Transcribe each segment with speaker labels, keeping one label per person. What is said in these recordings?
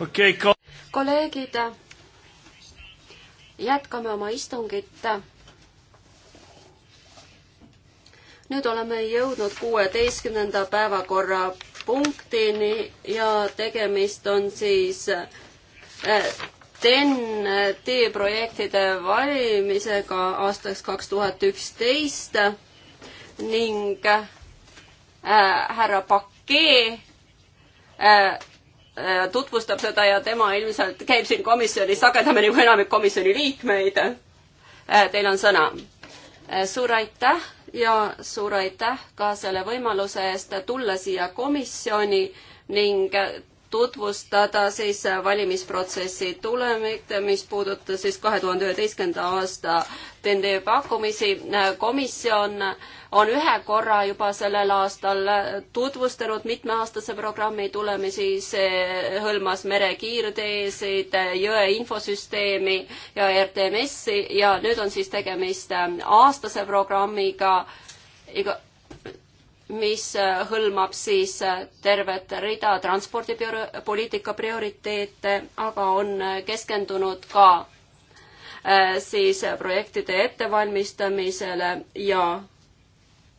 Speaker 1: okay, ko.
Speaker 2: kolleegid, jätkame oma istungit. nüüd oleme jõudnud kuueteistkümnenda päevakorrapunktini ja tegemist on siis TEN-T eh, projektide valimisega aastaks kaks tuhat üksteist ning äh, härra Pakee äh, Äh, tutvustab seda ja tema ilmselt käib siin komisjonis sagedamini kui enamik komisjoni liikmeid. Äh, teil on sõna. Äh, suur aitäh ja suur aitäh ka selle võimaluse eest tulla siia komisjoni ning tutvustada siis valimisprotsessi tulemit, mis puudutas siis kahe tuhande üheteistkümnenda aasta TND pakkumisi. komisjon on ühe korra juba sellel aastal tutvustanud mitmeaastase programmi tulemisi, see hõlmas merekiirteesid, jõe infosüsteemi ja RTMS-i ja nüüd on siis tegemist aastase programmiga iga mis äh, hõlmab siis äh, tervet rida transpordipoliitika prioriteete, aga on äh, keskendunud ka siis projektide ettevalmistamisele ja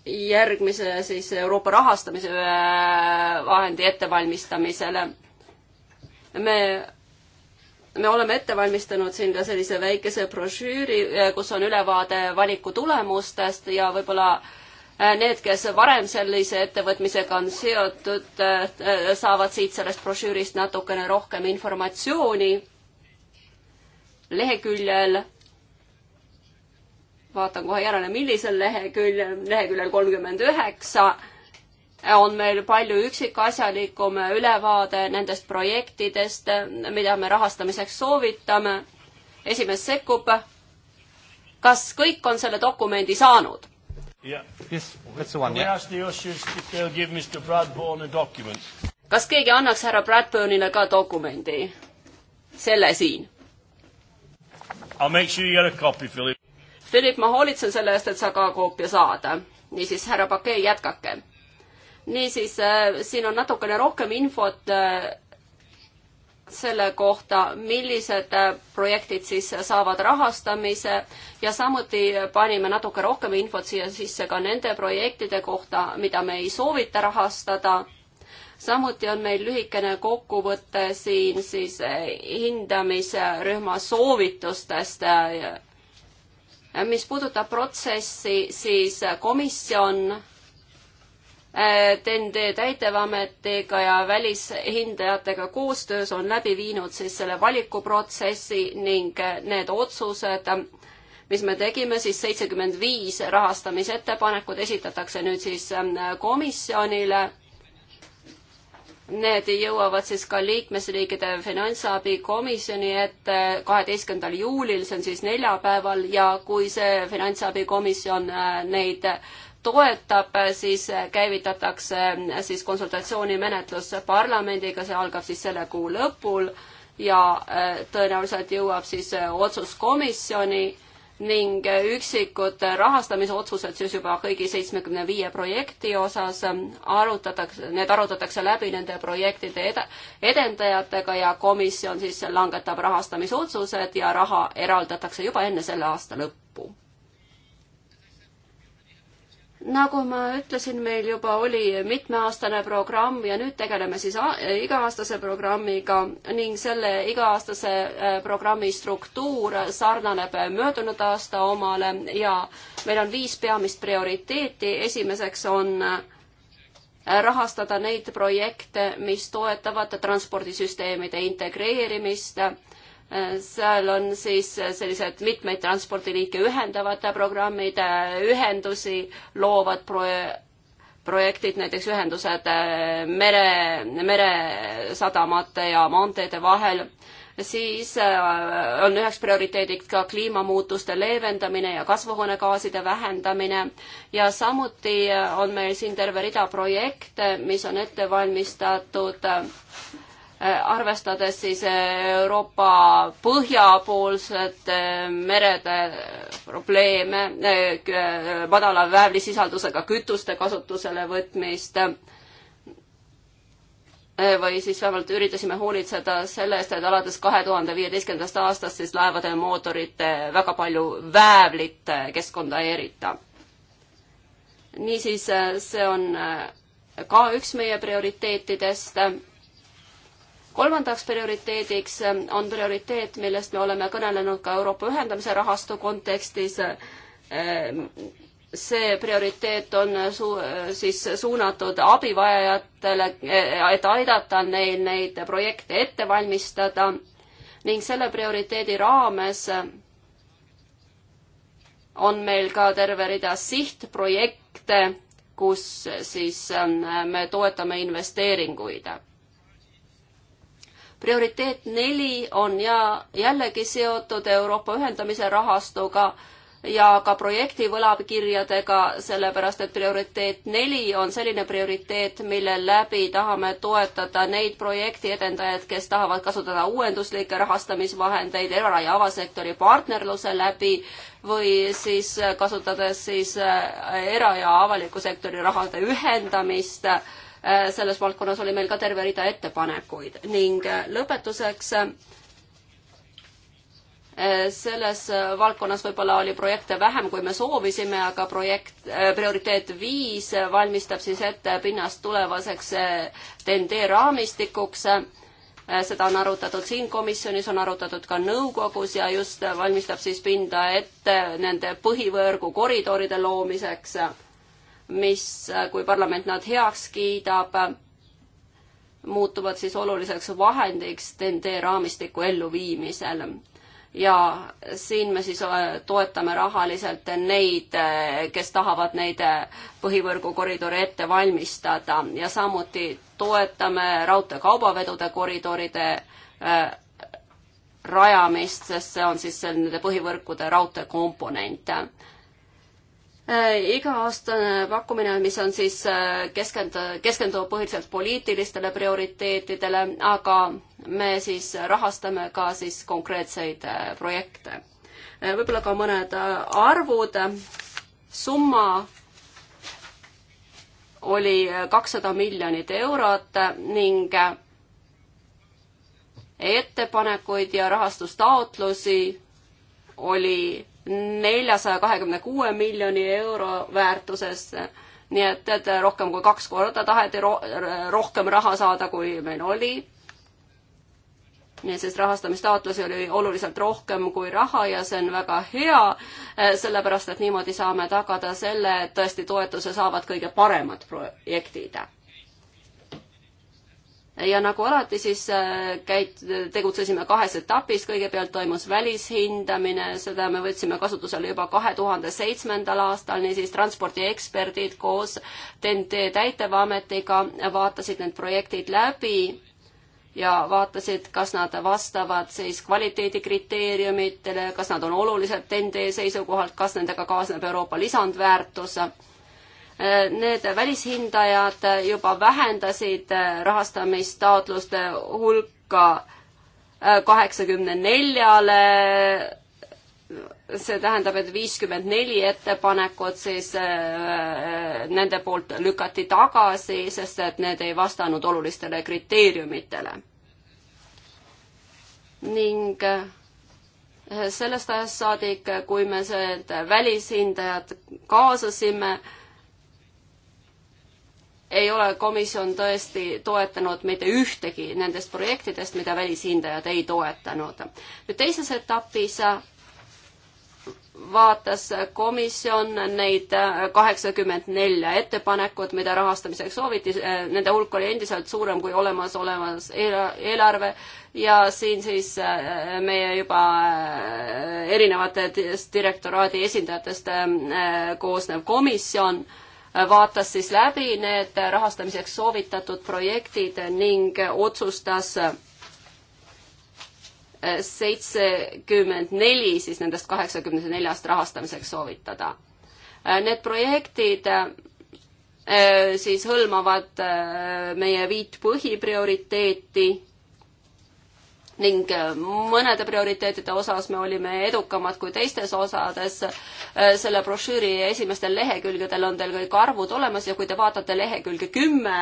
Speaker 2: järgmise siis Euroopa rahastamise vahendi ettevalmistamisele. me, me oleme ette valmistanud siin ka sellise väikese brošüüri, kus on ülevaade valiku tulemustest ja võib-olla äh, Äh, need, kes varem sellise ettevõtmisega on seotud, äh, äh, saavad siit sellest brošüürist natukene rohkem informatsiooni. leheküljel vaatan kohe järele, millisel leheküljel, leheküljel kolmkümmend üheksa on meil palju üksikasjalikum ülevaade nendest projektidest, mida me rahastamiseks soovitame. esimees sekkub. kas kõik on selle dokumendi saanud?
Speaker 1: Yeah. Yes, that's the one. Yeah.
Speaker 2: kas keegi annaks härra Bradburnile ka dokumendi? selle siin. Sure Philip, ma hoolitsen selle eest, et sa ka koopia saad. niisiis, härra Pakee, jätkake. niisiis äh,, siin on natukene rohkem infot äh, selle kohta, millised äh, projektid siis saavad rahastamise ja samuti panime natuke rohkem infot siia sisse ka nende projektide kohta, mida me ei soovita rahastada. samuti on meil lühikene kokkuvõte siin siis äh, hindamisrühma soovitustest. Äh, mis puudutab protsessi, siis komisjon Äh, TNT täitevametiga ja välishindajatega koostöös on läbi viinud siis selle valikuprotsessi ning äh, need otsused, mis me tegime, siis seitsekümmend viis rahastamisettepanekut esitatakse nüüd siis ähm, komisjonile. Need jõuavad siis ka liikmesriikide finantsabikomisjoni ette kaheteistkümnendal juulil, see on siis neljapäeval ja kui see finantsabikomisjon äh, neid toetab, siis käivitatakse siis konsultatsioonimenetlus parlamendiga, see algab siis selle kuu lõpul ja äh, tõenäoliselt jõuab siis äh, otsus komisjoni ning üksikud rahastamisotsused siis juba kõigi seitsmekümne viie projekti osas ähm, arutatakse, need arutatakse läbi nende projektide ed-, edendajatega ja komisjon siis langetab rahastamisotsused ja raha eraldatakse juba enne selle aasta lõppu nagu ma ütlesin, meil juba oli mitmeaastane programm ja nüüd tegeleme siis iga-aastase programmiga ning selle iga-aastase äh, programmi struktuur sarnaneb möödunud aasta omale ja meil on viis peamist prioriteeti. esimeseks on äh, rahastada neid projekte, mis toetavad transpordisüsteemide integreerimist seal on siis sellised mitmeid transpordiliike ühendavad programmid, ühendusi loovad pro-, projektid, näiteks ühendused äh, mere, meresadamate ja maanteede vahel, siis äh, on üheks prioriteediks ka kliimamuutuste leevendamine ja kasvuhoonegaaside vähendamine ja samuti äh, on meil siin terve rida projekte, mis on ette valmistatud Äh, arvestades siis äh, Euroopa põhjapoolsete äh, merede probleeme, madala väävlisisaldusega kütuste kasutusele võtmist, või siis vähemalt üritasime hoolitseda selle eest, et alates kahe tuhande viieteistkümnendast aastast siis laevade mootorite väga palju väävlit keskkonda ei erita. niisiis, see on ka üks meie prioriteetidest kolmandaks prioriteediks äh, on prioriteet, millest me oleme kõnelenud ka Euroopa ühendamise rahastu kontekstis. Äh, see prioriteet on su-, siis suunatud abivajajatele, äh, et aidata neil neid projekte ette valmistada ning selle prioriteedi raames on meil ka terve rida sihtprojekte, kus siis me toetame investeeringuid prioriteet neli on ja jällegi seotud Euroopa ühendamise rahastuga ja ka projekti võlakirjadega, sellepärast et prioriteet neli on selline prioriteet, mille läbi tahame toetada neid projekti edendajaid, kes tahavad kasutada uuenduslikke rahastamisvahendeid era- ja avasektori partnerluse läbi või siis kasutades siis äh, era- ja avaliku sektori rahade ühendamist Äh, selles valdkonnas oli meil ka terve rida ettepanekuid ning äh, lõpetuseks äh, selles valdkonnas võib-olla oli projekte vähem, kui me soovisime, aga projekt, prioriteet viis valmistab siis ette pinnast tulevaseks TNT raamistikuks. seda on arutatud siin komisjonis, on arutatud ka nõukogus ja just valmistab siis pinda ette nende põhivõrgu koridoride loomiseks mis, kui parlament nad heaks kiidab, muutuvad siis oluliseks vahendiks TNT raamistiku elluviimisel. ja siin me siis äh, toetame rahaliselt neid, äh, kes tahavad neid äh, põhivõrgukoridore ette valmistada ja samuti toetame raudtee kaubavedude koridoride rajamist, sest see on siis nende põhivõrkude raudteekomponent Äh, iga-aastane pakkumine, mis on siis äh, keskend-, keskendub põhiliselt poliitilistele prioriteetidele, aga me siis rahastame ka siis konkreetseid äh, projekte. võib-olla ka mõned arvud, summa oli kakssada miljonit eurot ning ettepanekuid ja rahastustaotlusi oli neljasaja kahekümne kuue miljoni euro väärtuses. nii et, et rohkem kui kaks korda taheti ro rohkem raha saada, kui meil oli. nii et siis rahastamistaotlusi oli oluliselt rohkem kui raha ja see on väga hea, eh, sellepärast et niimoodi saame tagada selle, et tõesti toetuse saavad kõige paremad projektid ja nagu alati, siis äh, käit-, tegutsesime kahes etapis, kõigepealt toimus välishindamine, seda me võtsime kasutusele juba kahe tuhande seitsmendal aastal, niisiis transpordieksperdid koos TNT täitevametiga vaatasid need projektid läbi ja vaatasid, kas nad vastavad siis kvaliteedikriteeriumitele, kas nad on olulised TNT seisukohalt, kas nendega kaasneb Euroopa lisandväärtus Need välishindajad juba vähendasid rahastamistaotluste hulka kaheksakümne neljale see tähendab, et viiskümmend neli ettepanekut siis äh, äh, nende poolt lükati tagasi, sest et need ei vastanud olulistele kriteeriumitele. ning äh, sellest ajast saadik, kui me need välishindajad kaasasime äh,, ei ole komisjon tõesti toetanud mitte ühtegi nendest projektidest, mida välishindajad ei toetanud. nüüd teises etapis vaatas komisjon neid kaheksakümmend nelja ettepanekut, mida rahastamiseks sooviti, nende hulk oli endiselt suurem kui olemasolevas eelarve ja siin siis äh, meie juba äh, erinevate direktoraadi esindajatest äh, koosnev komisjon äh, vaatas siis läbi need rahastamiseks soovitatud projektid ning otsustas seitsekümmend neli siis nendest kaheksakümne neljast rahastamiseks soovitada. Need projektid eh, siis hõlmavad eh, meie viit põhiprioriteeti ning äh, mõnede prioriteetide osas me olime edukamad kui teistes osades. Äh, selle brošüüri esimestel lehekülgedel on teil kõik arvud olemas ja kui te vaatate lehekülge kümme,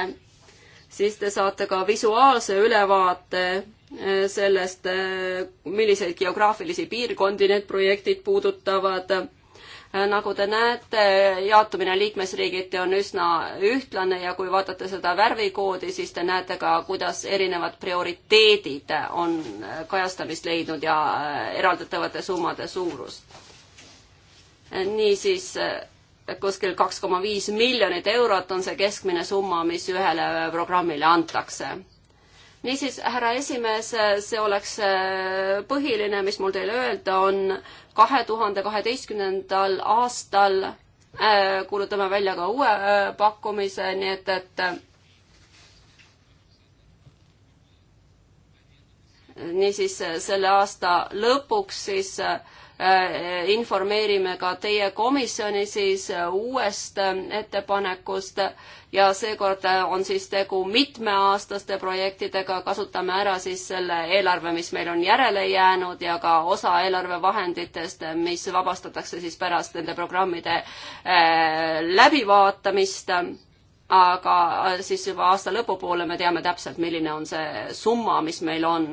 Speaker 2: siis te saate ka visuaalse ülevaate äh, sellest, milliseid geograafilisi piirkondi need projektid puudutavad Äh, nagu te näete, jaotumine liikmesriigiti on üsna ühtlane ja kui vaatate seda värvikoodi, siis te näete ka, kuidas erinevad prioriteedid on äh, kajastamist leidnud ja äh, eraldatavate summade suurust. niisiis kuskil kaks koma viis miljonit eurot on see keskmine summa, mis ühele programmile antakse. niisiis, härra esimees, see oleks põhiline, mis mul teile öelda on kahe tuhande kaheteistkümnendal aastal äh, kuulutame välja ka uue äh, pakkumise, nii et, et äh, niisiis selle aasta lõpuks siis äh, Äh, informeerime ka teie komisjoni siis äh, uuest äh, ettepanekust ja seekord on siis tegu mitmeaastaste projektidega, kasutame ära siis selle eelarve, mis meil on järele jäänud ja ka osa eelarvevahenditest, mis vabastatakse siis pärast nende programmide läbivaatamist aga siis juba aasta lõpupoole me teame täpselt, milline on see summa, mis meil on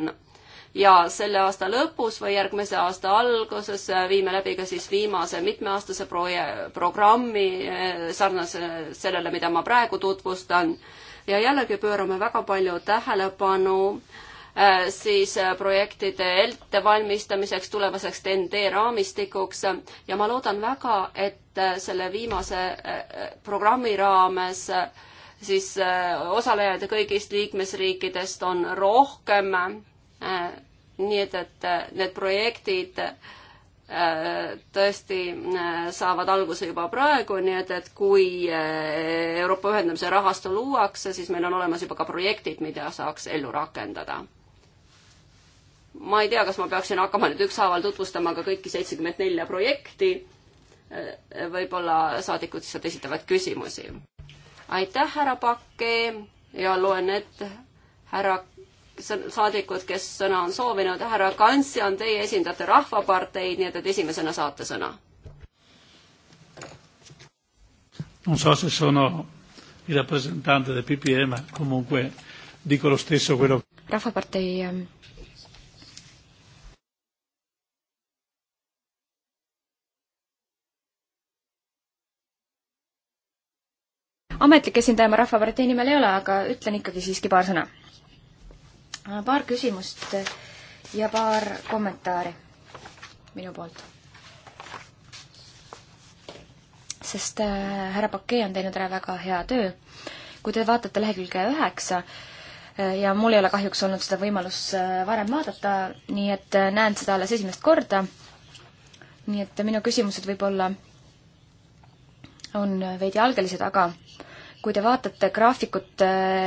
Speaker 2: ja selle aasta lõpus või järgmise aasta alguses viime läbi ka siis viimase mitmeaastase proje-, programmi eh, sarnase sellele, mida ma praegu tutvustan. ja jällegi pöörame väga palju tähelepanu eh, siis projektide ettevalmistamiseks, tulevaseks TNT raamistikuks ja ma loodan väga, et eh, selle viimase programmi raames siis osalejaid kõigist liikmesriikidest on rohkem Äh, nii et, et äh, need projektid äh, tõesti saavad alguse juba praegu, nii et, et kui Euroopa ühendamise rahastu luuakse, siis meil on olemas juba ka projektid, mida saaks ellu rakendada. ma ei tea, kas ma peaksin hakkama nüüd ükshaaval tutvustama ka kõiki seitsekümmend nelja projekti. võib-olla saadikud lihtsalt esitavad küsimusi. aitäh, härra Pakke ja loen ette härra saadikud, kes sõna on soovinud. härra Kantsjan, teie esindate Rahvaparteid, nii et, et esimesena saate sõna.
Speaker 3: Non so se sono i rappresentanti del PPE, ma comunque dico lo stesso quello. Rahvapartei ehm, ametlik esindaja ma Rahvapartei nimel ei ole, aga ütlen ikkagi siiski paar sõna Äh, paar küsimust ja paar kommentaari minu poolt. sest äh, härra Pakee on teinud ära väga hea töö. kui te vaatate lehekülge üheksa, äh, ja mul ei ole kahjuks olnud seda võimalust varem vaadata, nii et näen seda alles esimest korda. nii et minu küsimused võib-olla on veidi algelised, aga kui te vaatate graafikut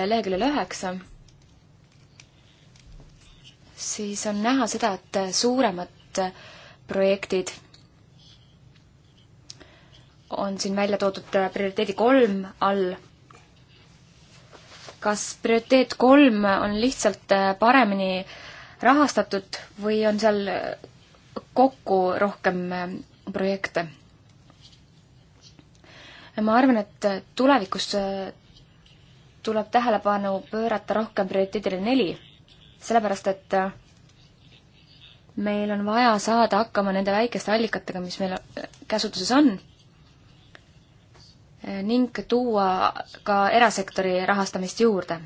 Speaker 3: leheküljel üheksa, siis on näha seda, et suuremad projektid on siin välja toodud prioriteedi kolm all. kas prioriteet kolm on lihtsalt paremini rahastatud või on seal kokku rohkem projekte? ma arvan, et tulevikus tuleb tähelepanu pöörata rohkem prioriteedile neli sellepärast et äh, meil on vaja saada hakkama nende väikeste allikatega, mis meil äh, käsutuses on, äh, ning tuua ka erasektori rahastamist juurde.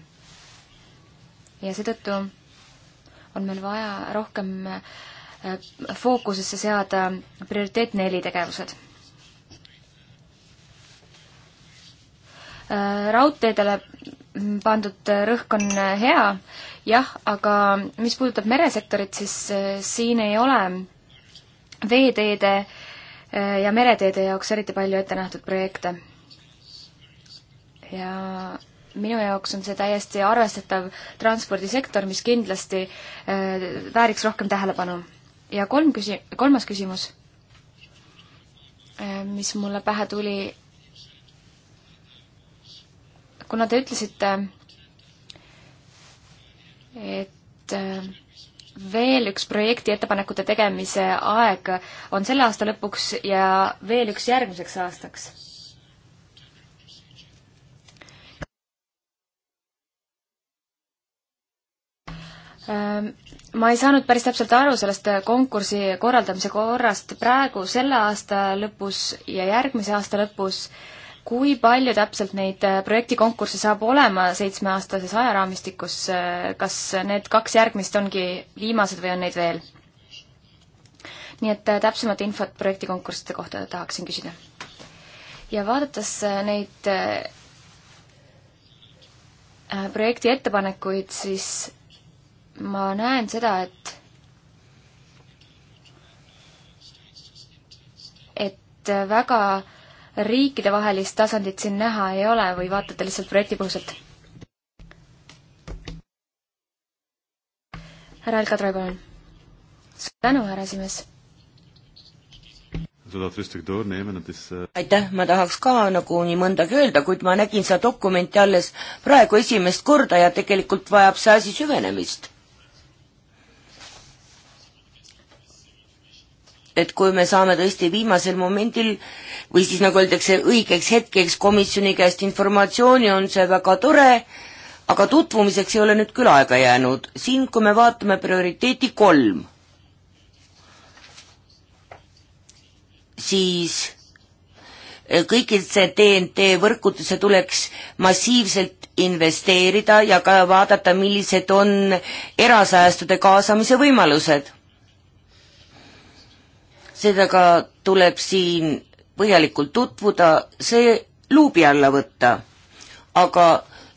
Speaker 3: ja seetõttu on meil vaja rohkem fookusesse seada prioriteet neli tegevused. raudteedele pandud rõhk on hea, jah, aga mis puudutab meresektorit, siis eh, siin ei ole veeteede eh, ja mereteede jaoks eriti palju ette nähtud projekte. ja minu jaoks on see täiesti arvestatav transpordisektor, mis kindlasti eh, vääriks rohkem tähelepanu. ja kolm küsi-, kolmas küsimus, mis mulle pähe tuli, kuna te ütlesite, et äh, veel üks projekti ettepanekute tegemise aeg on selle aasta lõpuks ja veel üks järgmiseks aastaks ähm, Ma ei saanud päris täpselt aru sellest konkursi korraldamise korrast praegu selle aasta lõpus ja järgmise aasta lõpus kui palju täpselt neid äh, projektikonkursse saab olema seitsmeaastases ajaraamistikus, äh, kas need kaks järgmist ongi viimased või on neid veel? nii et äh, täpsemat infot projektikonkursside kohta tahaksin küsida. ja vaadates neid projekti ettepanekuid, siis ma näen seda, et et väga äh, riikidevahelist tasandit siin näha ei ole või vaatate lihtsalt projektipõhuselt? härra Elka Troi, palun. suur tänu, härra esimees.
Speaker 1: aitäh, ma tahaks ka nagu nii mõndagi öelda, kuid ma nägin seda dokumenti alles praegu esimest korda ja tegelikult vajab see asi süvenemist. et kui me saame tõesti viimasel momendil või siis nagu öeldakse, õigeks hetkeks komisjoni käest informatsiooni, on see väga tore, aga tutvumiseks ei ole nüüd küll aega jäänud. siin, kui me vaatame prioriteeti kolm, siis eh, kõikidesse TNT võrkudesse tuleks massiivselt investeerida ja ka vaadata, millised on erasäästude kaasamise võimalused sellega tuleb siin põhjalikult tutvuda, see luubi alla võtta. aga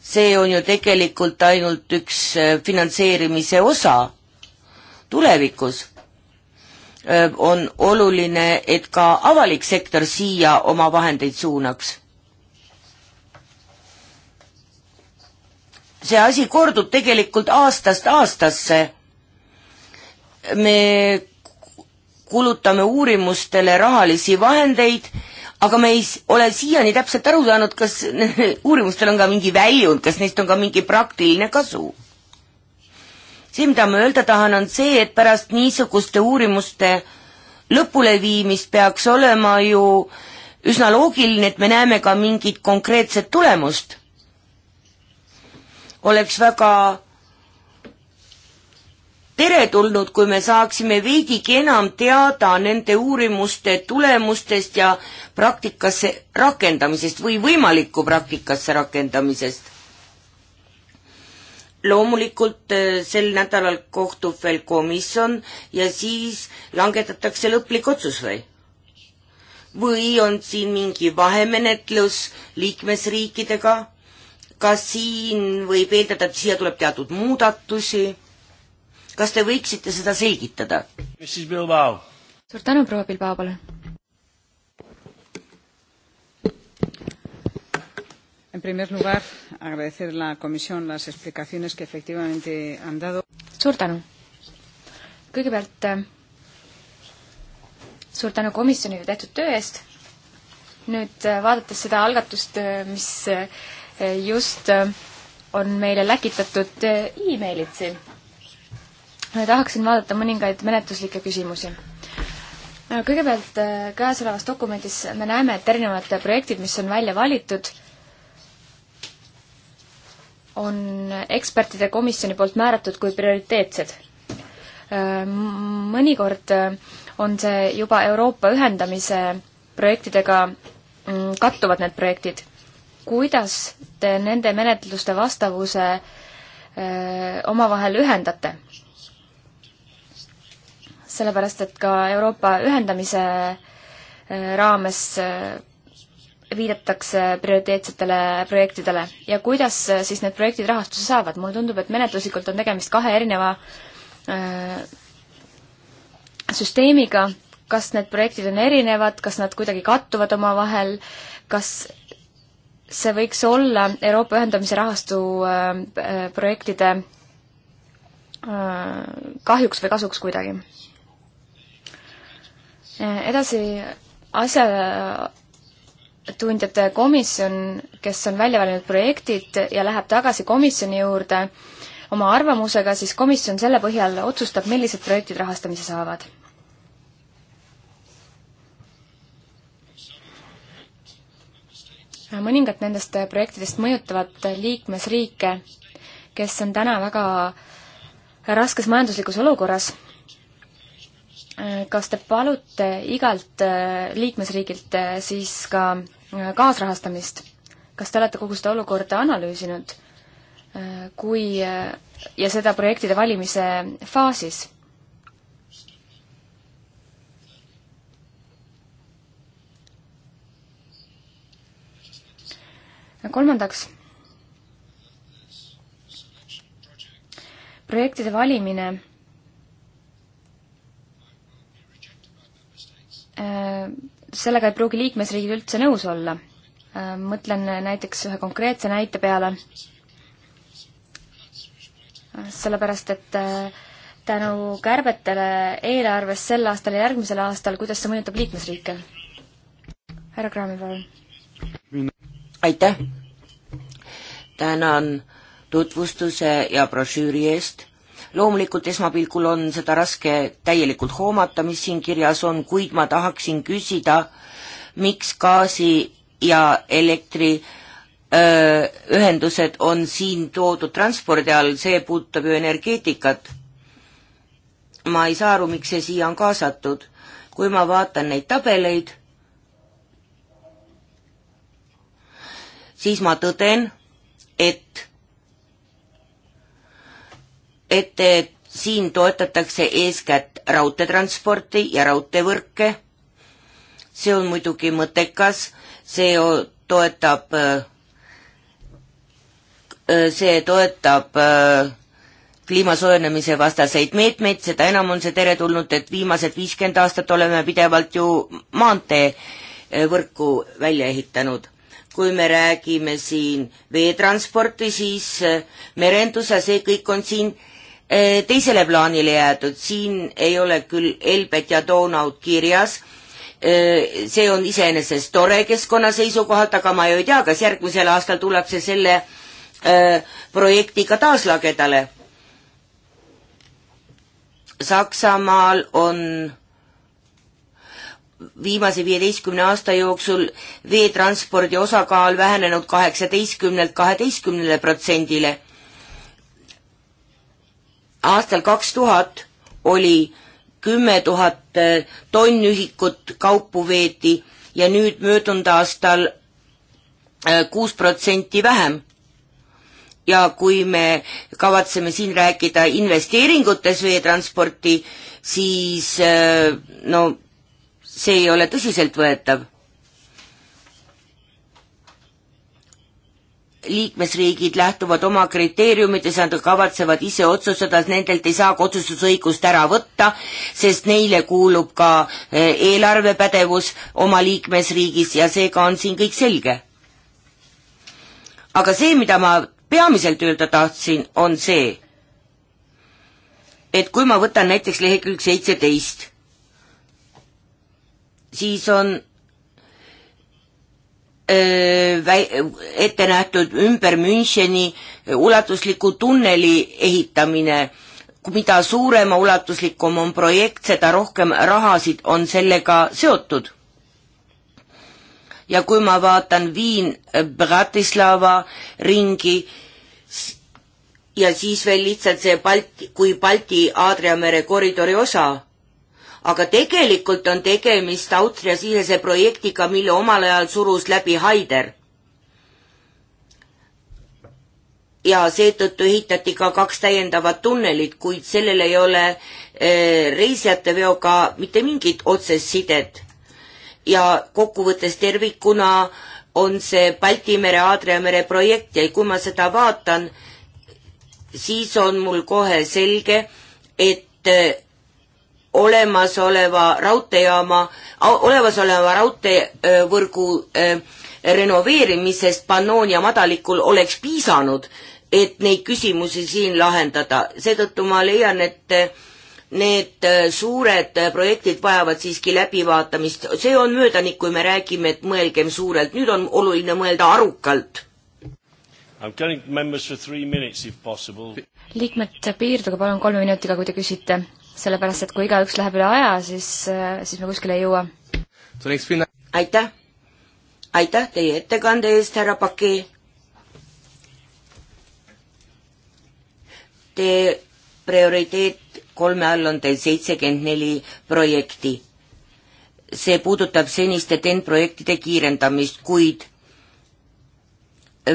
Speaker 1: see on ju tegelikult ainult üks äh, finantseerimise osa tulevikus äh, on oluline, et ka avalik sektor siia oma vahendeid suunaks. see asi kordub tegelikult aastast aastasse. me kulutame uurimustele rahalisi vahendeid, aga me ei ole siiani täpselt aru saanud, kas uurimustel on ka mingi väljund, kas neist on ka mingi praktiline kasu. see, mida ma öelda tahan, on see, et pärast niisuguste uurimuste lõpuleviimist peaks olema ju üsna loogiline, et me näeme ka mingit konkreetset tulemust. oleks väga teretulnud, kui me saaksime veidigi enam teada nende uurimuste tulemustest ja praktikasse rakendamisest või võimalikku praktikasse rakendamisest. loomulikult äh, sel nädalal kohtub veel komisjon ja siis langetatakse lõplik otsus või? või on siin mingi vahemenetlus liikmesriikidega, kas siin võib eeldada, et siia tuleb teatud muudatusi kas te võiksite seda selgitada? suur
Speaker 3: tänu, proua Bilbao, palun. En primer lugar, agradecer a la Comisión las explicaciones que efectivamente han dado. Suur tänu. kõigepealt eh, suur tänu komisjonile tehtud töö eest. nüüd eh, vaadates seda algatust, eh, mis just on meile läkitatud emailid siin tahaksin vaadata mõningaid menetluslikke küsimusi. kõigepealt äh, käesolevas dokumendis me näeme, et erinevad projektid, mis on välja valitud, on ekspertide komisjoni poolt määratud kui prioriteetsed. Äh, mõnikord äh, on see juba Euroopa ühendamise projektidega, mm, kattuvad need projektid. kuidas te nende menetluste vastavuse omavahel ühendate? sellepärast et ka Euroopa ühendamise äh, raames äh, viidatakse prioriteetsetele projektidele ja kuidas äh, siis need projektid rahastuse saavad, mulle tundub, et menetluslikult on tegemist kahe erineva äh, süsteemiga, kas need projektid on erinevad, kas nad kuidagi kattuvad omavahel, kas see võiks olla Euroopa ühendamise rahastu äh, projektide äh, kahjuks või kasuks kuidagi? edasi, asjatundjate komisjon, kes on välja valinud projektid ja läheb tagasi komisjoni juurde oma arvamusega, siis komisjon selle põhjal otsustab, millised projektid rahastamise saavad. mõningad nendest projektidest mõjutavad liikmesriike, kes on täna väga raskes majanduslikus olukorras kas te palute igalt äh, liikmesriigilt äh, siis ka äh, kaasrahastamist? kas te olete kogu seda olukorda analüüsinud, kui ja seda projektide valimise faasis? kolmandaks, projektide valimine Äh, sellega ei pruugi liikmesriigid üldse nõus olla. Äh, mõtlen näiteks ühe konkreetse näite peale, äh, sellepärast et tänu kärbetele eelarves sel aastal ja järgmisel aastal, kuidas see mõjutab liikmesriike? härra Kraami, palun.
Speaker 1: aitäh! tänan tutvustuse ja brošüüri eest loomulikult esmapilgul on seda raske täielikult hoomata, mis siin kirjas on, kuid ma tahaksin küsida, miks gaasi ja elektri öö, ühendused on siin toodud transpordi all, see puudutab ju energeetikat. ma ei saa aru, miks see siia on kaasatud. kui ma vaatan neid tabeleid, siis ma tõden, et et siin toetatakse eeskätt raudteetransporti ja raudteevõrke. see on muidugi mõttekas, see toetab, äh, äh, see toetab äh, kliima soojenemise vastaseid meetmeid, seda enam on see teretulnud, et viimased viiskümmend aastat oleme pidevalt ju maanteevõrku välja ehitanud. kui me räägime siin veetransporti, siis merendus ja see kõik on siin Eh, teisele plaanile jäetud, siin ei ole küll Elbet ja Donaut kirjas, eh, see on iseenesest tore keskkonna seisukohalt, aga ma ju ei tea, kas järgmisel aastal tullakse selle eh, projektiga taas lagedale. Saksamaal on viimase viieteistkümne aasta jooksul veetranspordi osakaal vähenenud kaheksateistkümnelt kaheteistkümnele protsendile aastal kaks tuhat oli kümme tuhat äh, tonnühikut kaupu veeti ja nüüd möödunud aastal äh, kuus protsenti vähem. ja kui me kavatseme siin rääkida investeeringutes veetransporti, siis äh, no see ei ole tõsiseltvõetav liikmesriigid lähtuvad oma kriteeriumides, nad kavatsevad ise otsustada, et nendelt ei saa otsustusõigust ära võtta, sest neile kuulub ka eh, eelarvepädevus oma liikmesriigis ja seega on siin kõik selge. aga see, mida ma peamiselt öelda tahtsin, on see, et kui ma võtan näiteks lehekülg seitseteist, siis on ette nähtud ümber Müncheni ulatusliku tunneli ehitamine. mida suurema ulatuslikum on projekt, seda rohkem rahasid on sellega seotud. ja kui ma vaatan Viin Bratislava ringi ja siis veel lihtsalt see Balti, kui Balti Aadria mere koridori osa, aga tegelikult on tegemist Austria-sisese projektiga, mille omal ajal surus läbi Haider. ja seetõttu ehitati ka kaks täiendavat tunnelit, kuid sellel ei ole eh, reisijateveoga mitte mingit otsest sidet. ja kokkuvõttes tervikuna on see Balti mere, Aadria mere projekt ja kui ma seda vaatan, siis on mul kohe selge, et eh, olemasoleva raudteejaama, olemasoleva raudteevõrgu äh, renoveerimisest Pannonia madalikul oleks piisanud, et neid küsimusi siin lahendada. seetõttu ma leian, et äh, need äh, suured projektid vajavad siiski läbivaatamist. see on möödanik, kui me räägime, et mõelgem suurelt, nüüd on oluline mõelda arukalt.
Speaker 3: liikmed, piirduge palun kolme minutiga, kui te küsite sellepärast et kui igaüks läheb üle aja, siis, siis me kuskile ei jõua. aitäh! aitäh teie ettekande eest, härra Paki!
Speaker 1: Te prioriteet kolme all on teil seitsekümmend neli projekti. see puudutab seniste TEN-projektide kiirendamist, kuid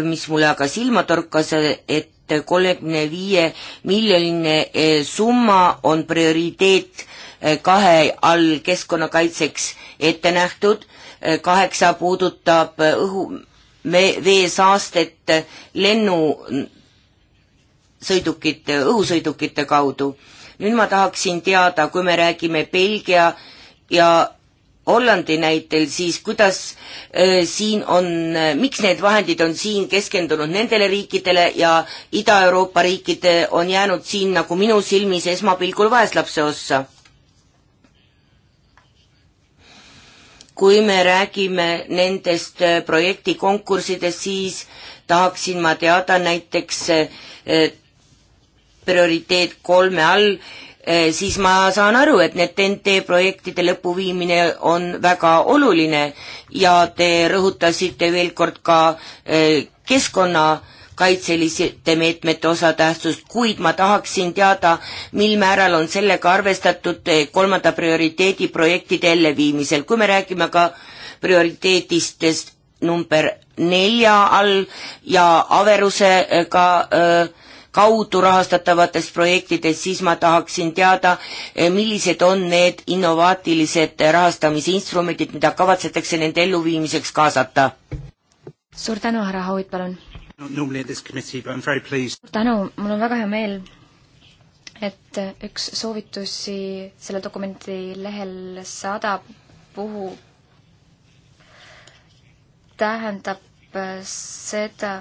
Speaker 1: mis mulle aga silma torkas, et et kolmekümne viie miljoniline eh, summa on prioriteet eh, kahe all keskkonnakaitseks ette nähtud, eh, kaheksa puudutab õhu, veesaastet lennusõidukite, õhusõidukite kaudu. nüüd ma tahaksin teada, kui me räägime Belgia ja Hollandi näitel, siis kuidas äh, siin on, äh, miks need vahendid on siin keskendunud nendele riikidele ja Ida-Euroopa riikid on jäänud siin nagu minu silmis esmapilgul vaeslapse ossa? kui me räägime nendest äh, projekti konkurssidest, siis tahaksin ma teada näiteks äh, prioriteet kolme all, Eh, siis ma saan aru, et need TNT projektide lõpuviimine on väga oluline ja te rõhutasite veel kord ka eh, keskkonnakaitseliste meetmete osatähtsust, kuid ma tahaksin teada, mil määral on sellega arvestatud eh, kolmanda prioriteedi projektide elluviimisel, kui me räägime ka prioriteetistest number nelja all ja averusega äh, kaudu rahastatavatest projektidest, siis ma tahaksin teada, eh, millised on need innovaatilised rahastamisinstrumendid, mida kavatsetakse nende elluviimiseks kaasata?
Speaker 3: suur tänu, härra Haud, palun! suur tänu, mul on väga hea meel et üks soovitusi selle dokumendi lehel sada puhul tähendab eh, seda,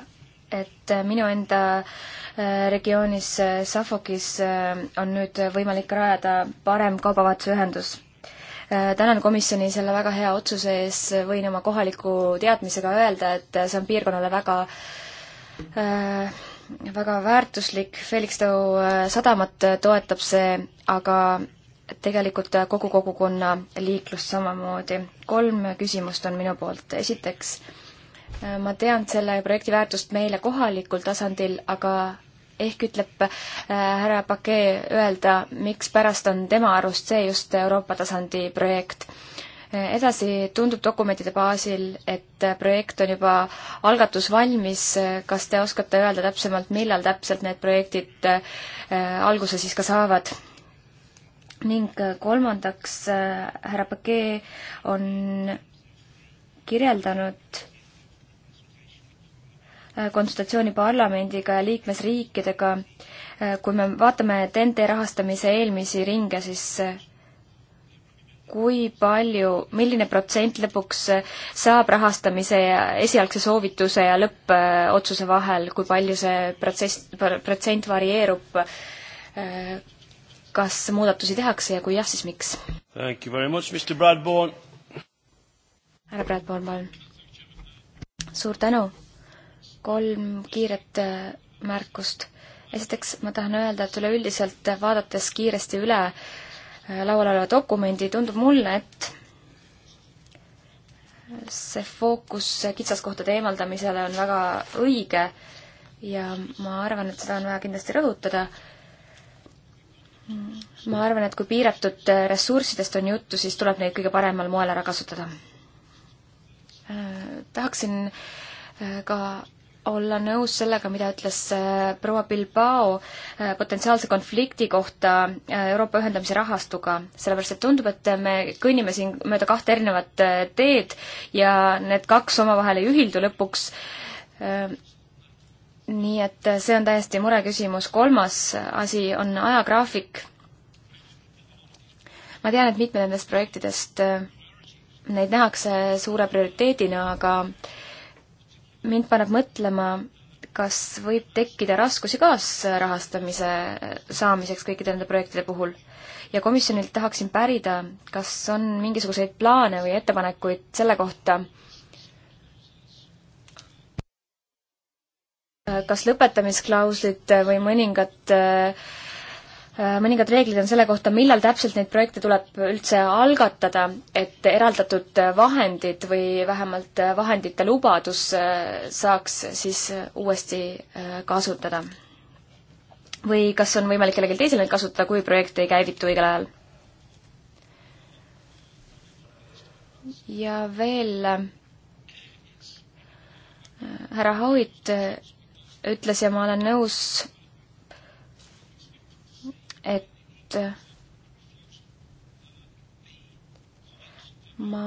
Speaker 3: et minu enda äh, regioonis äh, Suffolkis äh, on nüüd võimalik rajada parem kaubavahetusühendus. tänan komisjoni selle väga hea otsuse ees, võin oma kohaliku teadmisega öelda, et see on piirkonnale väga väga väärtuslik, Felixstow sadamat toetab see, aga tegelikult kogu kogukonna liiklust samamoodi. kolm küsimust on minu poolt, esiteks äh, Äh, ma tean selle projekti väärtust meile kohalikul tasandil, aga ehk ütleb äh, härra Paquet öelda, mikspärast on tema arust see just Euroopa tasandi projekt. Äh, edasi tundub dokumentide baasil, et projekt on juba algatus valmis, kas te oskate öelda täpsemalt, millal täpselt need projektid alguse siis ka saavad? ning kolmandaks, härra Paquet on kirjeldanud Äh, konsultatsiooni parlamendiga ja liikmesriikidega. Äh, kui me vaatame TNT rahastamise eelmisi ringe, siis äh, kui palju, milline protsent lõpuks saab rahastamise ja esialgse soovituse ja lõppotsuse vahel, kui palju see protsess, protsent varieerub? kas muudatusi tehakse ja kui jah, siis miks? härra Bradborn, palun. suur tänu kolm kiiret äh, märkust. esiteks ma tahan öelda, et üleüldiselt äh, vaadates kiiresti üle äh, laual oleva dokumendi, tundub mulle, et see fookus kitsaskohtade eemaldamisele on väga õige ja ma arvan, et seda on vaja kindlasti rõhutada. ma arvan, et kui piiratud ressurssidest on juttu, siis tuleb neid kõige paremal moel ära kasutada tahaksin ka olla nõus sellega, mida ütles äh, proua Bilbao äh, potentsiaalse konflikti kohta äh, Euroopa ühendamise rahastuga, sellepärast et tundub, et me kõnnime siin mööda kahte erinevat teed ja need kaks omavahel ei ühildu lõpuks. nii et see on täiesti mureküsimus. kolmas asi on ajagraafik. ma tean, et mitmed nendest projektidest, neid nähakse suure prioriteedina, aga äh, mind paneb mõtlema, kas võib tekkida raskusi kaasrahastamise saamiseks kõikide nende projektide puhul. ja komisjonilt tahaksin pärida, kas on mingisuguseid plaane või ettepanekuid selle kohta, kas lõpetamisklauslid või mõningad äh, Äh, mõningad reeglid on selle kohta, millal täpselt neid projekte tuleb üldse algatada, et eraldatud äh, vahendid või vähemalt äh, vahendite lubadus saaks siis uuesti kasutada. või kas on võimalik kellelgi teisel neid kasutada, kui projekt ei käivitu õigel ajal? ja veel härra Howitt ütles ja ma olen nõus et ma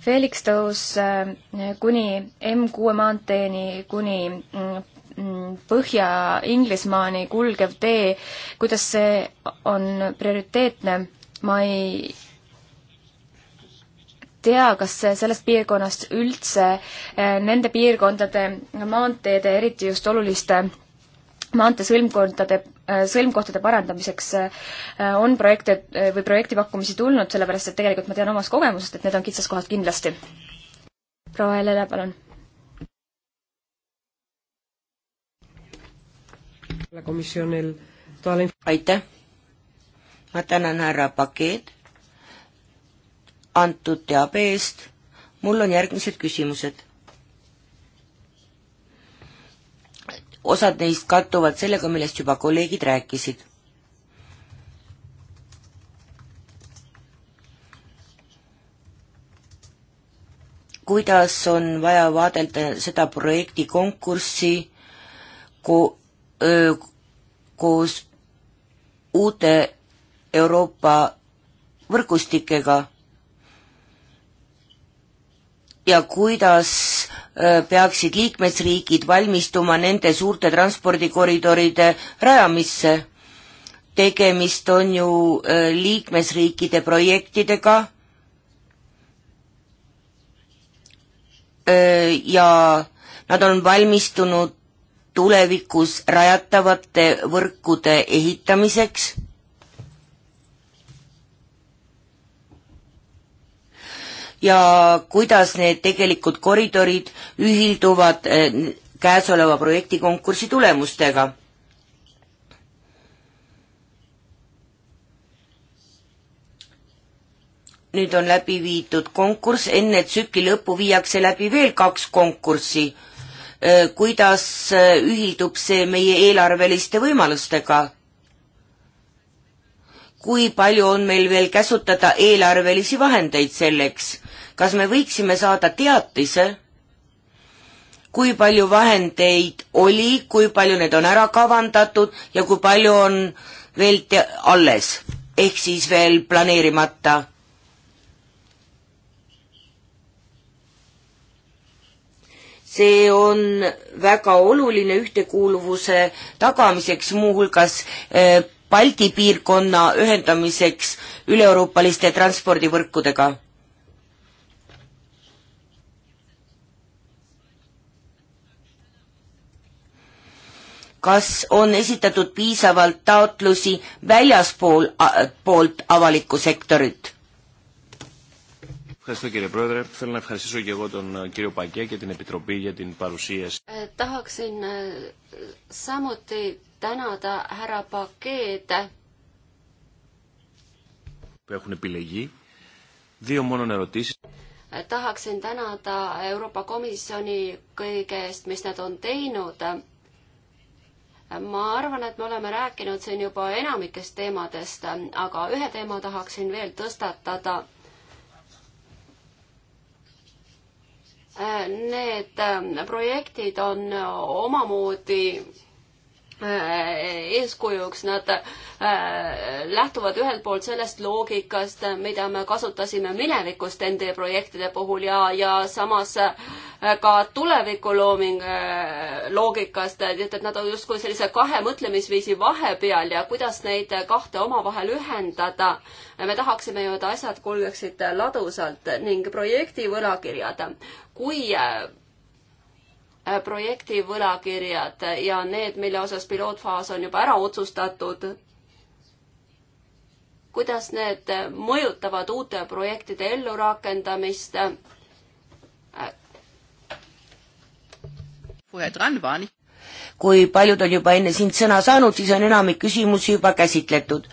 Speaker 3: Felix tõus äh, kuni M6 maanteeni kuni mm, Põhja-Inglismaani kulgev tee, kuidas see on prioriteetne, ma ei tea, kas sellest piirkonnast üldse eh, nende piirkondade maanteede, eriti just oluliste maanteesõlmkondade, eh, sõlmkohtade parandamiseks eh, on projekte või projektipakkumisi tulnud, sellepärast et tegelikult ma tean omast kogemusest, et need on kitsaskohad kindlasti. proua Helele, palun.
Speaker 1: aitäh. ma tänan härra Pakeet antud teabe eest. mul on järgmised küsimused. osad neist kattuvad sellega, millest juba kolleegid rääkisid. kuidas on vaja vaadelda seda projekti konkurssi ko, öö, koos uute Euroopa võrgustikega ja kuidas äh, peaksid liikmesriigid valmistuma nende suurte transpordikoridoride rajamisse. tegemist on ju äh, liikmesriikide projektidega äh, ja nad on valmistunud tulevikus rajatavate võrkude ehitamiseks ja kuidas need tegelikult koridorid ühilduvad eh, käesoleva projekti konkursi tulemustega. nüüd on läbi viidud konkurss, enne tsükli lõppu viiakse läbi veel kaks konkurssi. Eh, kuidas eh, ühildub see meie eelarveliste võimalustega? kui palju on meil veel käsutada eelarvelisi vahendeid selleks? kas me võiksime saada teatise, kui palju vahendeid oli, kui palju need on ära kavandatud ja kui palju on veel alles, ehk siis veel planeerimata. see on väga oluline ühtekuuluvuse tagamiseks, muuhulgas eh, Balti piirkonna ühendamiseks üle-euroopaliste transpordivõrkudega kas on esitatud piisavalt taotlusi väljaspool, poolt avalikku sektorit? Ευχαριστώ κύριε Πρόεδρε. Θέλω να ευχαριστήσω και εγώ τον κύριο Πακέ και την Επιτροπή για την παρουσίαση.
Speaker 2: Tahaksin samuti tänada härra Pakeed
Speaker 1: που έχουν επιλεγεί. Δύο μόνον ερωτήσεις.
Speaker 2: Tahaksin tänada Euroopa Komisjoni kõige eest, mis nad on teinud ma arvan, et me oleme rääkinud siin juba enamikest teemadest, aga ühe teema tahaksin veel tõstatada. Need ähm, projektid on omamoodi Äh, eeskujuks, nad äh, lähtuvad ühelt poolt sellest loogikast, mida me kasutasime minevikus TNT projektide puhul ja, ja samas äh, ka tuleviku looming, loogikast, et, et nad on justkui sellise kahe mõtlemisviisi vahepeal ja kuidas neid kahte omavahel ühendada. me tahaksime ju, et asjad kulgeksid ladusalt ning projekti võlakirjad. kui Äh, projekti võlakirjad ja need, mille osas pilootfaas on juba ära otsustatud, kuidas need mõjutavad uute projektide ellurakendamist?
Speaker 1: kui paljud on juba enne sind sõna saanud, siis on enamik küsimusi juba käsitletud.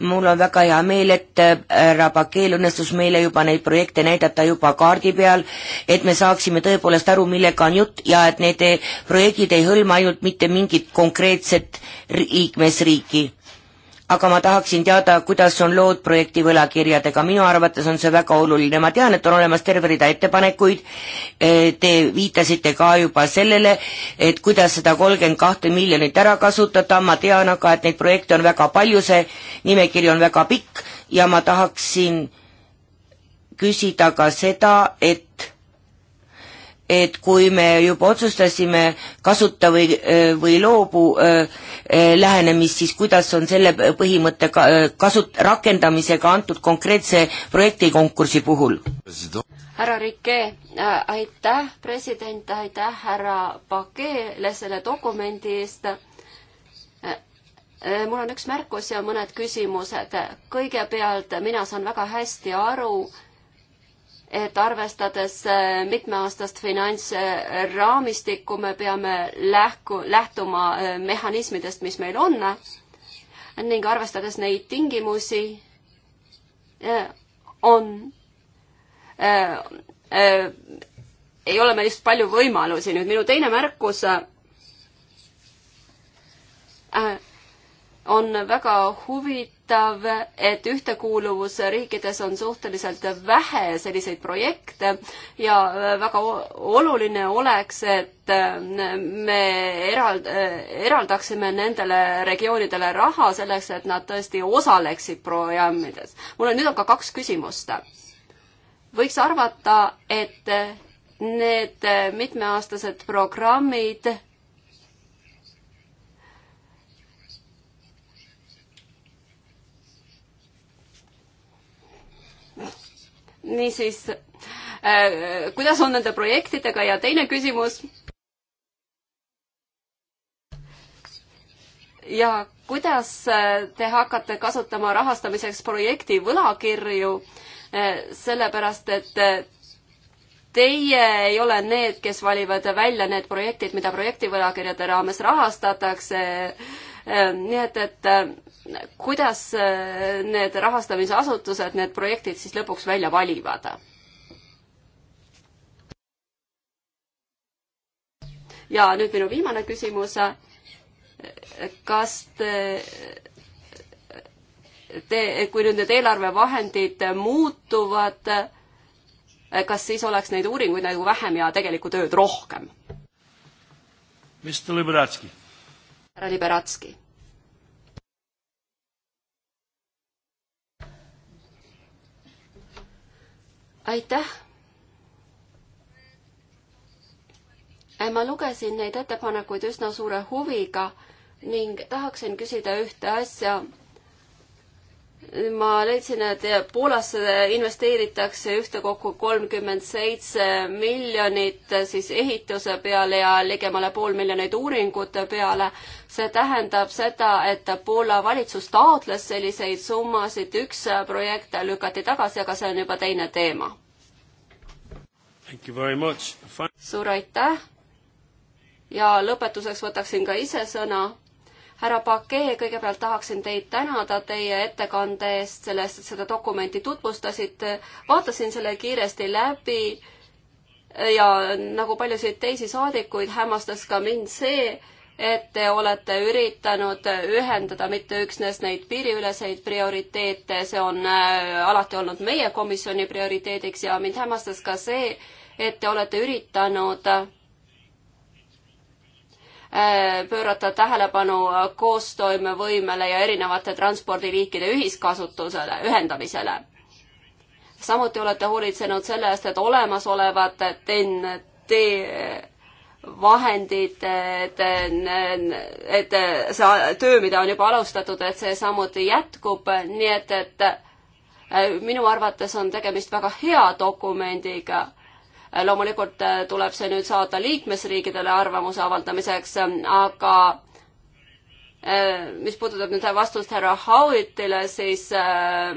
Speaker 1: mul on väga hea meel, et äh, härra Pakeel õnnestus meile juba neid projekte näidata juba kaardi peal, et me saaksime tõepoolest aru, millega on jutt ja et need eh, projektid ei hõlma ainult mitte mingit konkreetset liikmesriiki aga ma tahaksin teada, kuidas on lood projekti võlakirjadega, minu arvates on see väga oluline, ma tean, et on olemas terve rida ettepanekuid, e, te viitasite ka juba sellele, et kuidas seda kolmkümmend kahte miljonit ära kasutada, ma tean aga, et neid projekte on väga palju, see nimekiri on väga pikk ja ma tahaksin küsida ka seda, et et kui me juba otsustasime kasuta või, äh, või loobu äh, äh, lähenemist, siis kuidas on selle põhimõtte kasut-, rakendamisega antud konkreetse projektikonkursi puhul?
Speaker 2: härra Rike, aitäh, president, aitäh, härra Pakele selle dokumendi eest. mul on üks märkus ja mõned küsimused. kõigepealt mina saan väga hästi aru, et arvestades äh, mitmeaastast finantsraamistikku, me peame lähku, lähtuma äh, mehhanismidest, mis meil on ning arvestades neid tingimusi, äh, on ei ole meil just palju võimalusi. nüüd minu teine märkus on väga huvitav huvitav, et ühtekuuluvusriikides on suhteliselt vähe selliseid projekte ja äh, väga oluline oleks, et äh, me erald-, äh, eraldaksime nendele regioonidele raha selleks, et nad tõesti osaleksid programmides. mul on nüüd on ka kaks küsimust. võiks arvata, et need mitmeaastased programmid niisiis, äh, kuidas on nende projektidega ja teine küsimus. ja kuidas äh, te hakkate kasutama rahastamiseks projekti võlakirju, äh, sellepärast et teie ei ole need, kes valivad välja need projektid, mida projektivõlakirjade raames rahastatakse. nii et, et kuidas äh, need rahastamisasutused need projektid siis lõpuks välja valivad? ja nüüd minu viimane küsimus. kas te, te, kui nüüd need eelarvevahendid muutuvad, kas siis oleks neid uuringuid nagu vähem ja tegelikku tööd rohkem?
Speaker 1: härra
Speaker 2: Liberatski. aitäh. ma lugesin neid ettepanekuid üsna suure huviga ning tahaksin küsida ühte asja ma leidsin, et Poolasse investeeritakse ühtekokku kolmkümmend seitse miljonit siis ehituse peale ja ligemale pool miljonit uuringute peale. see tähendab seda, et Poola valitsus taotles selliseid summasid, üks projekt lükati tagasi, aga see on juba teine teema. suur aitäh! ja lõpetuseks võtaksin ka ise sõna härra Pakee, kõigepealt tahaksin teid tänada teie ettekande eest, selle eest, et seda dokumenti tutvustasite. vaatasin selle kiiresti läbi ja nagu paljusid teisi saadikuid, hämmastas ka mind see, et te olete üritanud ühendada mitte üksnes neid piiriüleseid prioriteete, see on äh, alati olnud meie komisjoni prioriteediks ja mind hämmastas ka see, et te olete üritanud Äh, pöörata tähelepanu koostoimevõimele ja erinevate transpordiliikide ühiskasutusele, ühendamisele. samuti olete hoolitsenud selle eest, et olemasolevad TEN-T vahendid, et, et see töö, mida on juba alustatud, et see samuti jätkub, nii et, et äh, minu arvates on tegemist väga hea dokumendiga loomulikult äh, tuleb see nüüd saada liikmesriikidele arvamuse avaldamiseks, äh, aga äh, mis puudutab nüüd vastust härra Howitile, siis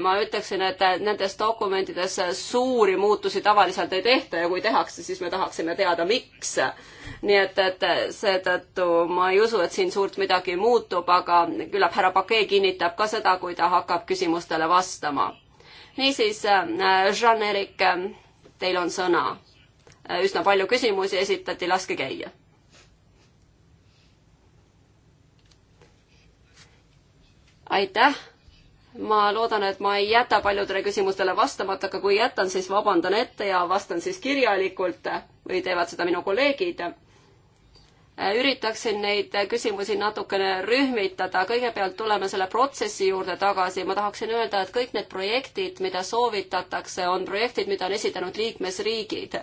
Speaker 2: ma ütleksin, et nendes dokumentides suuri muutusi tavaliselt ei tehta ja kui tehakse, siis me tahaksime teada, miks. nii et, et seetõttu ma ei usu, et siin suurt midagi muutub, aga küllap härra Pakee kinnitab ka seda, kui ta hakkab küsimustele vastama. niisiis, Jean-Erik, teil on sõna Äh, üsna palju küsimusi esitati, laske käia. aitäh, ma loodan, et ma ei jäta paljudele küsimustele vastamata, aga kui jätan, siis vabandan ette ja vastan siis kirjalikult või teevad seda minu kolleegid Äh, üritaksin neid küsimusi natukene rühmitada, kõigepealt tuleme selle protsessi juurde tagasi, ma tahaksin öelda, et kõik need projektid, mida soovitatakse, on projektid, mida on esitanud liikmesriigid.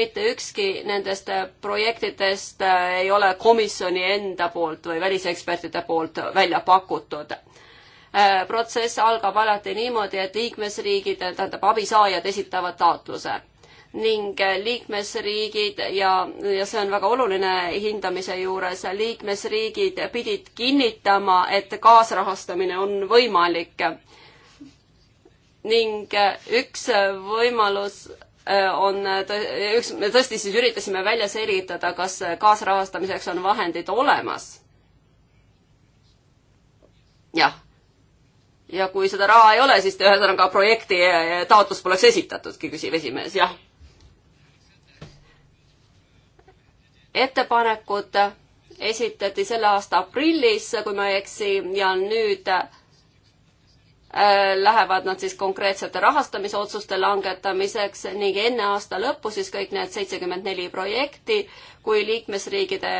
Speaker 2: mitte ükski nendest projektidest äh, ei ole komisjoni enda poolt või välisekspertide poolt välja pakutud äh, protsess algab alati niimoodi, et liikmesriigid, tähendab abisaajad esitavad taotluse ning liikmesriigid ja, ja see on väga oluline hindamise juures, liikmesriigid pidid kinnitama, et kaasrahastamine on võimalik. ning üks võimalus äh, on, üks, me tõesti siis üritasime välja selgitada, kas kaasrahastamiseks on vahendid olemas. jah. ja kui seda raha ei ole, siis ühesõnaga projekti äh, taotlus poleks esitatudki, küsib esimees, jah ettepanekud esitati selle aasta aprillis, kui ma ei eksi, ja nüüd äh, lähevad nad siis konkreetsete rahastamisotsuste langetamiseks ning enne aasta lõppu siis kõik need seitsekümmend neli projekti kui liikmesriigide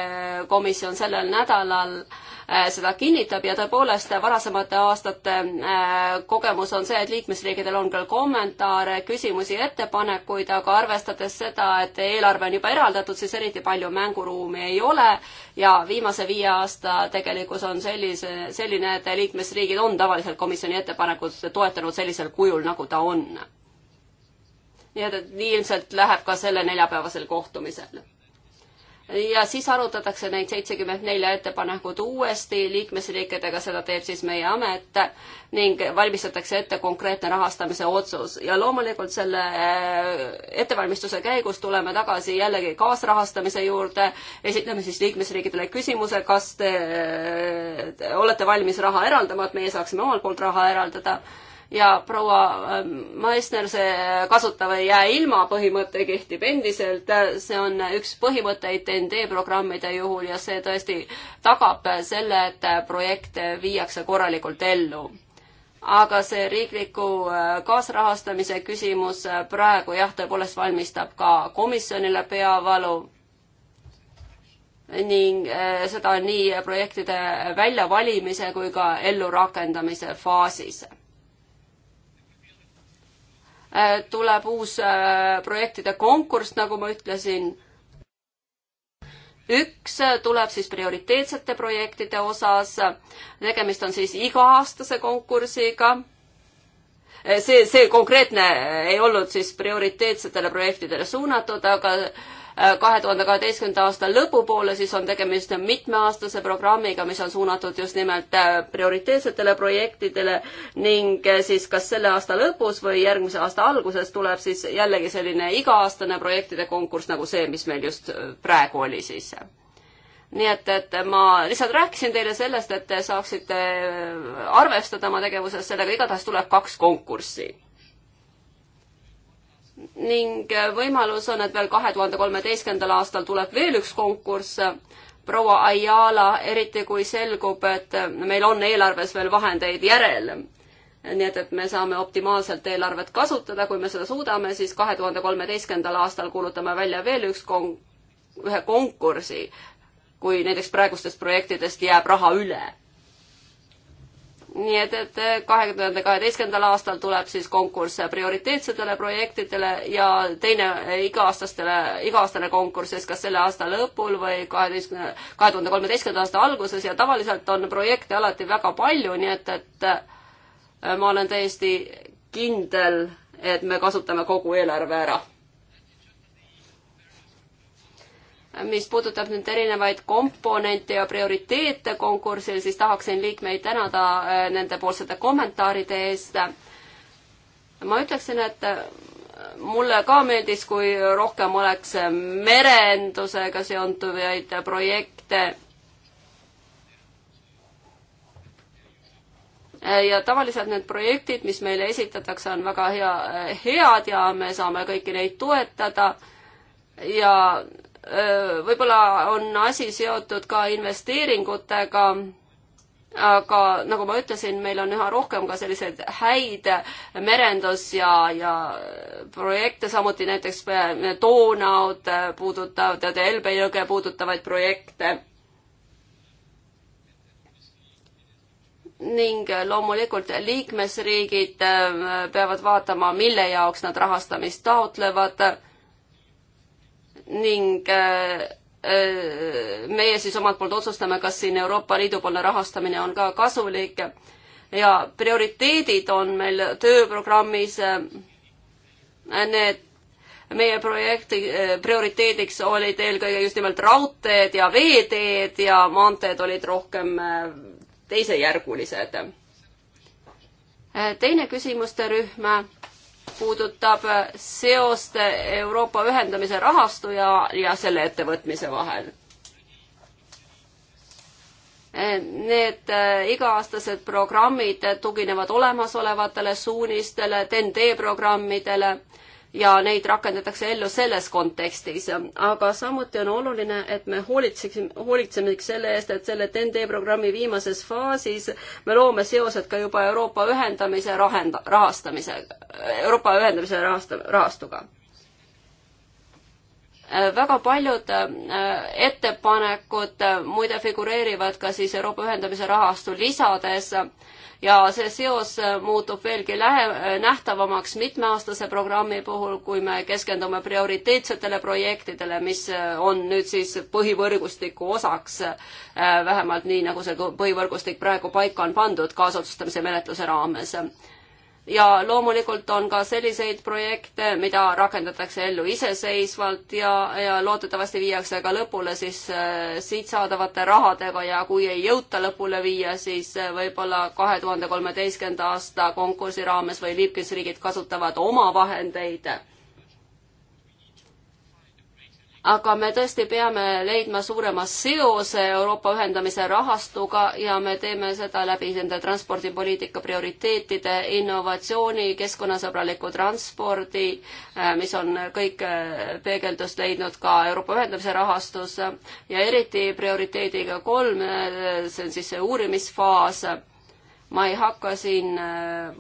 Speaker 2: komisjon sellel nädalal äh, seda kinnitab ja tõepoolest varasemate aastate äh, kogemus on see, et liikmesriikidel on küll kommentaare, küsimusi, ettepanekuid, aga arvestades seda, et eelarve on juba eraldatud, siis eriti palju mänguruumi ei ole ja viimase viie aasta tegelikkus on sellise, selline, et liikmesriigid on tavaliselt komisjoni ettepanekut toetanud sellisel kujul, nagu ta on. nii et, et ilmselt läheb ka selle neljapäevasel kohtumisel ja siis arutatakse neid seitsekümmend nelja ettepanekut uuesti liikmesriikidega, seda teeb siis meie amet ning valmistatakse ette konkreetne rahastamise otsus ja loomulikult selle äh, ettevalmistuse käigus tuleme tagasi jällegi kaasrahastamise juurde, esitame siis liikmesriikidele küsimuse, kas te, te äh, olete valmis raha eraldama, et meie saaksime omalt poolt raha eraldada ja proua Maisner, ähm, see kasuta või jää ilma põhimõte kehtib endiselt, see on üks põhimõtteid TNT programmide juhul ja see tõesti tagab selle, et projekte viiakse korralikult ellu aga see riikliku äh, kaasrahastamise küsimus äh, praegu jah, tõepoolest valmistab ka komisjonile peavalu ning äh, seda nii projektide väljavalimise kui ka ellurakendamise faasis Äh, tuleb uus äh, projektide konkurss, nagu ma ütlesin. üks äh, tuleb siis prioriteetsete projektide osas. tegemist on siis iga-aastase konkursiga. see, see konkreetne ei olnud siis prioriteetsetele projektidele suunatud, aga kahe tuhande kaheteistkümnenda aasta lõpupoole, siis on tegemist mitmeaastase programmiga, mis on suunatud just nimelt äh, prioriteetsetele projektidele ning äh, siis kas selle aasta lõpus või järgmise aasta alguses tuleb siis jällegi selline iga-aastane projektide konkurss nagu see, mis meil just äh, praegu oli siis nii et, et ma lihtsalt rääkisin teile sellest, et te saaksite arvestada oma tegevuses sellega, igatahes tuleb kaks konkurssi ning äh, võimalus on, et veel kahe tuhande kolmeteistkümnendal aastal tuleb veel üks konkurss, proua Ayala, eriti kui selgub, et äh, meil on eelarves veel vahendeid järel. nii et, et me saame optimaalselt eelarvet kasutada, kui me seda suudame, siis kahe tuhande kolmeteistkümnendal aastal kuulutame välja veel üks kon-, ühe konkursi, kui näiteks praegustest projektidest jääb raha üle nii et, et kahe eh, tuhande kaheteistkümnendal aastal tuleb siis konkurss prioriteetsetele projektidele ja teine eh, iga-aastastele, iga-aastane konkurss siis kas selle aasta lõpul või kaheteistkümne, kahe tuhande kolmeteistkümnenda aasta alguses ja tavaliselt on projekte alati väga palju, nii et, et eh, ma olen täiesti kindel, et me kasutame kogu eelarve ära mis puudutab nüüd erinevaid komponente ja prioriteete konkursil, siis tahaksin liikmeid tänada äh, nendepoolsete kommentaaride eest. ma ütleksin, et äh, mulle ka meeldis, kui rohkem oleks merendusega seonduvaid projekte äh, ja tavaliselt need projektid, mis meile esitatakse, on väga hea, head ja me saame kõiki neid toetada ja Äh, võib-olla on asi seotud ka investeeringutega, aga nagu ma ütlesin, meil on üha rohkem ka selliseid häid merendus ja, ja projekte, samuti näiteks Donaud äh, äh, puudutavad ja Elbe jõge puudutavaid projekte. ning loomulikult liikmesriigid peavad vaatama, mille jaoks nad rahastamist taotlevad ning äh, äh, meie siis omalt poolt otsustame, kas siin Euroopa Liidu poolne rahastamine on ka kasulik ja prioriteedid on meil tööprogrammis. Äh, need meie projekti prioriteediks olid eelkõige just nimelt raudteed ja veeteed ja maanteed olid rohkem teisejärgulised. teine küsimuste rühm puudutab seost Euroopa ühendamise rahastu ja, ja selle ettevõtmise vahel. Need iga-aastased programmid tuginevad olemasolevatele suunistele, TEN-T programmidele ja neid rakendatakse ellu selles kontekstis. aga samuti on oluline, et me hoolitseksime, hoolitseme selle eest, et selle TNT programmi viimases faasis me loome seosed ka juba Euroopa ühendamise rahenda-, rahastamise, Euroopa ühendamise rahast-, rahastuga väga paljud äh, ettepanekud äh, muide figureerivad ka siis Euroopa ühendamise rahastu lisades ja see seos äh, muutub veelgi lähe-, äh, nähtavamaks mitmeaastase programmi puhul, kui me keskendume prioriteetsetele projektidele, mis äh, on nüüd siis põhivõrgustiku osaks, vähemalt nii, nagu see põhivõrgustik praegu paika on pandud kaasotsustamise menetluse raames ja loomulikult on ka selliseid projekte, mida rakendatakse ellu iseseisvalt ja, ja loodetavasti viiakse ka lõpule siis äh, siit saadavate rahadega ja kui ei jõuta lõpule viia, siis äh, võib-olla kahe tuhande kolmeteistkümnenda aasta konkursi raames või liikmesriigid kasutavad oma vahendeid äh, aga me tõesti peame leidma suurema seose Euroopa ühendamise rahastuga ja me teeme seda läbi nende transpordipoliitika prioriteetide, innovatsiooni, keskkonnasõbraliku transpordi, äh, mis on kõik äh, peegeldust leidnud ka Euroopa ühendamise rahastus ja eriti prioriteediga kolm, äh, see on siis see uurimisfaas. ma ei hakka siin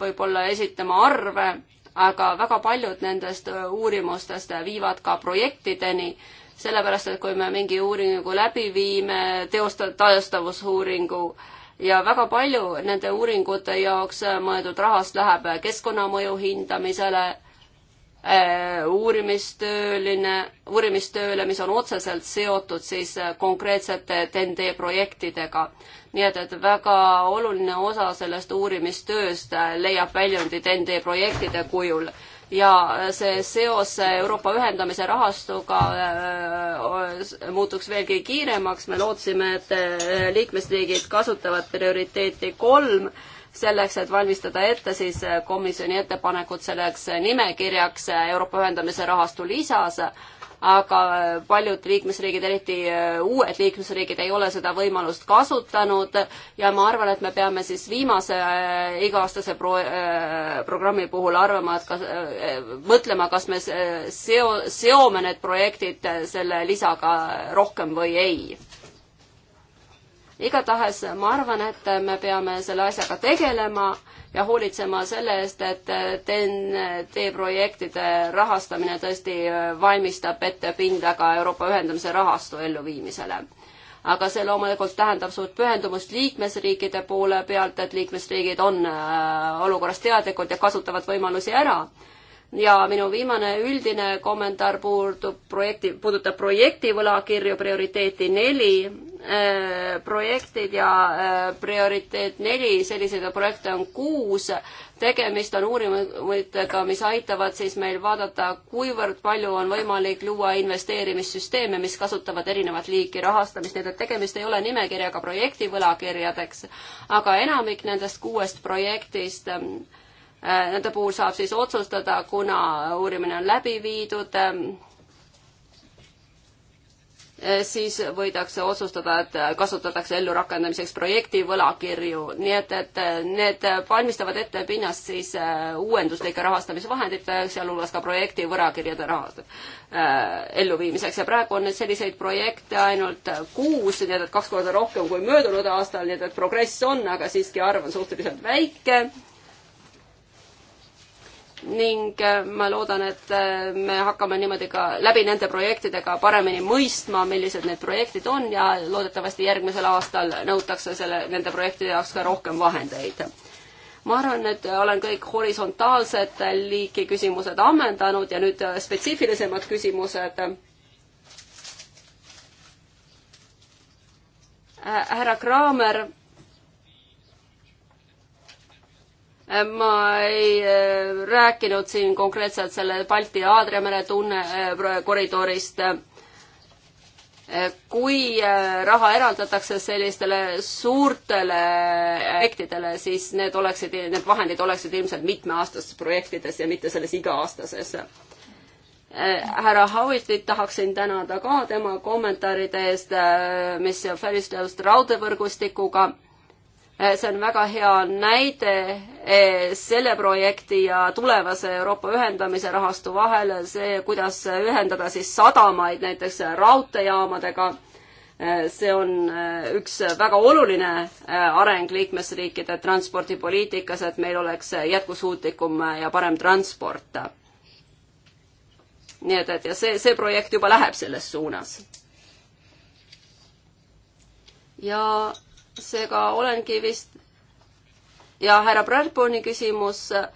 Speaker 2: võib-olla esitama arve aga väga paljud nendest äh, uurimustest äh, viivad ka projektideni, sellepärast et kui me mingi uuringu läbi viime, teosta-, taastavusuuringu ja väga palju nende uuringute jaoks äh, mõeldud rahast läheb keskkonnamõju hindamisele Äh, uurimistööline, uurimistööle, mis on otseselt seotud siis äh, konkreetsete TNT projektidega. nii et, et väga oluline osa sellest uurimistööst äh, leiab väljundi TNT projektide kujul ja see seos Euroopa ühendamise rahastuga muutuks veelgi kiiremaks, me lootsime, et liikmesriigid kasutavad prioriteeti kolm selleks, et valmistada ette siis äh, komisjoni ettepanekud selleks äh, nimekirjaks äh, Euroopa ühendamise rahastu lisas, aga paljud liikmesriigid, eriti uued liikmesriigid, ei ole seda võimalust kasutanud ja ma arvan, et me peame siis viimase iga-aastase pro-, programmi puhul arvama, et kas, mõtlema, kas me seo-, seome need projektid selle lisaga rohkem või ei igatahes ma arvan, et me peame selle asjaga tegelema ja hoolitsema selle eest, et TEN-T projektide rahastamine tõesti valmistab ette pinda ka Euroopa ühendamise rahastu elluviimisele aga see loomulikult tähendab suurt pühendumust liikmesriikide poole pealt, et liikmesriigid on äh, olukorrast teadlikud ja kasutavad võimalusi ära ja minu viimane üldine kommentaar puudub projekti, puudutab projekti võlakirju prioriteeti neli. Äh, projektid ja äh, prioriteet neli, selliseid projekte on kuus. tegemist on uuringutega, mis aitavad siis meil vaadata, kuivõrd palju on võimalik luua investeerimissüsteeme, mis kasutavad erinevat liiki rahastamist, nii et tegemist ei ole nimekirjaga projekti võlakirjadeks, aga enamik nendest kuuest projektist äh, Nende puhul saab siis otsustada, kuna uurimine on läbi viidud Eh, siis võidakse otsustada, et eh, kasutatakse ellurakendamiseks projekti võlakirju, nii et, et eh, need valmistavad ette pinnast siis uuenduslike rahastamisvahendite, sealhulgas ka projekti võlakirjade rahast- äh,, elluviimiseks ja praegu on selliseid projekte ainult kuus, nii et, et kaks korda rohkem kui möödunud aastal, nii et, et progress on, aga siiski arv on suhteliselt väike ning äh, ma loodan, et äh, me hakkame niimoodi ka läbi nende projektidega paremini mõistma, millised need projektid on ja loodetavasti järgmisel aastal nõutakse selle, nende projektide jaoks ka rohkem vahendeid. ma arvan, et olen kõik horisontaalsed liiki küsimused ammendanud ja nüüd äh, spetsiifilisemad küsimused. härra Kraamer Äh, ma ei äh, rääkinud siin konkreetselt selle Balti Aadria mere tunne äh, koridorist. kui raha eraldatakse sellistele suurtele projektidele, siis need oleksid, need vahendid oleksid ilmselt mitmeaastastes projektides ja mitte selles iga-aastases. härra Howitit tahaksin tänada ka tema kommentaaride eest, mis välistavad raudteevõrgustikuga Eh, see on väga hea näide eh, selle projekti ja tulevase Euroopa ühendamise rahastu vahel, see, kuidas ühendada siis sadamaid näiteks raudteejaamadega. Eh, see on üks väga oluline areng liikmesriikide transpordipoliitikas, et meil oleks jätkusuutlikum ja parem transport. nii et, et ja see, see projekt juba läheb selles suunas. ja seega olengi vist ja härra Bradboni küsimus, äh,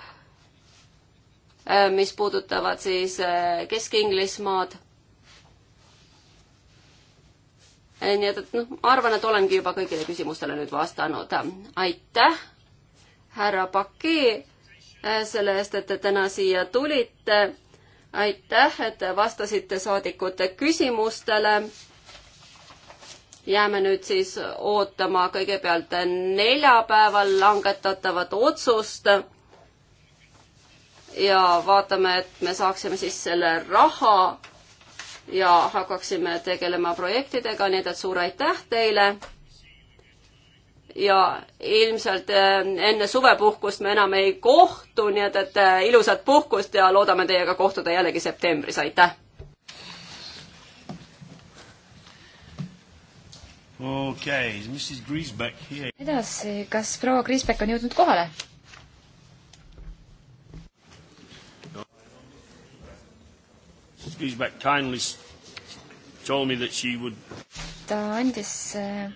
Speaker 2: mis puudutavad siis äh, Kesk-Inglismaad. Äh, nii et, et noh, ma arvan, et olengi juba kõigile küsimustele nüüd vastanud. aitäh, härra Paki, selle eest, et te täna siia tulite. aitäh, et te vastasite saadikute küsimustele jääme nüüd siis ootama kõigepealt neljapäeval langetatavat otsust ja vaatame, et me saaksime siis selle raha ja hakkaksime tegelema projektidega, nii et, et suur aitäh teile. ja ilmselt eh, enne suvepuhkust me enam ei kohtu, nii et, et eh, ilusat puhkust ja loodame teiega kohtuda jällegi septembris, aitäh! okei okay,, mis siis Griesbeck here?
Speaker 3: edasi, kas proua Griesbeck on jõudnud kohale?
Speaker 1: Griesbeck kindly told me that she would
Speaker 3: ta andis eh,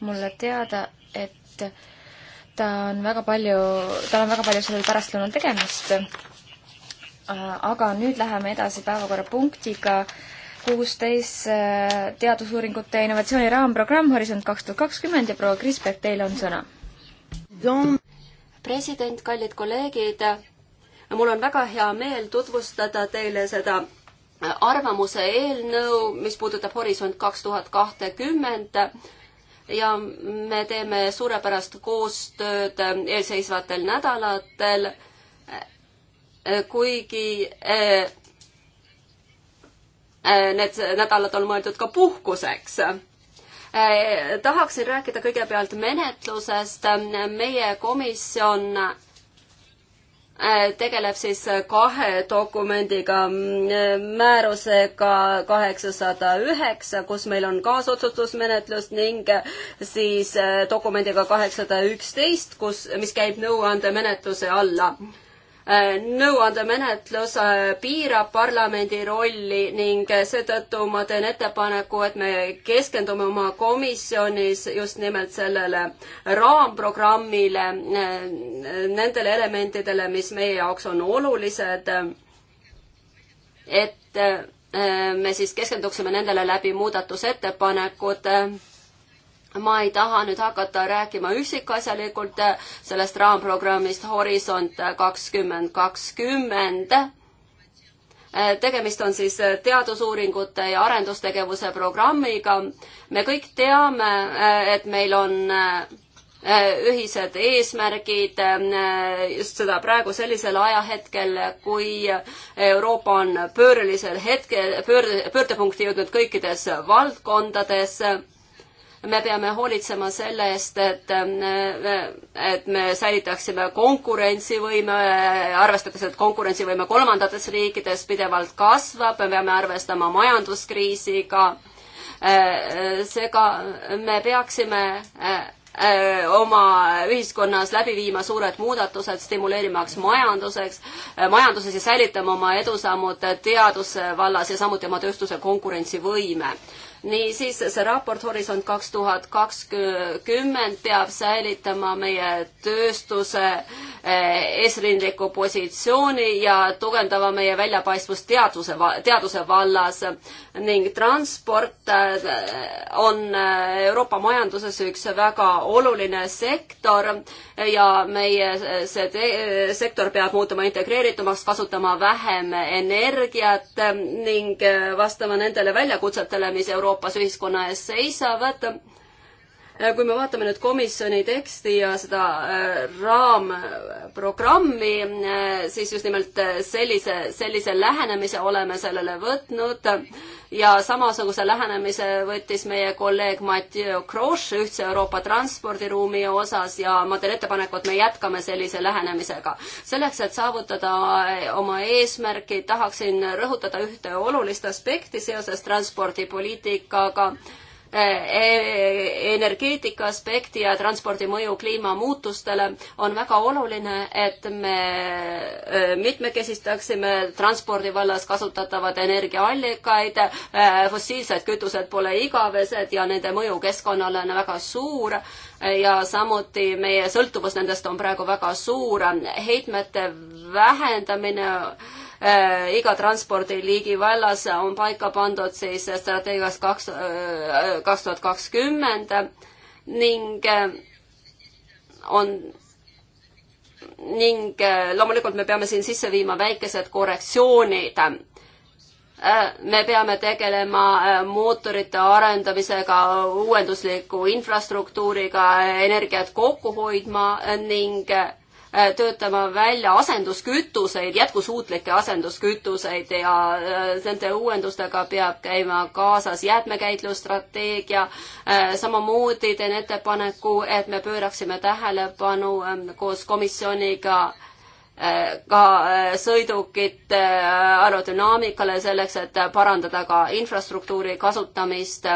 Speaker 3: mulle teada, et ta on väga palju, tal on väga palju sellel pärastlõunal tegemist, äh, aga nüüd läheme edasi päevakorrapunktiga äh, kuusteist äh, teadusuuringute ja innovatsiooni raamprogramm Horisont kaks tuhat kakskümmend ja proua Krispek, teil on sõna.
Speaker 2: president, kallid
Speaker 3: kolleegid, mul
Speaker 2: on väga hea meel tutvustada teile seda arvamuse eelnõu, mis puudutab Horisont kaks tuhat kahtekümmend ja me teeme suurepärast koostööd eelseisvatel nädalatel, kuigi äh, Äh, need nädalad on mõeldud ka puhkuseks äh, tahaksin rääkida kõigepealt menetlusest. meie komisjon äh, tegeleb siis kahe dokumendiga, mm, määrusega kaheksasada üheksa, kus meil on kaasotsustusmenetlus ning siis dokumendiga kaheksasada üksteist, kus, mis käib nõuandemenetluse alla nõuandemenetlus äh, piirab parlamendi rolli ning seetõttu ma teen ettepaneku, et me keskendume oma komisjonis just nimelt sellele raamprogrammile, äh, nendele elementidele, mis meie jaoks on olulised. et äh, me siis keskenduksime nendele läbi muudatusettepanekud ma ei taha nüüd hakata rääkima üksikasjalikult äh, sellest raamprogrammist Horisont äh, kakskümmend kakskümmend. Äh, tegemist on siis teadusuuringute ja arendustegevuse programmiga. me kõik teame, et meil on ühised eesmärgid, just seda praegu sellisel ajahetkel, kui Euroopa on pöörlisel hetkel, pöörde, pöördepunkti jõudnud kõikides valdkondades me peame hoolitsema selle eest, et, et me säilitaksime konkurentsivõime, arvestades, et konkurentsivõime kolmandates riikides pidevalt kasvab, me peame arvestama majanduskriisiga. seega me peaksime oma ühiskonnas läbi viima suured muudatused, stimuleerimaks majanduseks, majanduses ja säilitama oma edusammud teaduse vallas ja samuti oma tööstuse konkurentsivõime niisiis, see raport Horisont kaks tuhat kakskümmend peab säilitama meie tööstuse eh, eesrindliku positsiooni ja tugevdama meie väljapaistvust teaduse, teaduse vallas ning transport eh, on eh, Euroopa majanduses üks väga oluline sektor ja meie see sektor peab muutuma integreeritumaks, kasutama vähem energiat ning vastama nendele väljakutsetele, mis Euroopa Euroopas ühiskonna ees seisavad Äh, kui me vaatame nüüd komisjoni teksti ja seda äh, raamprogrammi, äh, siis just nimelt sellise, sellise lähenemise oleme sellele võtnud ja samasuguse lähenemise võttis meie kolleeg Mathieu Grosch Ühtse Euroopa transpordiruumi osas ja ma teen ettepaneku, et me jätkame sellise lähenemisega. selleks, et saavutada oma eesmärki, tahaksin rõhutada ühte olulist aspekti seoses transpordipoliitikaga Eh, energeetika aspekti ja transpordi mõju kliimamuutustele, on väga oluline, et me eh, mitmekesistaksime transpordi vallas kasutatavad energiaallikaid, eh, fossiilsed kütused pole igavesed ja nende mõju keskkonnale on väga suur ja samuti meie sõltuvus nendest on praegu väga suur, heitmete vähendamine Äh, iga transpordiliigi vallas on paika pandud siis strateegias kaks, äh, kaks tuhat kakskümmend ning äh, on ning loomulikult me peame siin sisse viima väikesed korrektsioonid. me peame tegelema mootorite arendamisega, uuendusliku infrastruktuuriga, energiat kokku hoidma ning Äh, töötama välja asenduskütuseid, jätkusuutlikke asenduskütuseid ja äh, nende uuendustega peab käima kaasas jäätmekäitlusstrateegia. Äh, samamoodi teen ettepaneku, et me pööraksime tähelepanu ähm, koos komisjoniga ka sõidukite aerodünaamikale selleks, et parandada ka infrastruktuuri kasutamist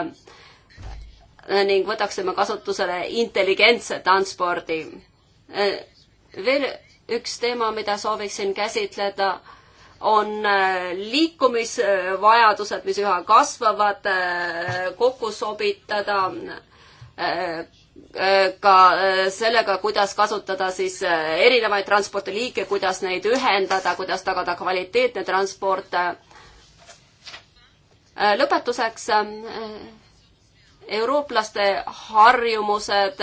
Speaker 2: ning võtaksime kasutusele intelligentse transpordi veel üks teema, mida sooviksin käsitleda, on äh, liikumisvajadused, mis üha kasvavad, äh, kokku sobitada äh, ka sellega, kuidas kasutada siis erinevaid transpordiliike, kuidas neid ühendada, kuidas tagada kvaliteetne transport. lõpetuseks eurooplaste harjumused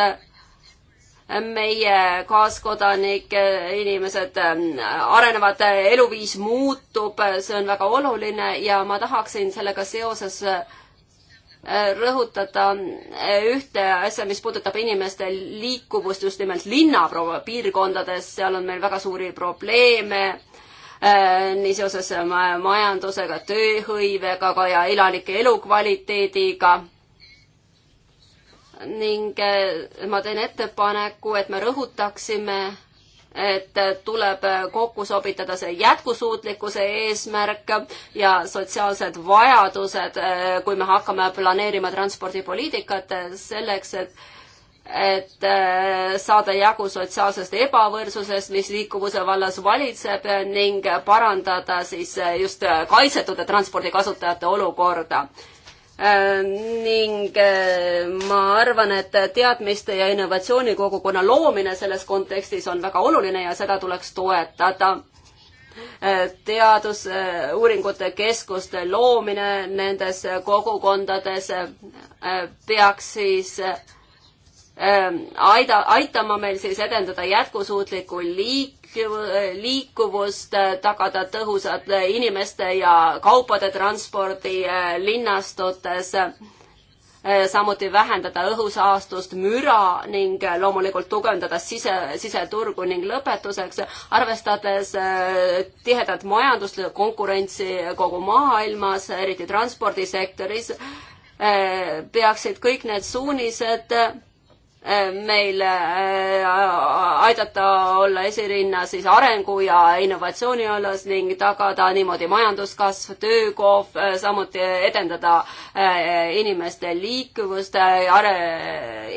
Speaker 2: meie kaaskodanike inimesed, ähm, arenevad, äh, eluviis muutub, äh, see on väga oluline ja ma tahaksin sellega seoses äh, rõhutada ühte asja, mis puudutab inimeste liikuvust just nimelt linnapiirkondades, seal on meil väga suuri probleeme nii seoses majandusega, tööhõivega ja elanike elukvaliteediga ning eh, ma teen ettepaneku, et me rõhutaksime, et tuleb kokku sobitada see jätkusuutlikkuse eesmärk ja sotsiaalsed vajadused, eh, kui me hakkame planeerima transpordipoliitikat eh, selleks, et et saada jagu sotsiaalsest ebavõrdsusest, mis liikuvuse vallas valitseb ning parandada siis just kaitsetute transpordikasutajate olukorda Äh, ning äh, ma arvan, et teadmiste ja innovatsioonikogukonna loomine selles kontekstis on väga oluline ja seda tuleks toetada. Äh, teadusuuringute keskuste loomine nendes kogukondades peaks siis aida, aitama meil siis edendada jätkusuutlikku liik-, liikiv, liikuvust, äh, tagada tõhusad äh, inimeste ja kaupade transpordi äh, linnastutes, samuti vähendada õhusaastust, müra ning loomulikult tugevdada sise, siseturgu ning lõpetuseks, arvestades tihedat majandust, konkurentsi kogu maailmas, eriti transpordisektoris, peaksid kõik need suunised meil äh, aidata olla esirinna siis arengu ja innovatsiooni alles ning tagada niimoodi majanduskasv, töökohv, äh, samuti edendada äh, inimeste liikuvust,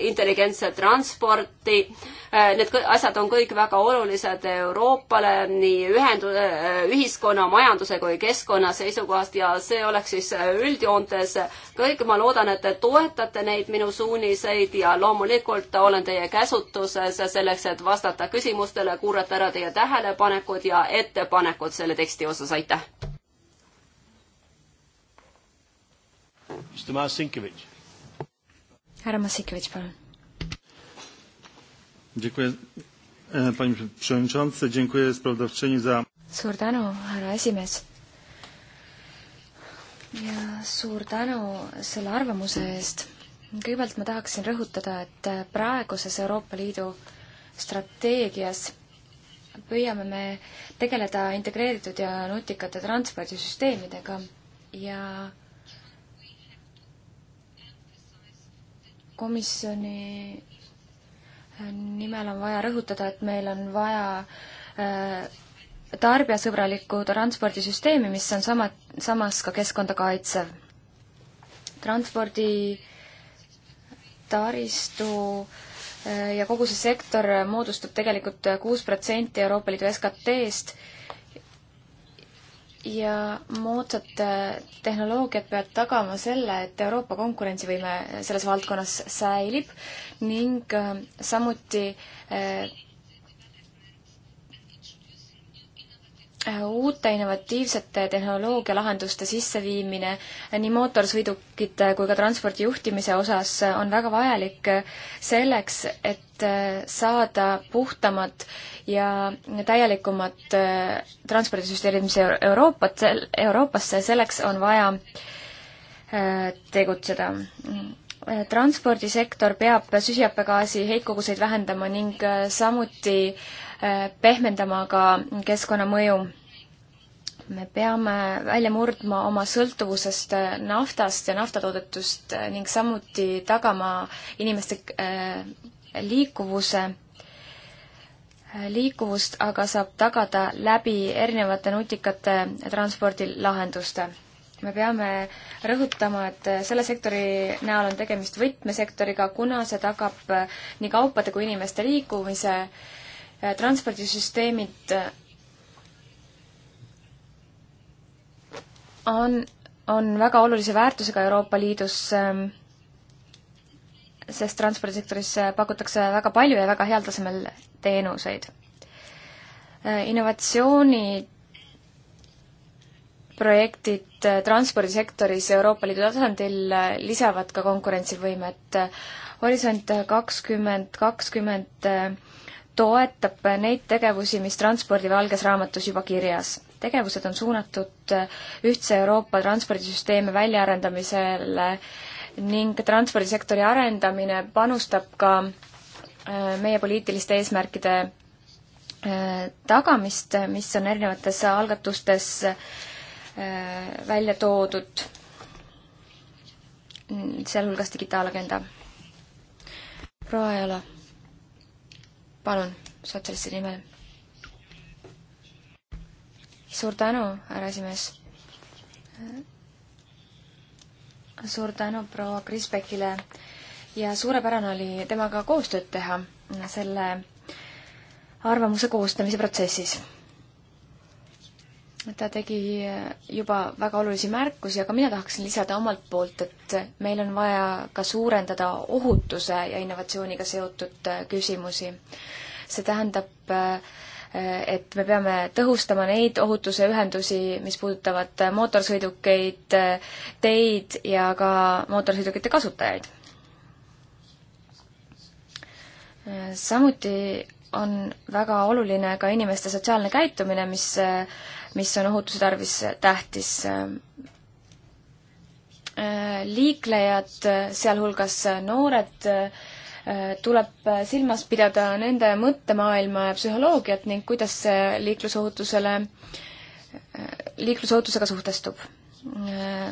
Speaker 2: intelligentset transporti Äh, need asjad on kõik väga olulised Euroopale nii ühendu-, äh, ühiskonna, majanduse kui keskkonna seisukohast ja see oleks siis äh, üldjoontes kõik. ma loodan, et te toetate neid minu suuniseid ja loomulikult olen teie käsutuses selleks, et vastata küsimustele, kuulata ära teie tähelepanekud ja ettepanekud
Speaker 3: selle teksti osas, aitäh! härra Masikevitš, palun Dziękuję, e, pani przewodniczący, dziękuję sprawozdawczyni za. suur tänu, härra esimees. ja suur tänu selle arvamuse eest. kõigepealt ma tahaksin rõhutada, et praeguses Euroopa Liidu strateegias püüame me tegeleda integreeritud ja nutikate transpordisüsteemidega ja komisjoni nimel on vaja rõhutada, et meil on vaja äh, tarbijasõbralikku transpordisüsteemi, mis on sama, samas ka keskkonda kaitsev. transpordi taristu äh, ja kogu see sektor moodustab tegelikult kuus protsenti Euroopa Liidu SKT-st ja moodsad tehnoloogiad peavad tagama selle, et Euroopa konkurentsivõime selles valdkonnas säilib ning äh, samuti äh, Äh, uute innovatiivsete tehnoloogialahenduste sisseviimine äh, nii mootorsõidukite kui ka transpordi juhtimise osas äh, on väga vajalik selleks, et saada puhtamad ja täielikumad transpordisüsteemid, mis Euroopat, Euroopasse, selleks on vaja tegutseda. transpordisektor peab süsihappegaasi heitkoguseid vähendama ning samuti äh, Äh, pehmendama ka keskkonnamõju. me peame välja murdma oma sõltuvusest äh, naftast ja naftatoodetust äh, ning samuti tagama inimeste liikuvuse liikuvust aga saab tagada läbi erinevate nutikate transpordilahenduste. me peame rõhutama, et selle sektori näol on tegemist võtmesektoriga, kuna see tagab nii kaupade kui inimeste liikumise äh, Äh, transpordisüsteemid äh, on, on väga olulise väärtusega Euroopa Liidus, ähm, sest transpordisektoris äh, pakutakse väga palju ja väga heal tasemel teenuseid. innovatsioonid projektid transpordisektoris Euroopa Liidu tasandil lisavad ka konkurentsivõimet. Horisont kakskümmend kakskümmend 20 toetab neid tegevusi, mis transpordi valges raamatus juba kirjas. tegevused on suunatud ühtse Euroopa transpordisüsteemi väljaarendamisele ning transpordisektori arendamine panustab ka äh, meie poliitiliste eesmärkide äh, tagamist, mis on erinevates algatustes äh, välja toodud, sealhulgas digitaalagenda. proua Ajala palun, sotsialisti nimel. suur tänu, härra esimees. suur tänu proua Krisbekile ja suurepärane oli temaga koostööd teha selle arvamuse koostamise protsessis ta tegi juba väga olulisi märkusi, aga mina tahaksin lisada omalt poolt, et meil on vaja ka suurendada ohutuse ja innovatsiooniga seotud äh, küsimusi. see tähendab, äh, et me peame tõhustama neid ohutuse ühendusi, mis puudutavad äh, mootorsõidukeid, teid ja ka mootorsõidukite kasutajaid. samuti on väga oluline ka inimeste sotsiaalne käitumine, mis mis on ohutuse tarvis tähtis. liiklejad, sealhulgas noored, tuleb silmas pidada nende mõttemaailma ja psühholoogiat ning kuidas see liiklusohutusele, liiklusohutusega suhtestub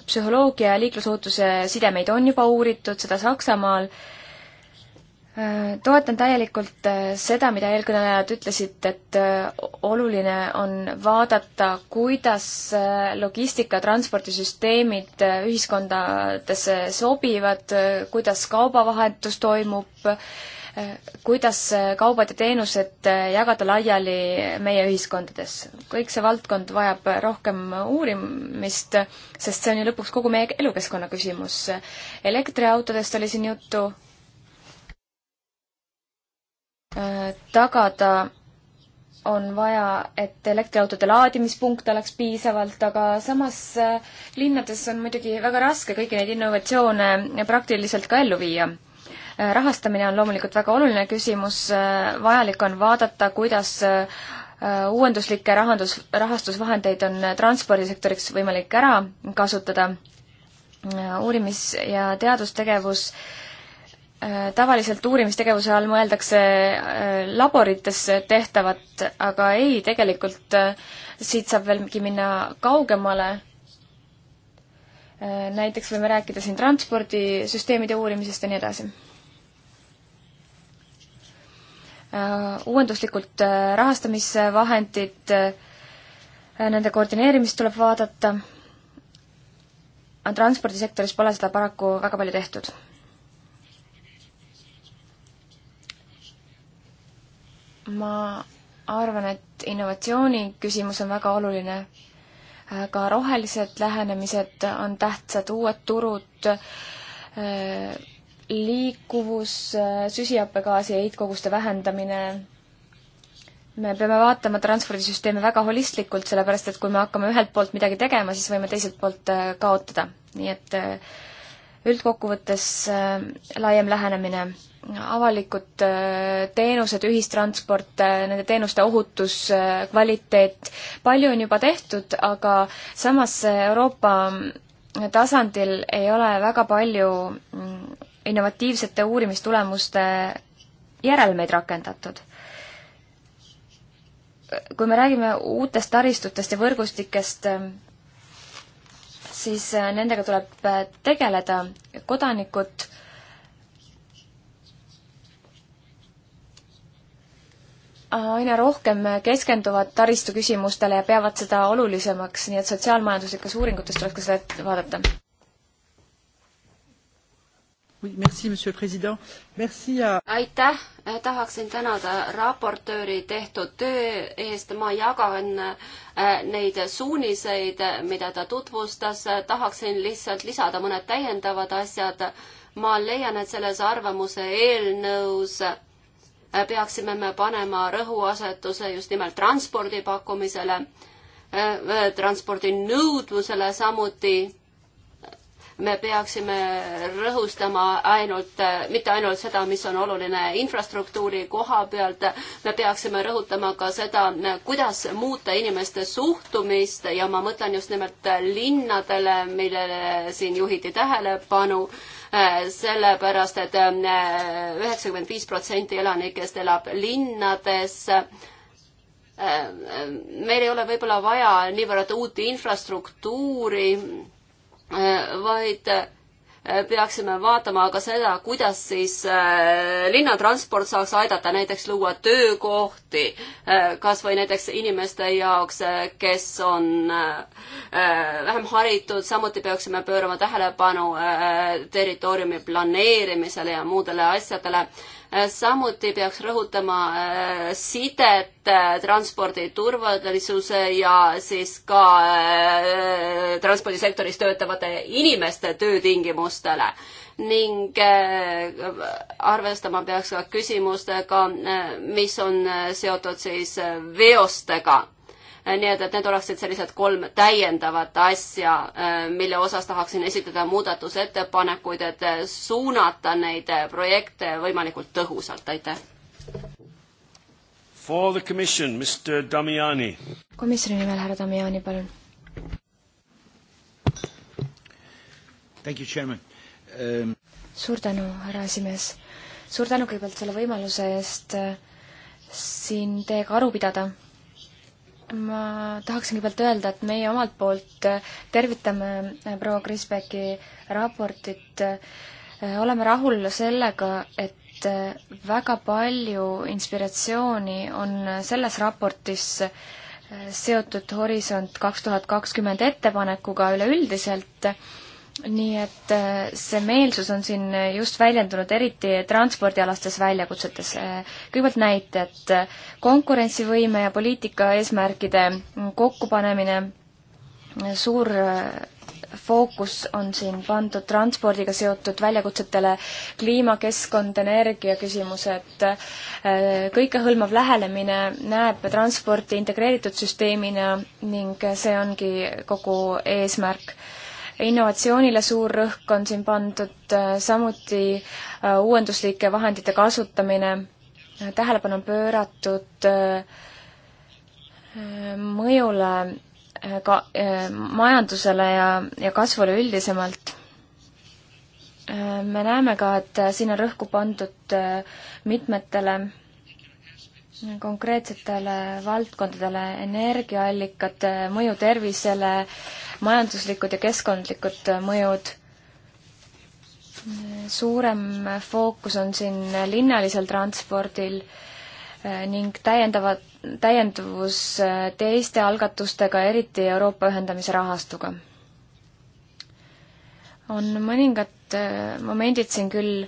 Speaker 3: psühholoogia ja liiklusohutuse sidemeid on juba uuritud, seda Saksamaal äh, Toetan täielikult äh, seda, mida eelkõnelejad ütlesid, et äh, oluline on vaadata, kuidas äh, logistika- ja transpordisüsteemid ühiskondadesse sobivad, kuidas kaubavahetus toimub, kuidas kaubad ja teenused jagada laiali meie ühiskondades. kõik see valdkond vajab rohkem uurimist, sest see on ju lõpuks kogu meie elukeskkonna küsimus. elektriautodest oli siin juttu Äh, tagada on vaja, et elektriautode laadimispunkte oleks piisavalt, aga samas äh, linnades on muidugi väga raske kõiki neid innovatsioone praktiliselt ka ellu viia. Äh, rahastamine on loomulikult väga oluline küsimus, vajalik on vaadata, kuidas uuenduslikke rahandus, rahastusvahendeid on transpordisektoriks võimalik ära kasutada, uurimis- ja teadustegevus äh, Äh, tavaliselt uurimistegevuse all mõeldakse äh, laborites tehtavat, aga ei, tegelikult äh, siit saab veelgi minna kaugemale. näiteks võime rääkida siin transpordisüsteemide uurimisest ja nii edasi. uuenduslikult rahastamisvahendid, nende koordineerimist tuleb vaadata, transpordisektoris pole seda paraku väga palju tehtud ma arvan, et innovatsiooni küsimus on väga oluline. ka rohelised lähenemised on tähtsad, uued turud, äh, liikuvus, äh, süsihappegaasi heitkoguste vähendamine, me peame vaatama transpordisüsteemi väga holistlikult, sellepärast et kui me hakkame ühelt poolt midagi tegema, siis võime teiselt poolt äh, kaotada. nii et üldkokkuvõttes laiem lähenemine avalikud äh, teenused, ühistransport, äh, nende teenuste ohutus, äh, kvaliteet, palju on juba tehtud, aga samas Euroopa tasandil ei ole väga palju mm, innovatiivsete uurimistulemuste järelmeid rakendatud. kui me räägime uutest taristutest ja võrgustikest, siis nendega tuleb tegeleda, kodanikud aina rohkem keskenduvad taristu küsimustele ja peavad seda olulisemaks, nii et sotsiaalmajanduslikes uuringutes tuleks ka seda vaadata.
Speaker 2: aitäh, tahaksin tänada raportööri tehtud töö eest, ma jagan äh, neid suuniseid, mida ta tutvustas, tahaksin lihtsalt lisada mõned täiendavad asjad. ma leian, et selles arvamuse eelnõus äh, peaksime me panema rõhuasetuse just nimelt transpordi pakkumisele, äh, transpordi nõudlusele samuti me peaksime rõhustama ainult, äh, mitte ainult seda, mis on oluline infrastruktuuri koha pealt, me peaksime rõhutama ka seda, kuidas muuta inimeste suhtumist ja ma mõtlen just nimelt linnadele, millele siin juhiti tähelepanu Äh, sellepärast et äh, üheksakümmend viis protsenti elanikest elab linnades äh, meil ei ole võib-olla vaja niivõrd uut infrastruktuuri, vaid Äh, peaksime vaatama ka seda, kuidas siis äh, linnatransport saaks aidata näiteks luua töökohti, äh, kas või näiteks inimeste jaoks, kes on vähem haritud, samuti peaksime pöörama tähelepanu territooriumi planeerimisele ja muudele asjadele Äh, samuti peaks rõhutama äh, sidet äh, transpordi turvalisuse ja siis ka transpordisektoris töötavate inimeste töötingimustele ning arvestama peaks ka küsimustega, mis on seotud siis veostega Äh, nii et, et need oleksid sellised kolm täiendavat asja, äh, mille osas tahaksin esitada muudatusettepanekuid, et äh, suunata neid projekte võimalikult tõhusalt, aitäh.
Speaker 1: For the commission, Mr Damiani.
Speaker 3: komisjoni nimel härra Damiani, palun. Thank you, chairman um.... suur tänu, härra esimees. suur tänu kõigepealt selle võimaluse eest siin teiega aru pidada ma tahaksin kõigepealt öelda, et meie omalt poolt äh, tervitame äh, proua Krisbeki raportit. Äh, oleme rahul sellega, et väga palju inspiratsiooni on selles raportis seotud Horisont kaks tuhat kakskümmend ettepanekuga üleüldiselt nii et äh, see meelsus on siin just väljendunud eriti transpordialastes väljakutsetes. Äh, kõigepealt näited, konkurentsivõime ja poliitika eesmärkide kokkupanemine, suur äh, fookus on siin pandud transpordiga seotud väljakutsetele, kliimakeskkond, energiaküsimused, kõikehõlmav lähenemine näeb transporti integreeritud süsteemina ning see ongi kogu eesmärk innovatsioonile suur rõhk on siin pandud, äh, samuti äh, uuenduslike vahendite kasutamine, äh, tähelepanu on pööratud mõjule ka majandusele ja, ja kasvule üldisemalt me näeme ka, et siin on rõhku pandud mitmetele konkreetsetele valdkondadele, energiaallikad, mõju tervisele, majanduslikud ja keskkondlikud mõjud. suurem fookus on siin linnalisel transpordil ning täiendavad, täienduvus teiste algatustega, eriti Euroopa ühendamise rahastuga. on mõningad momendid siin küll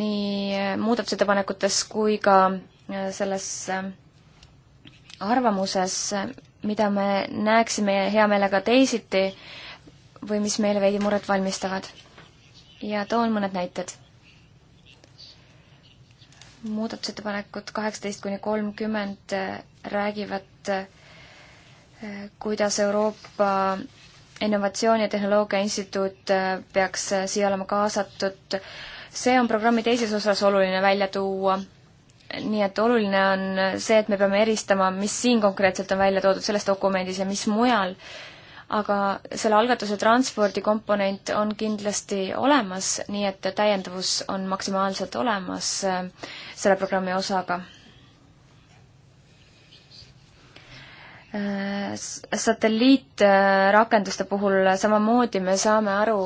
Speaker 3: nii muudatusettepanekutes kui ka selles äh, arvamuses, mida me näeksime hea meelega teisiti või mis meile veidi muret valmistavad. ja toon mõned näited. muudatusettepanekud kaheksateist kuni kolmkümmend äh, räägivad, äh, kuidas Euroopa Innovatsiooni ja Tehnoloogia Instituut peaks siia olema kaasatud. see on programmi teises osas oluline välja tuua nii et oluline on see, et me peame eristama, mis siin konkreetselt on välja toodud selles dokumendis ja mis mujal, aga selle algatuse transpordikomponent on kindlasti olemas, nii et täiendavus on maksimaalselt olemas äh, selle programmi osaga. Äh, satelliitrakenduste puhul samamoodi me saame aru,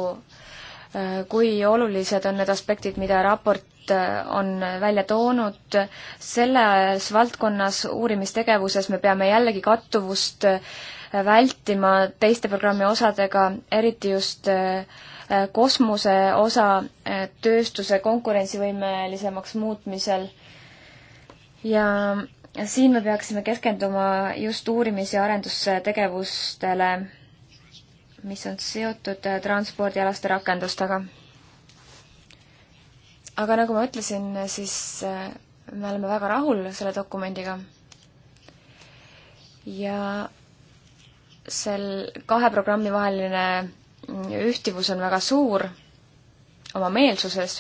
Speaker 3: äh, kui olulised on need aspektid, mida raport Liit äh, on välja toonud, selles valdkonnas, uurimistegevuses me peame jällegi kattuvust äh, vältima teiste programmi osadega, eriti just äh, kosmose osa tööstuse konkurentsivõimelisemaks muutmisel. ja siin me peaksime keskenduma just uurimis- ja arendustegevustele, mis on seotud transpordialaste rakendustega aga nagu ma ütlesin, siis äh, me oleme väga rahul selle dokumendiga. ja sel kahe programmi vaheline mm, ühtivus on väga suur oma meelsuses.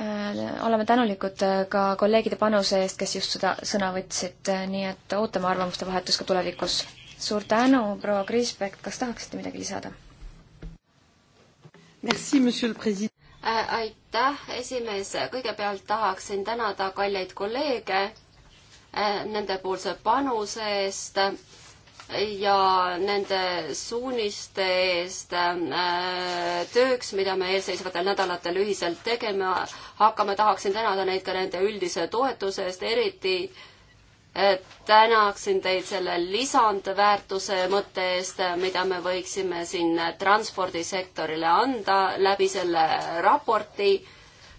Speaker 3: Äh, oleme tänulikud äh, ka kolleegide panuse eest, kes just seda sõna võtsid, nii et ootame arvamuste vahetust ka tulevikus. suur tänu, proua Kriisbeck, kas tahaksite midagi lisada? Äh,
Speaker 2: aitäh, esimees, kõigepealt tahaksin tänada kalleid kolleege äh, nendepoolse panuse eest ja nende suuniste eest äh, tööks, mida me eelseisvatel nädalatel ühiselt tegema hakkame, tahaksin tänada neid ka nende üldise toetuse eest, eriti äh, tänaksin teid selle lisandväärtuse mõtte eest, mida me võiksime siin transpordisektorile anda läbi selle raporti.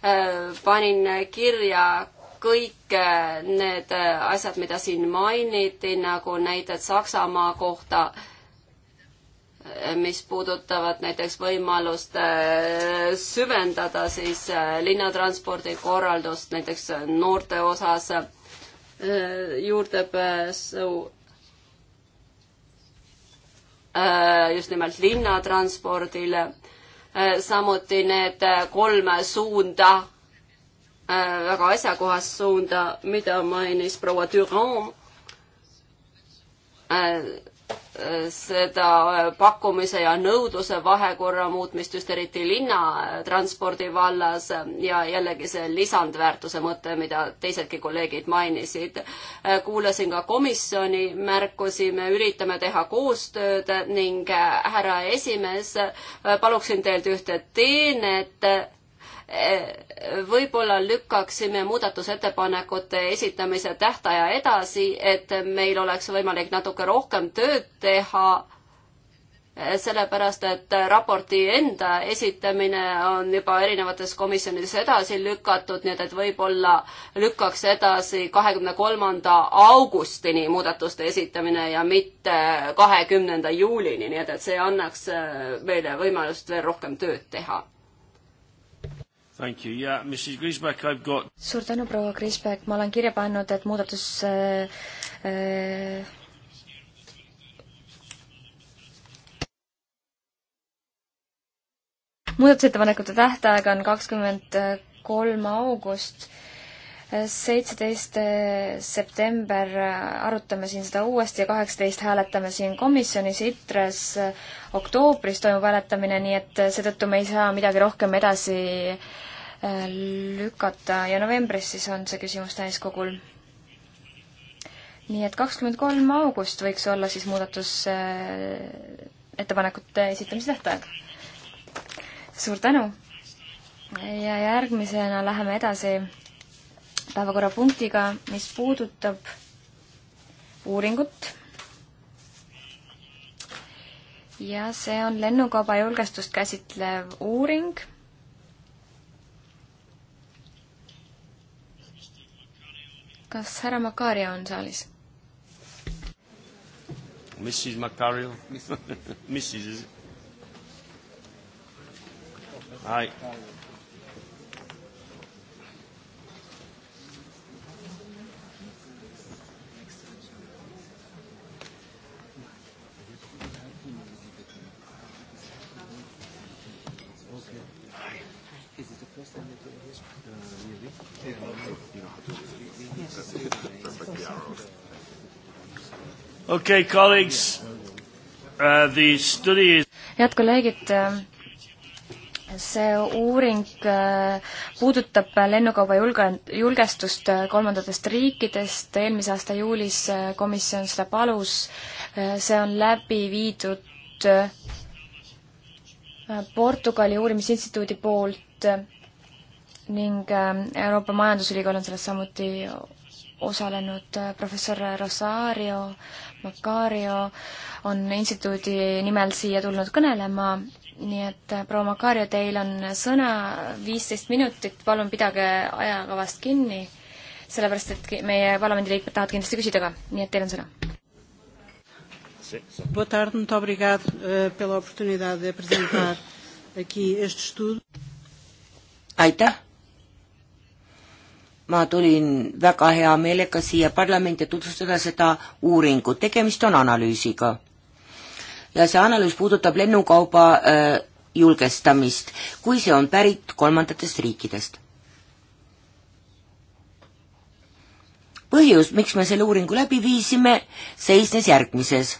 Speaker 2: Äh, panin kirja kõik äh, need asjad, mida siin mainiti, nagu näited Saksamaa kohta, äh, mis puudutavad näiteks võimalust süvendada siis linnatranspordi korraldust näiteks noorte osas Äh, juurdepääsu äh, just nimelt linnatranspordile, äh, samuti need kolm suunda, väga asjakohast suunda, mida mainis proua Düran seda pakkumise ja nõudluse vahekorra muutmist just eriti linnatranspordi vallas ja jällegi see lisandväärtuse mõte, mida teisedki kolleegid mainisid. kuulasin ka komisjoni märkusi, me üritame teha koostööd ning härra esimees, paluksin teilt ühte teenet võib-olla lükkaksime muudatusettepanekute esitamise tähtaja edasi, et meil oleks võimalik natuke rohkem tööd teha, sellepärast et raporti enda esitamine on juba erinevates komisjonides edasi lükatud, nii et, et võib-olla lükkaks edasi kahekümne kolmanda augustini muudatuste esitamine ja mitte kahekümnenda juulini, nii et, et see annaks meile võimalust veel rohkem tööd teha
Speaker 1: Thank you. Yeah, Mrs. Griesbeck, I've got...
Speaker 3: suur tänu, proua Griesbeck, ma olen kirja pannud, et muudatus äh, äh, muudatusettepanekute tähtaeg on kakskümmend kolm august seitseteist eh, september eh, arutame siin seda uuesti ja kaheksateist hääletame siin komisjonis, ITRES eh, oktoobris toimub hääletamine, nii et seetõttu me ei saa midagi rohkem edasi lükata ja novembris siis on see küsimus täiskogul. nii et kakskümmend kolm august võiks olla siis muudatusettepanekute esitamise tähtaeg. suur tänu! ja järgmisena läheme edasi päevakorrapunktiga, mis puudutab uuringut. ja see on lennukauba julgestust käsitlev uuring. kas härra Makaria on saalis?
Speaker 2: Mrs Macario. Mrs.
Speaker 1: Mrs. Hi. Okay, colleagues, uh, the study is...
Speaker 3: head kolleegid, uh, see uuring uh, puudutab lennukauba julge, julgestust uh, kolmandatest riikidest, eelmise aasta juulis komisjon seda palus, see on läbi viidud Portugali uurimisinstituudi poolt ning Euroopa Majandusülikool on sellest samuti osalenud äh, professor Rosario Macario on instituudi nimel siia tulnud kõnelema, nii et äh, proua Macario, teil on sõna viisteist minutit, palun pidage ajakavast kinni, sellepärast et meie parlamendiliikmed tahavad kindlasti küsida ka, nii et teil on sõna.
Speaker 1: Boa tarde, muito obrigado uh, pela oportunidade de apresentar aqui este estudo. Aitäh ma tulin väga hea meelega siia parlamenti tutvustada seda uuringut, tegemist on analüüsiga. ja see analüüs puudutab lennukauba äh, julgestamist, kui see on pärit kolmandatest riikidest. põhjus, miks me selle uuringu läbi viisime, seisnes järgmises.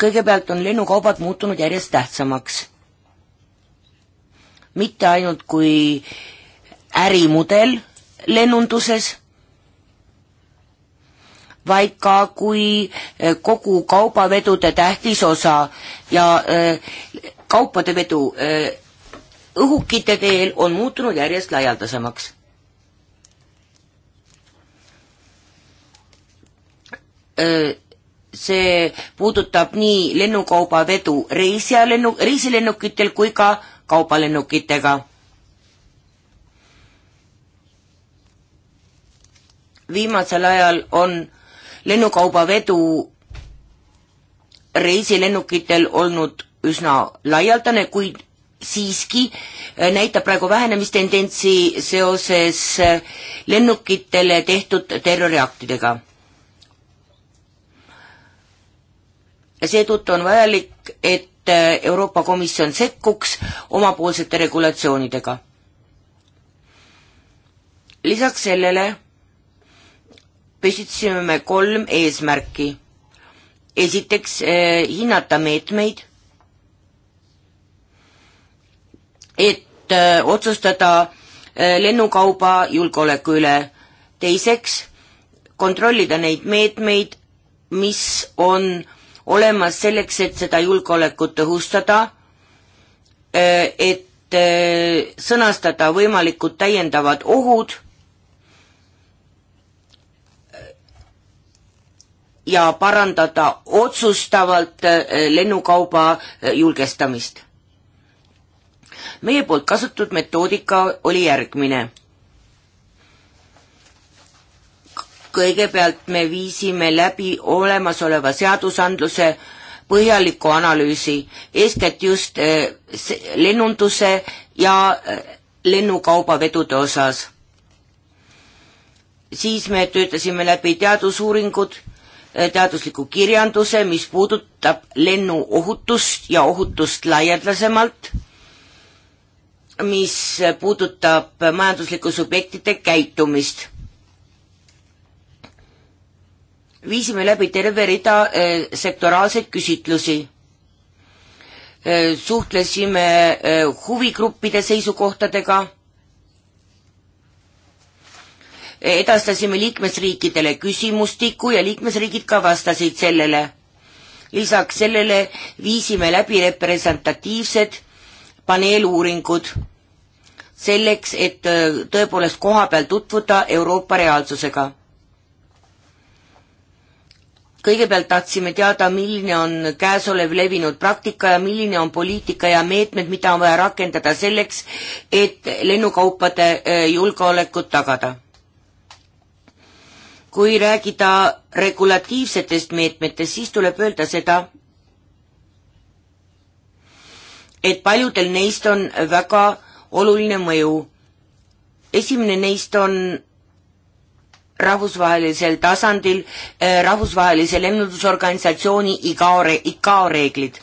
Speaker 1: kõigepealt on lennukaubad muutunud järjest tähtsamaks mitte ainult kui ärimudel lennunduses, vaid ka kui eh, kogu kaubavedude tähtis osa ja eh, kaupade vedu eh, õhukite teel on muutunud järjest laialdasemaks. see puudutab nii lennukaubavedu reisijalennu, reiisilennukitel kui ka kaubalennukitega. viimasel ajal on lennukaubavedu reisilennukitel olnud üsna laialdane, kuid siiski eh, näitab praegu vähenemistendentsi seoses eh, lennukitele tehtud terroriaktidega. seetõttu on vajalik, et Äh, Euroopa Komisjon sekkuks omapoolsete regulatsioonidega. lisaks sellele püstitasime me kolm eesmärki. esiteks eh, hinnata meetmeid, et eh, otsustada eh, lennukauba julgeoleku üle. teiseks kontrollida neid meetmeid, mis on eh, olemas selleks, et seda julgeolekut tõhustada, äh, et äh, sõnastada võimalikud täiendavad ohud ja parandada otsustavalt äh, lennukauba julgestamist. meie poolt kasutatud metoodika oli järgmine kõigepealt me viisime läbi olemasoleva seadusandluse põhjaliku analüüsi, eeskätt just eh, lennunduse ja eh, lennukaubavedude osas. siis me töötasime läbi teadusuuringud, eh, teadusliku kirjanduse, mis puudutab lennuohutust ja ohutust laialdasemalt, mis puudutab majanduslike subjektide käitumist viisime läbi terve rida eh, sektoraalseid küsitlusi. Eh, suhtlesime eh, huvigruppide seisukohtadega, edastasime liikmesriikidele küsimustiku ja liikmesriigid ka vastasid sellele. lisaks sellele viisime läbi representatiivsed paneeluuringud selleks, et tõepoolest koha peal tutvuda Euroopa reaalsusega kõigepealt tahtsime teada, milline on käesolev levinud praktika ja milline on poliitika ja meetmed, mida on vaja rakendada selleks, et lennukaupade e, julgeolekut tagada. kui rääkida regulatiivsetest meetmetest, siis tuleb öelda seda, et paljudel neist on väga oluline mõju. esimene neist on rahvusvahelisel tasandil eh, rahvusvahelise lennundusorganisatsiooni ICAO, ICAO reeglid.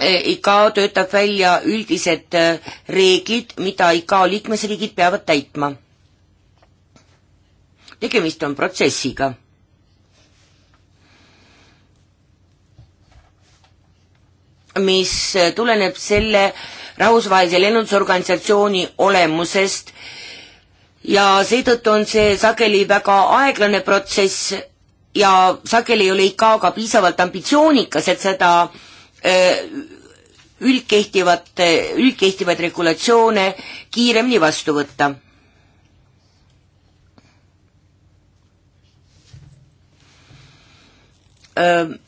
Speaker 1: Eh, ICAO töötab välja üldised eh, reeglid, mida ICAO liikmesriigid peavad täitma. tegemist on protsessiga. mis tuleneb selle rahvusvahelise lennundusorganisatsiooni olemusest äh, ja seetõttu on see sageli väga aeglane protsess ja sageli ei ole ICAO-ga piisavalt ambitsioonikas, et seda äh, üldkehtivat, äh, üldkehtivaid regulatsioone kiiremini vastu võtta. Äh,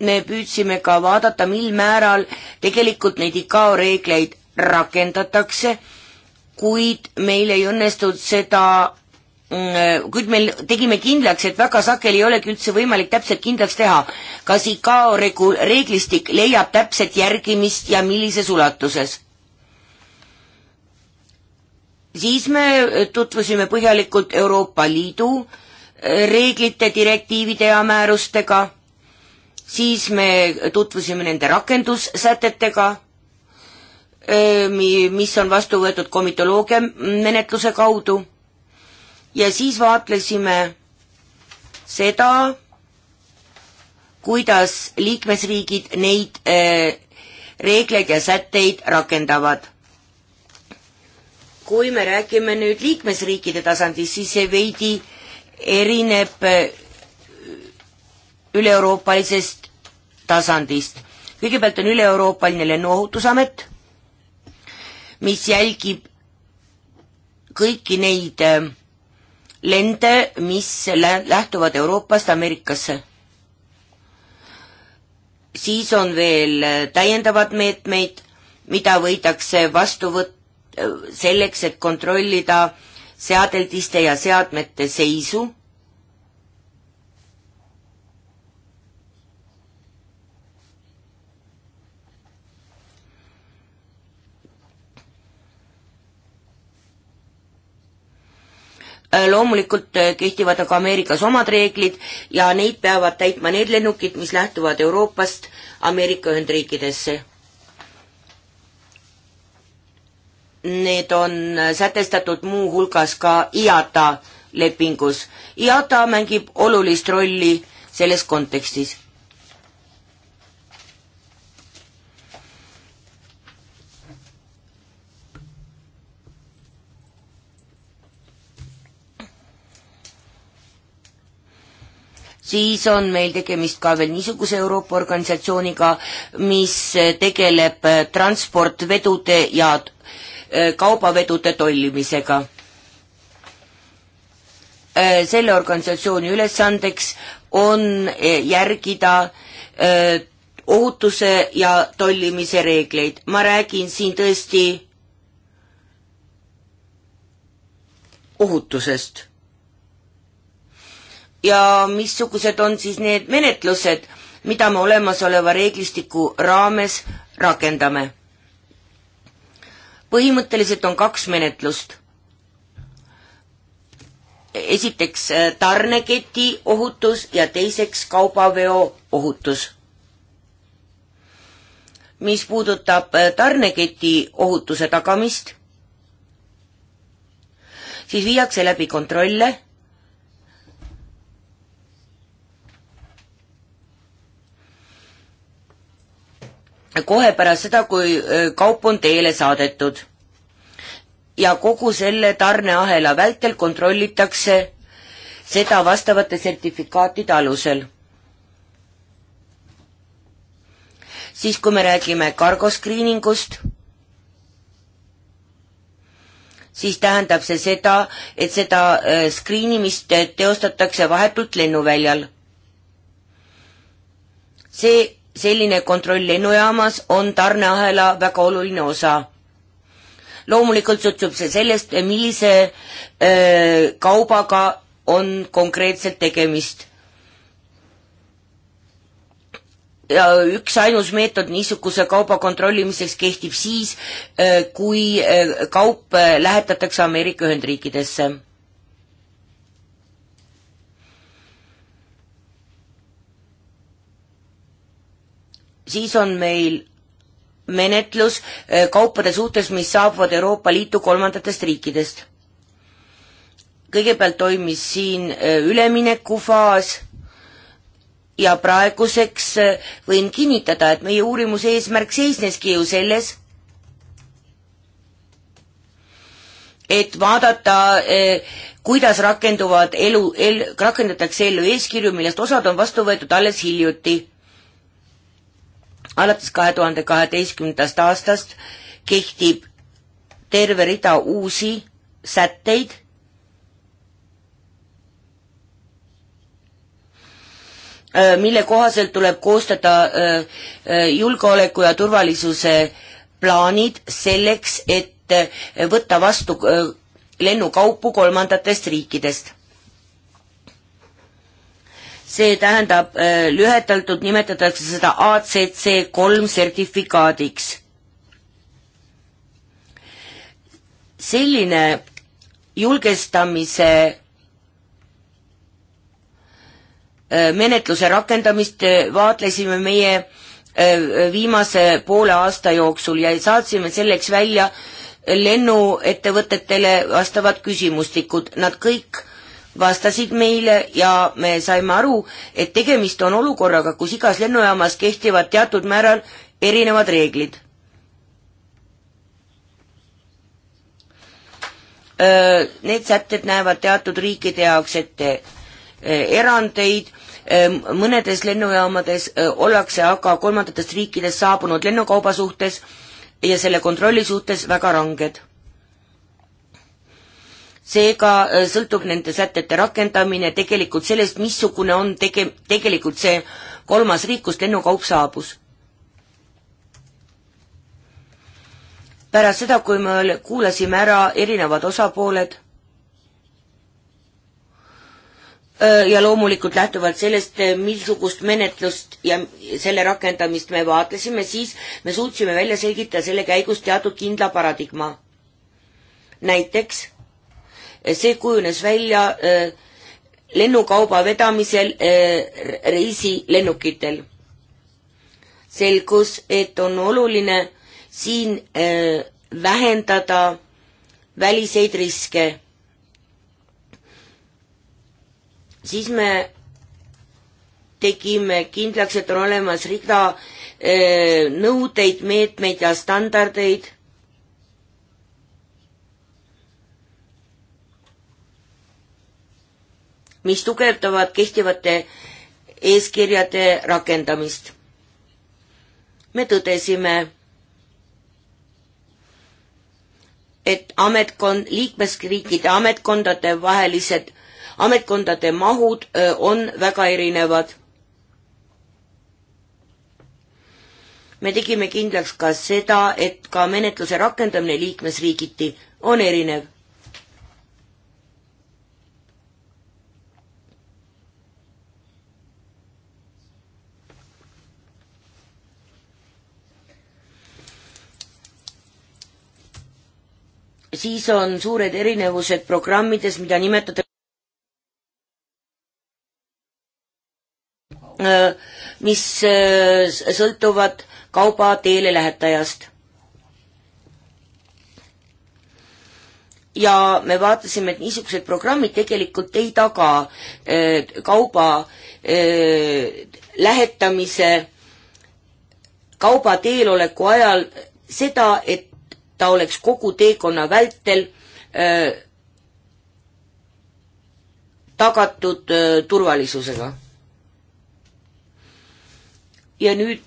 Speaker 1: me püüdsime ka vaadata, mil määral tegelikult neid ICAO reegleid rakendatakse kuid meil ei õnnestunud seda mm, kuid me tegime kindlaks, et väga sageli ei olegi üldse võimalik täpselt kindlaks teha, kas ICAO regu-, reeglistik leiab täpset järgimist ja millises ulatuses. siis me tutvusime põhjalikult Euroopa Liidu e, reeglite, direktiivide ja määrustega, siis me tutvusime nende rakendussätetega mis on vastu võetud komitoloogia menetluse kaudu ja siis vaatlesime seda, kuidas liikmesriigid neid reegleid ja sätteid rakendavad. kui me räägime nüüd liikmesriikide tasandist, siis see veidi erineb üle-euroopalisest tasandist. kõigepealt on üle-euroopaline lennuohutusamet mis jälgib kõiki neid äh, lende, mis lähtuvad Euroopast Ameerikasse. siis on veel äh, täiendavad meetmeid, mida võidakse vastu võtta äh, selleks, et kontrollida seadeldiste ja seadmete seisu Äh, loomulikult äh, kehtivad aga Ameerikas omad reeglid ja neid peavad täitma need lennukid, mis lähtuvad Euroopast Ameerika Ühendriikidesse. Need on äh, sätestatud muuhulgas ka IATA lepingus. IATA mängib olulist rolli selles kontekstis siis on meil tegemist ka veel niisuguse Euroopa organisatsiooniga, mis tegeleb äh, transportvedude ja äh, kaubavedude tollimisega. Äh, selle organisatsiooni ülesandeks on järgida ohutuse ja tollimise reegleid. ma räägin siin tõesti ohutusest ja missugused on siis need menetlused, mida me olemasoleva reeglistiku raames rakendame. põhimõtteliselt on kaks menetlust. esiteks äh, tarneketi ohutus ja teiseks kaubaveo ohutus. mis puudutab äh, tarneketi ohutuse tagamist, siis viiakse läbi kontrolle kohe pärast seda, kui äh, kaup on teele saadetud. ja kogu selle tarneahela vältel kontrollitakse seda vastavate sertifikaatide alusel. siis, kui me räägime cargo screening ust, siis tähendab see seda, et seda äh, screen imist äh, teostatakse vahetult lennuväljal. see selline kontroll lennujaamas on tarneahela väga oluline osa. loomulikult sõltub see sellest, millise öö, äh, kaubaga on konkreetselt tegemist. ja üksainus meetod niisuguse kauba kontrollimiseks kehtib siis, äh, kui äh, kaup lähetatakse Ameerika Ühendriikidesse siis on meil menetlus eh, kaupade suhtes, mis saabuvad Euroopa Liitu kolmandatest riikidest. kõigepealt toimis siin eh, üleminekufaas ja praeguseks eh, võin kinnitada, et meie uurimuse eesmärk seisneski ju selles, et vaadata, kuidas rakenduvad elu, el-, rakendatakse ellu eeskirju, millest osad on vastu võetud alles hiljuti alates kahe tuhande kaheteistkümnendast aastast kehtib terve rida uusi sätteid, äh, mille kohaselt tuleb koostada äh, äh, julgeoleku ja turvalisuse plaanid selleks, et võtta vastu lennukaupu kolmandatest riikidest see tähendab, äh, lühetatult nimetatakse seda ACC kolm sertifikaadiks. selline julgestamise äh, menetluse rakendamist äh, vaatlesime meie viimase poole aasta jooksul ja saatsime selleks välja lennuettevõtetele vastavad küsimustikud, nad kõik äh, vastasid meile ja me saime aru, et tegemist on olukorraga, kus igas lennujaamas kehtivad teatud määral erinevad reeglid. Need sätted näevad teatud riikide jaoks ette erandeid, mõnedes lennujaamades ollakse aga kolmandatest riikidest saabunud lennukauba suhtes ja selle kontrolli suhtes väga ranged seega äh, sõltub nende sätete rakendamine tegelikult sellest, missugune on tege-, tegelikult see kolmas riik, kust lennukaup saabus. pärast seda, kui me kuulasime ära erinevad osapooled äh, ja loomulikult lähtuvalt sellest, äh, missugust menetlust ja selle rakendamist me vaatlesime, siis me suutsime välja selgitada selle käigus teatud kindla paradigma. näiteks see kujunes välja äh, lennukauba vedamisel äh, reisilennukitel. selgus, et on oluline siin äh, vähendada väliseid riske. siis me tegime kindlaks, et on olemas rida nõudeid, meetmeid ja standardeid mis tugevdavad kehtivate eeskirjade rakendamist. me tõdesime, et ametkond, liikmesriikide ametkondade vahelised, ametkondade mahud on väga erinevad. me tegime kindlaks ka seda, et ka menetluse rakendamine liikmesriigiti on erinev siis on suured erinevused programmides, mida nimetatakse äh, mis äh, sõltuvad kauba teelelähetajast. ja me vaatasime, et niisugused programmid tegelikult ei taga äh, kauba lähetamise, kauba teeloleku ajal seda, et ta oleks kogu teekonna vältel öö, äh, tagatud öö, äh, turvalisusega. ja nüüd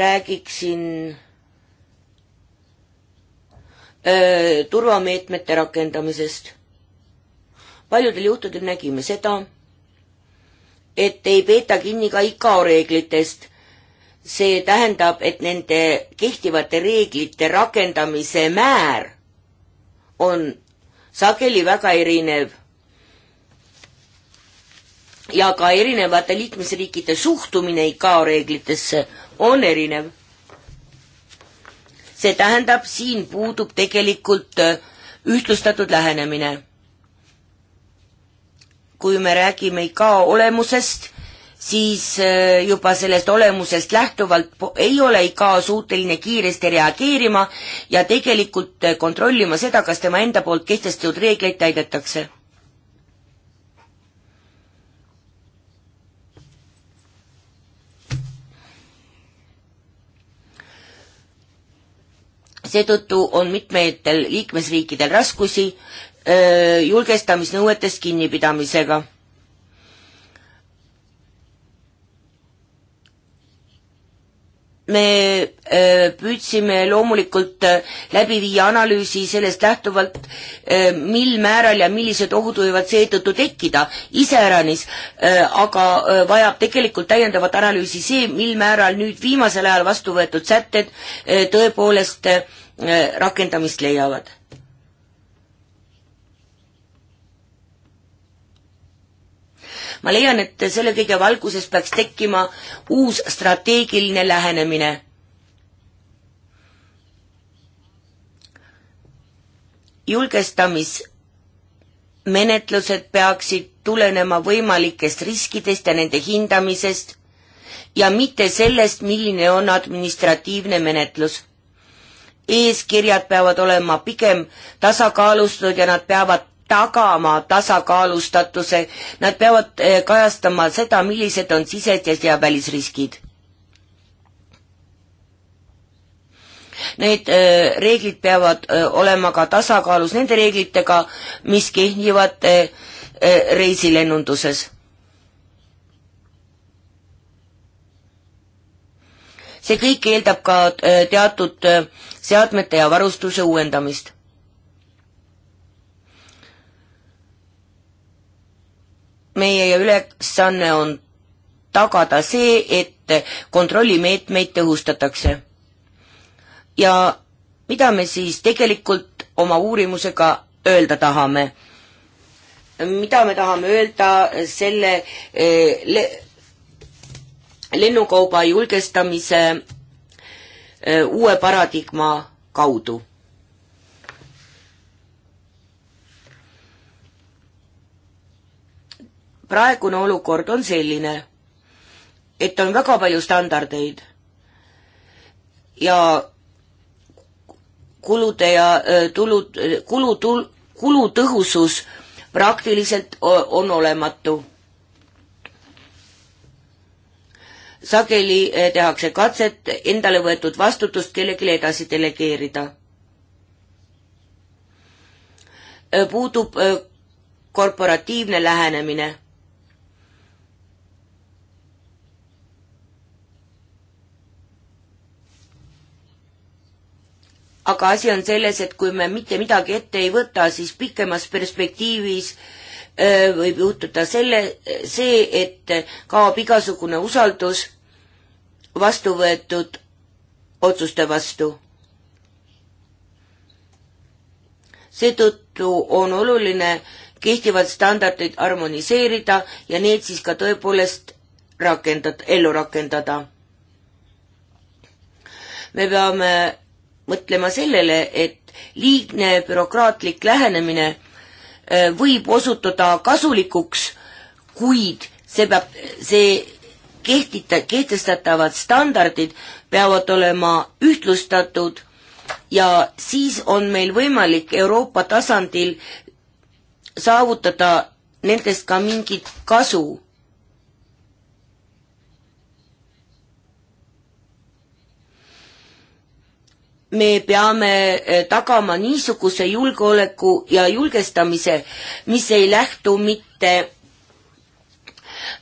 Speaker 1: räägiksin öö, äh, turvameetmete rakendamisest. paljudel juhtudel nägime seda, et ei peeta kinni ka ICAO reeglitest see tähendab, et nende kehtivate reeglite rakendamise määr on sageli väga erinev ja ka erinevate liikmesriikide suhtumine ICAO reeglitesse on erinev. see tähendab, siin puudub tegelikult äh, ühtlustatud lähenemine. kui me räägime ICAO olemusest, siis äh, juba sellest olemusest lähtuvalt ei ole IKA suuteline kiiresti reageerima ja tegelikult äh, kontrollima seda, kas tema enda poolt kehtestatud reegleid täidetakse. seetõttu on mitmetel liikmesriikidel raskusi öö, äh, julgestamisnõuetest kinnipidamisega me äh, püüdsime loomulikult äh, läbi viia analüüsi sellest lähtuvalt, äh, mil määral ja millised ohud võivad seetõttu tekkida iseäranis, aga vajab tegelikult täiendavat analüüsi see, mil määral nüüd viimasel ajal vastu võetud sätted tõepoolest rakendamist leiavad ma leian, et selle kõige valguses peaks tekkima uus strateegiline lähenemine. julgestamismenetlused peaksid tulenema võimalikest riskidest ja nende hindamisest ja mitte sellest, milline on administratiivne menetlus eeskirjad peavad olema pigem tasakaalustatud ja nad peavad tagama tasakaalustatuse, nad peavad eh, kajastama seda, millised on sisesed ja välisriskid. Need eh, reeglid peavad eh, olema ka tasakaalus nende reeglitega, mis kehtivad reisilennunduses. see kõik eeldab ka teatud seadmete ja varustuse uuendamist meie ülesanne on tagada see, et kontrollimeetmeid tõhustatakse. ja mida me siis tegelikult oma uurimusega öelda tahame? mida me tahame öelda selle eh, le lennukauba julgestamise eh, uue paradigma kaudu? praegune olukord on selline, et on väga palju standardeid ja kulude ja tulud, kulu, kulutõhusus praktiliselt on olematu. sageli tehakse katset endale võetud vastutust kellelegi edasi delegeerida. puudub korporatiivne lähenemine aga asi on selles, et kui me mitte midagi ette ei võta, siis pikemas perspektiivis öö, äh, võib juhtuda selle, see, et kaob igasugune usaldus vastu võetud otsuste vastu. seetõttu on oluline kehtivad standardid harmoniseerida ja need siis ka tõepoolest rakendada, ellu rakendada. me peame mõtlema sellele, et liigne bürokraatlik lähenemine äh, võib osutuda kasulikuks, kuid see peab, see kehtita, kehtestatavad standardid peavad olema ühtlustatud ja siis on meil võimalik Euroopa tasandil saavutada nendest ka mingit kasu. me peame eh, tagama niisuguse julgeoleku ja julgestamise, mis ei lähtu mitte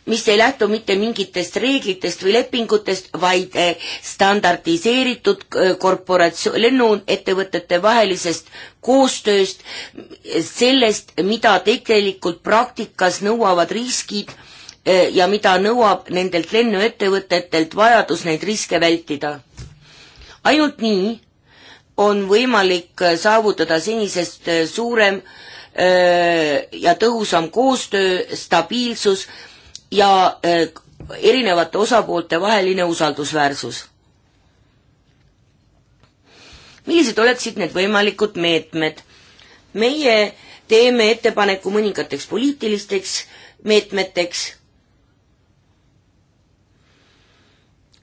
Speaker 1: mis ei lähtu mitte mingitest reeglitest või lepingutest, vaid eh, standardiseeritud eh, korporatsioon, lennuettevõtete vahelisest koostööst, sellest, mida tegelikult praktikas nõuavad riskid ja mida nõuab nendelt lennuettevõtetelt vajadus neid riske vältida. ainult nii on võimalik äh, saavutada senisest äh, suurem äh, ja tõhusam koostöö, stabiilsus ja erinevate osapoolte vaheline usaldusväärsus. millised oleksid need võimalikud meetmed? meie teeme ettepaneku mõningateks poliitilisteks meetmeteks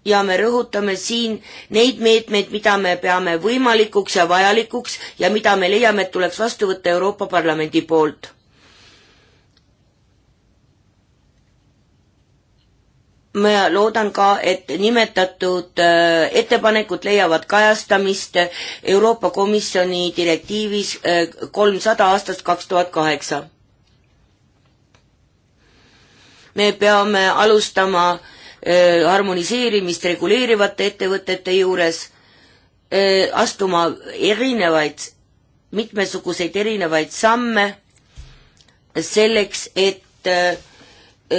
Speaker 1: ja me rõhutame siin neid meetmeid, mida me peame võimalikuks ja vajalikuks ja mida me leiame, et tuleks vastu võtta Euroopa Parlamendi poolt. ma loodan ka, et nimetatud äh, ettepanekud leiavad kajastamist Euroopa Komisjoni direktiivis äh, kolmsada aastast kaks tuhat kaheksa. me peame alustama äh, Äh, harmoniseerimist reguleerivate ettevõtete juures äh, astuma erinevaid, mitmesuguseid erinevaid samme selleks, et äh,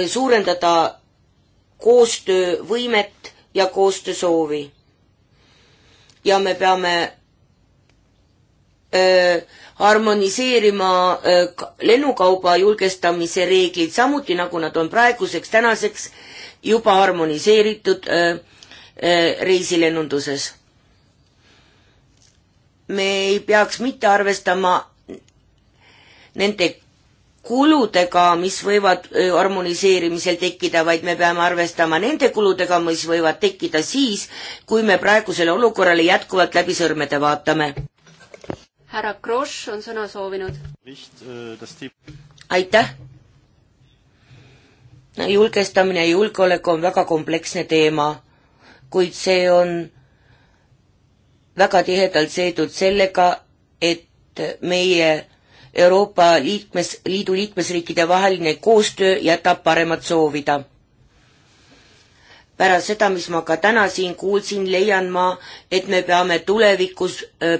Speaker 1: suurendada koostöövõimet ja koostöösoovi. ja me peame öö, harmoniseerima öö, lennukauba julgestamise reeglid, samuti nagu nad on praeguseks, tänaseks juba harmoniseeritud äh, äh, reisilennunduses. me ei peaks mitte arvestama nende kuludega, mis võivad äh, harmoniseerimisel tekkida, vaid me peame arvestama nende kuludega, mis võivad tekkida siis, kui me praegusele olukorrale jätkuvalt läbi sõrmede vaatame.
Speaker 2: härra Kross on sõna soovinud.
Speaker 1: aitäh julgestamine ja julgeolek on väga kompleksne teema, kuid see on väga tihedalt seotud sellega, et meie Euroopa liikmes, Liidu liikmesriikide vaheline koostöö jätab paremat soovida pärast seda, mis ma ka täna siin kuulsin, leian ma, et me peame tulevikus,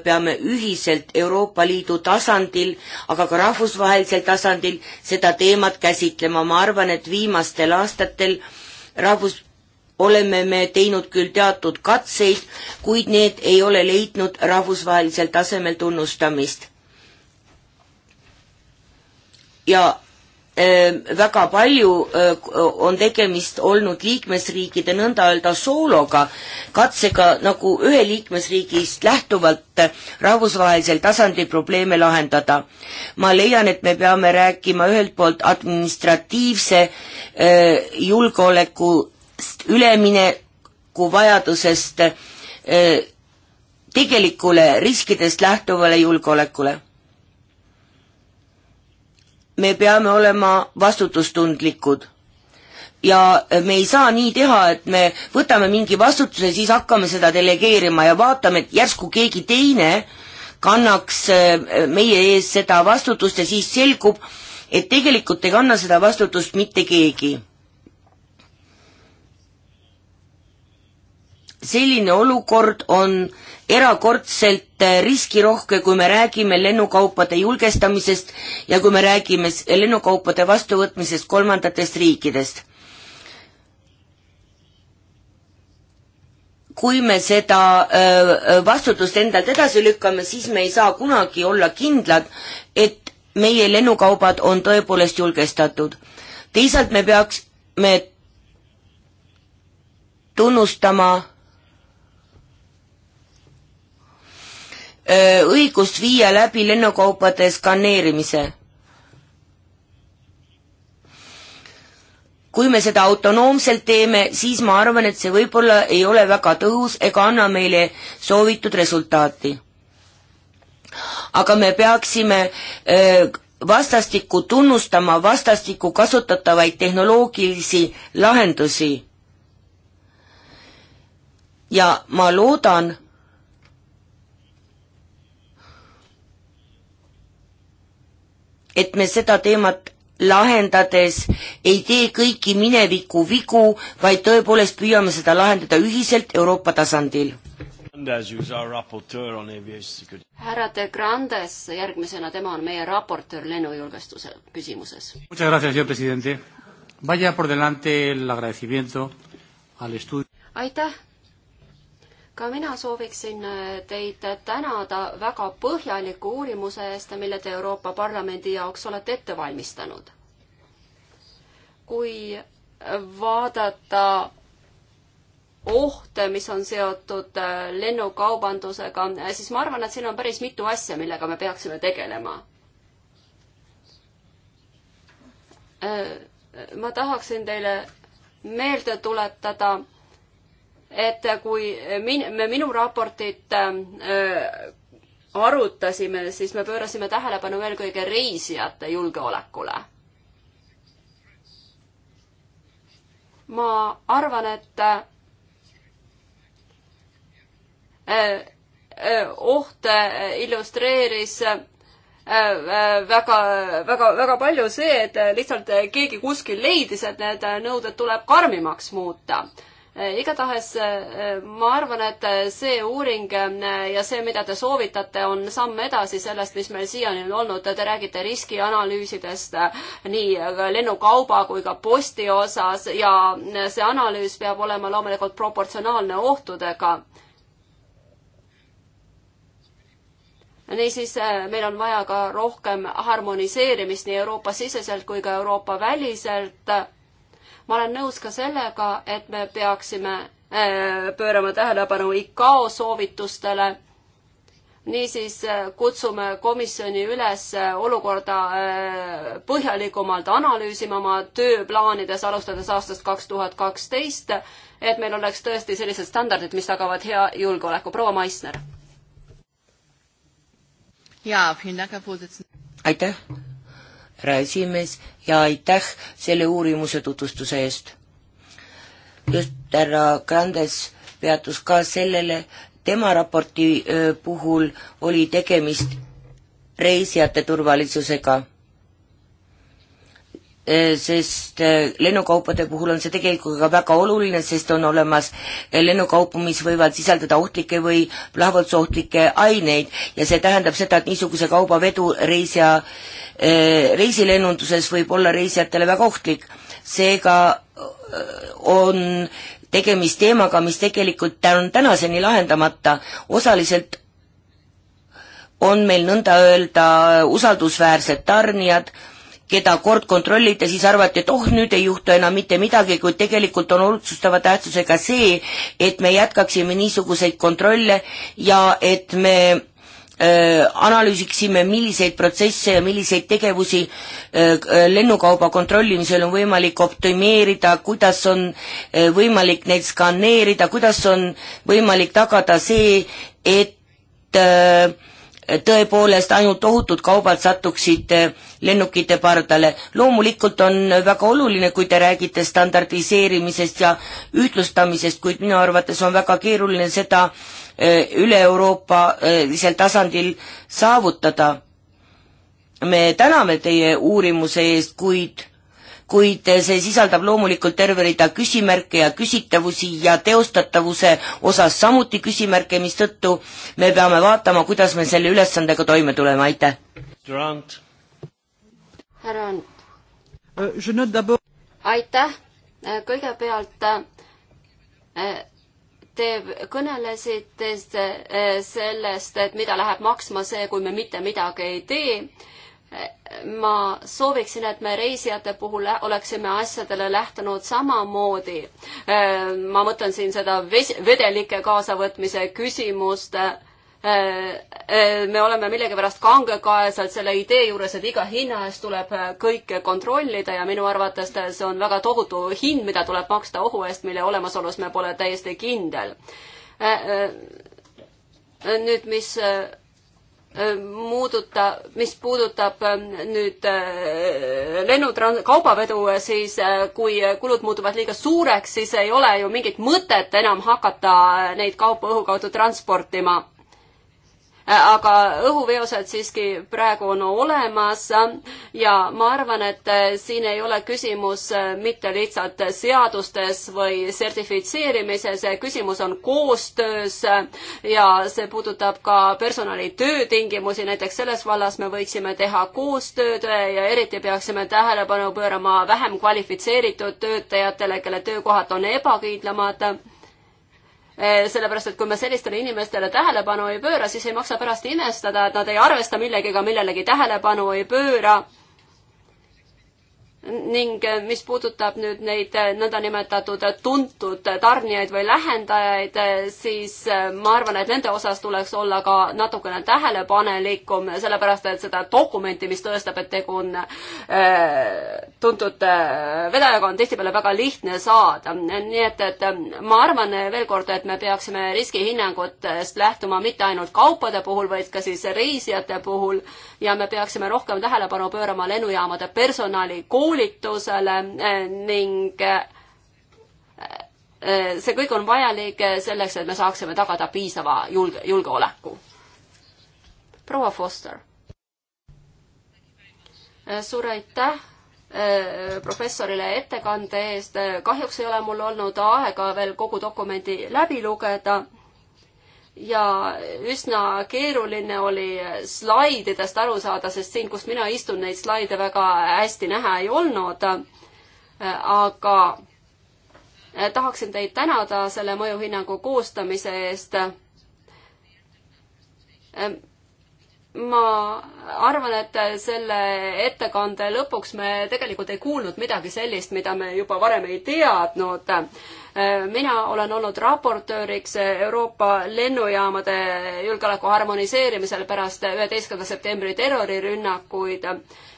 Speaker 1: peame ühiselt Euroopa Liidu tasandil, aga ka rahvusvahelisel tasandil seda teemat käsitlema, ma arvan, et viimastel aastatel rahvus, oleme me teinud küll teatud katseid, kuid need ei ole leidnud rahvusvahelisel tasemel tunnustamist. ja Ehm, väga palju eh, on tegemist olnud liikmesriikide nõnda öelda soologa, katsega nagu ühe liikmesriigist lähtuvalt rahvusvahelisel tasandil probleeme lahendada. ma leian, et me peame rääkima ühelt poolt administratiivse eh, julgeolekust ülemineku vajadusest eh, tegelikule riskidest lähtuvale julgeolekule me peame olema vastutustundlikud ja me ei saa nii teha, et me võtame mingi vastutuse, siis hakkame seda delegeerima ja vaatame, et järsku keegi teine kannaks äh, meie ees seda vastutust ja siis selgub, et tegelikult ei kanna seda vastutust mitte keegi selline olukord on erakordselt äh, riskirohke, kui me räägime lennukaupade julgestamisest ja kui me räägime lennukaupade vastuvõtmisest kolmandatest riikidest. kui me seda äh, vastutust endalt edasi lükkame, siis me ei saa kunagi olla kindlad, et meie lennukaubad on tõepoolest julgestatud. teisalt me peaks, me tunnustama Äh, õigust viia läbi lennukaupade skaneerimise. kui me seda autonoomselt teeme, siis ma arvan, et see võib-olla ei ole väga tõhus ega anna meile soovitud resultaati. aga me peaksime äh, vastastikku tunnustama vastastikku kasutatavaid tehnoloogilisi lahendusi. ja ma loodan, et me seda teemat lahendades ei tee kõiki mineviku vigu, vaid tõepoolest püüame seda lahendada ühiselt Euroopa tasandil.
Speaker 2: härra De Grandes, järgmisena tema on meie raportöör lennujulgestuse küsimuses. aitäh, ka mina sooviksin äh, teid tänada väga põhjaliku uurimuse eest, mille te Euroopa Parlamendi jaoks olete ette valmistanud. kui vaadata ohte, mis on seotud äh, lennukaubandusega, äh, siis ma arvan, et siin on päris mitu asja, millega me peaksime tegelema. ma tahaksin teile meelde tuletada et kui min-, me minu raportit ähm, äh, arutasime, siis me pöörasime tähelepanu eelkõige reisijate julgeolekule. ma arvan, et äh, äh oht äh, illustreeris äh, väga, väga, väga palju see, et lihtsalt keegi kuskil leidis, et need nõuded tuleb karmimaks muuta. Eh, igatahes eh, ma arvan, et eh, see uuring ja see, mida te soovitate, on samm edasi sellest, mis meil siiani on olnud. Te räägite riskianalüüsidest nii lennukauba kui ka posti osas ja see analüüs peab olema loomulikult proportsionaalne ohtudega. niisiis, meil on vaja ka rohkem harmoniseerimist nii Euroopa siseselt kui ka Euroopa väliselt ma olen nõus ka sellega, et me peaksime äh, pöörama tähelepanu ICAO soovitustele. niisiis äh, kutsume komisjoni üles äh, olukorda põhjalikumalt analüüsima oma tööplaanides, alustades aastast kaks tuhat kaksteist, et meil oleks tõesti sellised standardid, mis tagavad hea julgeoleku. proua Maisner.
Speaker 1: jaa, aitäh härra esimees ja aitäh selle uurimuse tutvustuse eest. just härra Grandes peatus ka sellele, tema raporti öö, puhul oli tegemist reisijate turvalisusega. Äh, sest äh, lennukaupade puhul on see tegelikult ka väga oluline, sest on olemas äh, lennukaupu, mis võivad sisaldada ohtlikke või plahvatusohtlikke aineid ja see tähendab seda, et niisuguse kauba vedu reisija, reisilennunduses võib olla reisijatele väga ohtlik. seega on tegemist teemaga, mis tegelikult on tänaseni lahendamata, osaliselt on meil nõnda öelda usaldusväärsed tarnijad, keda kord kontrolliti, siis arvati, et oh, nüüd ei juhtu enam mitte midagi, kuid tegelikult on otsustava tähtsusega see, et me jätkaksime niisuguseid kontrolle ja et me öö, äh, analüüsiksime, milliseid protsesse ja milliseid tegevusi öö, äh, lennukauba kontrollimisel on võimalik optimeerida, kuidas on öö, äh, võimalik neid skaneerida, kuidas on võimalik tagada see, et öö, tõepoolest ainult ohutud kaubad satuksid eh, lennukite pardale. loomulikult on väga oluline, kui te räägite standardiseerimisest ja ühtlustamisest, kuid minu arvates on väga keeruline seda eh, üle-euroopalisel eh, tasandil saavutada. me täname teie uurimuse eest, kuid kuid see sisaldab loomulikult terve rida küsimärke ja küsitavusi ja teostatavuse osas samuti küsimärke, mistõttu me peame vaatama, kuidas me selle ülesandega toime tuleme, aitäh. härra Ant. Euh,
Speaker 2: aitäh, kõigepealt äh, te kõnelesite äh, sellest, et mida läheb maksma see, kui me mitte midagi ei tee ma sooviksin, et me reisijate puhul oleksime asjadele lähtunud samamoodi. Äh, ma mõtlen siin seda vedelike kaasavõtmise küsimust. Äh, äh, me oleme millegipärast kangekaeselt selle idee juures, et iga hinna eest tuleb kõike kontrollida ja minu arvates see on väga tohutu hind, mida tuleb maksta ohu eest, mille olemasolus me pole täiesti kindel. nüüd, mis Äh, muuduta, mis puudutab äh, nüüd äh, lennutran-, kaubavedu, siis kui kulud muutuvad liiga suureks, siis ei ole ju mingit mõtet enam hakata neid kaupa õhu kaudu transportima aga õhuveosed siiski praegu on olemas ja ma arvan, et siin ei ole küsimus mitte lihtsalt seadustes või sertifitseerimises, küsimus on koostöös ja see puudutab ka personali töötingimusi, näiteks selles vallas me võiksime teha koostööd ja eriti peaksime tähelepanu pöörama vähem kvalifitseeritud töötajatele, kelle töökohad on ebakindlamad Eh, sellepärast, et kui me sellistele inimestele tähelepanu ei pööra, siis ei maksa pärast imestada, et nad ei arvesta millegagi, millelegi tähelepanu ei pööra ning eh, mis puudutab nüüd neid eh, nõndanimetatud tuntud tarnijaid või lähendajaid, eh, siis ma arvan, et nende osas tuleks olla ka natukene tähelepanelikum, sellepärast et seda dokumenti, mis tõestab, et tegu on tuntud vedajaga, on tihtipeale väga lihtne saada. nii et, et ma arvan veel kord, et me peaksime riskihinnangutest lähtuma mitte ainult kaupade puhul, vaid ka siis reisijate puhul ja me peaksime rohkem tähelepanu pöörama lennujaamade personali koolitamisele, koolitusele eh, ning eh, eh, see kõik on vajalik selleks, et me saaksime tagada piisava julge, julgeoleku. proua Foster. suur aitäh professorile ettekande eest. kahjuks ei ole mul olnud aega veel kogu dokumendi läbi lugeda ja üsna keeruline oli slaididest aru saada, sest siin, kus mina istun, neid slaide väga hästi näha ei olnud. aga eh, tahaksin teid tänada selle mõjuhinnangu koostamise eest. Eh, ma arvan, et selle ettekande lõpuks me tegelikult ei kuulnud midagi sellist, mida me juba varem ei teadnud. mina olen olnud raportööriks Euroopa lennujaamade julgeoleku harmoniseerimisel pärast üheteistkümnenda septembri terrorirünnakuid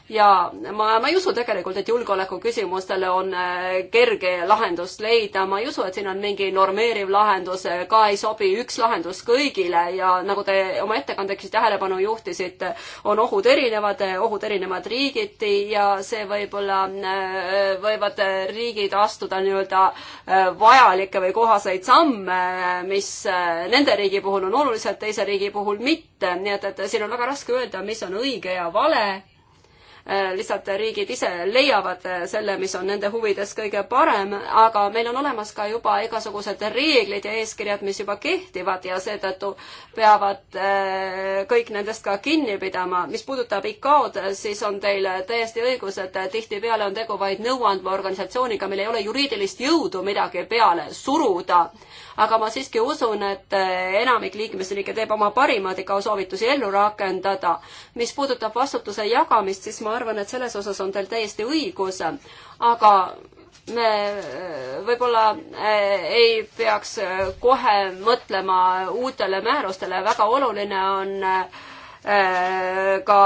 Speaker 2: ja ma, ma ei usu tegelikult, et julgeolekuküsimustele on äh, kerge lahendust leida, ma ei usu, et siin on mingi normeeriv lahendus, äh, ka ei sobi üks lahendus kõigile ja nagu te oma ettekandeks tähelepanu juhtisite, on on ohud erinevad, ohud erinevad riigiti ja see võib-olla, äh, võivad riigid astuda nii-öelda äh, vajalikke või kohaseid samme, mis äh, nende riigi puhul on olulised, teise riigi puhul mitte, nii et, et siin on väga raske öelda, mis on õige ja vale Äh, lihtsalt riigid ise leiavad äh, selle, mis on nende huvides kõige parem, aga meil on olemas ka juba igasugused reeglid ja eeskirjad, mis juba kehtivad ja seetõttu peavad äh, kõik nendest ka kinni pidama. mis puudutab ICAO-d, siis on teil täiesti õigus, et tihtipeale on tegu vaid nõuandva organisatsiooniga, meil ei ole juriidilist jõudu midagi peale suruda aga ma siiski usun, et eh, enamik liikmesriike teeb oma parimad ikka soovitusi ellu rakendada. mis puudutab vastutuse jagamist, siis ma arvan, et selles osas on teil täiesti õigus, aga me eh, võib-olla eh, ei peaks kohe mõtlema uutele määrustele, väga oluline on ka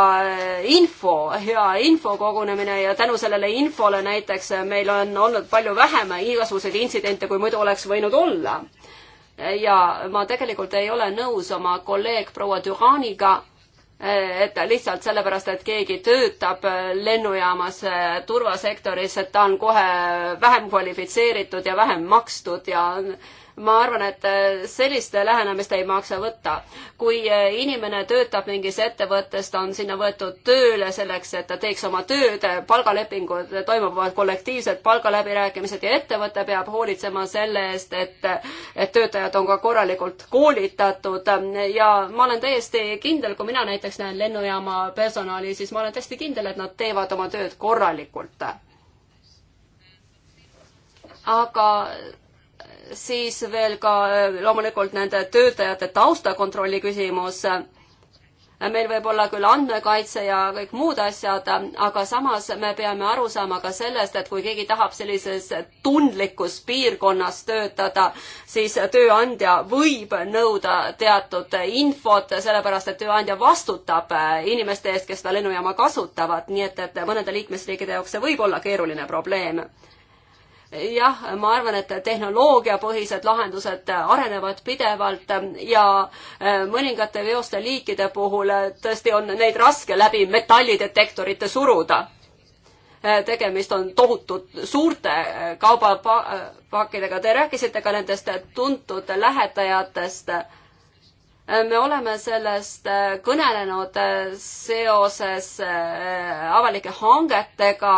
Speaker 2: info, hea info kogunemine ja tänu sellele infole näiteks meil on olnud palju vähem igasuguseid intsidente, kui muidu oleks võinud olla ja ma tegelikult ei ole nõus oma kolleeg proua Düraniga, eh, et lihtsalt sellepärast, et keegi töötab eh, lennujaamas eh, turvasektoris, et ta on kohe vähem kvalifitseeritud ja vähem makstud ja ma arvan, et äh, sellist lähenemist ei maksa võtta. kui äh, inimene töötab mingis ettevõttes, ta on sinna võetud tööle selleks, et ta teeks oma tööd, palgalepingud toimuvad kollektiivsed palgaläbirääkimised ja ettevõte peab hoolitsema selle eest, et, et töötajad on ka korralikult koolitatud ja ma olen täiesti kindel, kui mina näiteks näen lennujaama personali, siis ma olen täiesti kindel, et nad teevad oma tööd korralikult. aga siis veel ka äh, loomulikult nende töötajate taustakontrolli küsimus. meil võib olla küll andmekaitse ja kõik muud asjad, aga samas me peame aru saama ka sellest, et kui keegi tahab sellises tundlikus piirkonnas töötada, siis tööandja võib nõuda teatud infot, sellepärast et tööandja vastutab äh, inimeste eest, kes seda lennujaama kasutavad, nii et, et mõnede liikmesriikide jaoks see võib olla keeruline probleem jah, ma arvan, et tehnoloogiapõhised lahendused arenevad pidevalt ja äh, mõningate veoste liikide puhul äh, tõesti on neid raske läbi metallidetektorite suruda. Äh, tegemist on tohutult suurte kaubapakkidega. Te rääkisite ka nendest tuntud lähetajatest me oleme sellest äh, kõnelenud äh, seoses äh, avalike hangetega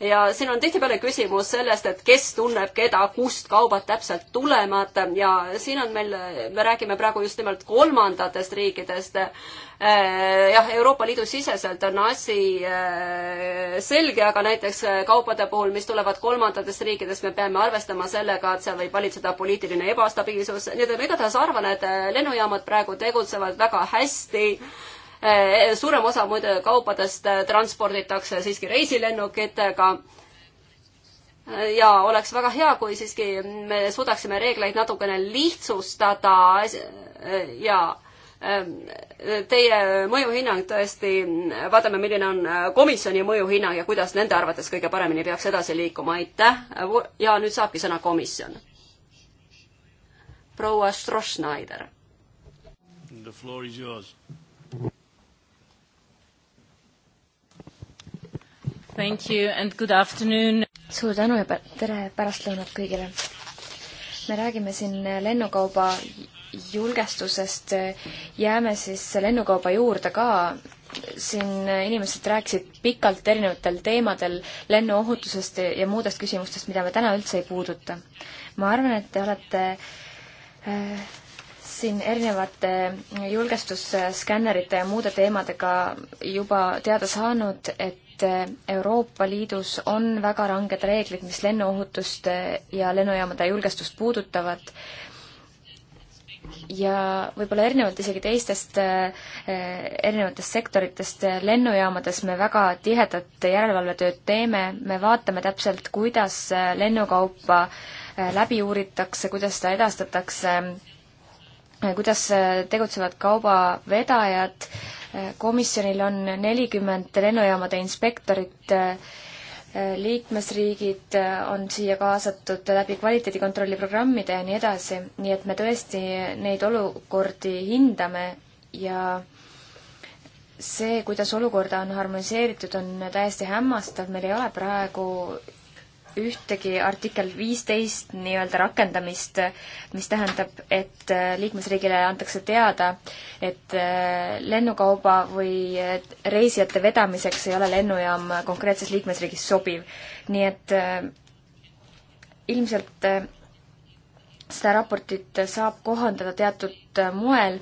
Speaker 2: ja siin on tihtipeale küsimus sellest, et kes tunneb keda, kust kaubad täpselt tulevad ja siin on meil, me räägime praegu just nimelt kolmandatest riikidest, Äh, jah, Euroopa Liidu siseselt on asi äh, selge, aga näiteks äh, kaupade puhul, mis tulevad kolmandatest riikidest, me peame arvestama sellega, et seal võib valitseda poliitiline ebastabiilsus, nii et ma igatahes arvan, et lennujaamad praegu tegutsevad väga hästi. suurem osa muide kaupadest transporditakse siiski reisilennukitega ja oleks väga hea, kui siiski me suudaksime reegleid natukene lihtsustada ja Ehm, teie mõjuhinnang tõesti, vaatame, milline on äh, komisjoni mõjuhinnang ja kuidas nende arvates kõige paremini peaks edasi liikuma, aitäh. ja nüüd saabki sõna komisjon. proua Strossnaider.
Speaker 1: The floor is yours.
Speaker 3: Thank you and good afternoon. suur tänu ja tere pärastlõunat kõigile. me räägime siin lennukauba julgestusest jääme siis lennukauba juurde ka. siin inimesed rääkisid pikalt erinevatel teemadel lennuohutusest ja muudest küsimustest, mida me täna üldse ei puuduta. ma arvan, et te olete äh, siin erinevate julgestusskannerite ja muude teemadega juba teada saanud, et äh, Euroopa Liidus on väga ranged reeglid, mis lennuohutust ja lennujaamade julgestust puudutavad ja võib-olla erinevalt isegi teistest eh, eh, erinevatest sektoritest, eh, lennujaamades me väga tihedat järelevalvetööd teeme, me vaatame täpselt, kuidas lennukaupa läbi uuritakse, kuidas seda edastatakse, kuidas tegutsevad kaubavedajad, komisjonil on nelikümmend lennujaamade inspektorit, liikmesriigid äh, on siia kaasatud läbi kvaliteedikontrolli programmide ja nii edasi, nii et me tõesti neid olukordi hindame ja see, kuidas olukorda on harmoniseeritud, on täiesti hämmastav, meil ei ole praegu ühtegi artikkel viisteist nii-öelda rakendamist, mis tähendab, et äh, liikmesriigile antakse teada, et äh, lennukauba või äh, reisijate vedamiseks ei ole lennujaam konkreetses liikmesriigis sobiv. nii et ilmselt seda raportit saab kohandada teatud moel,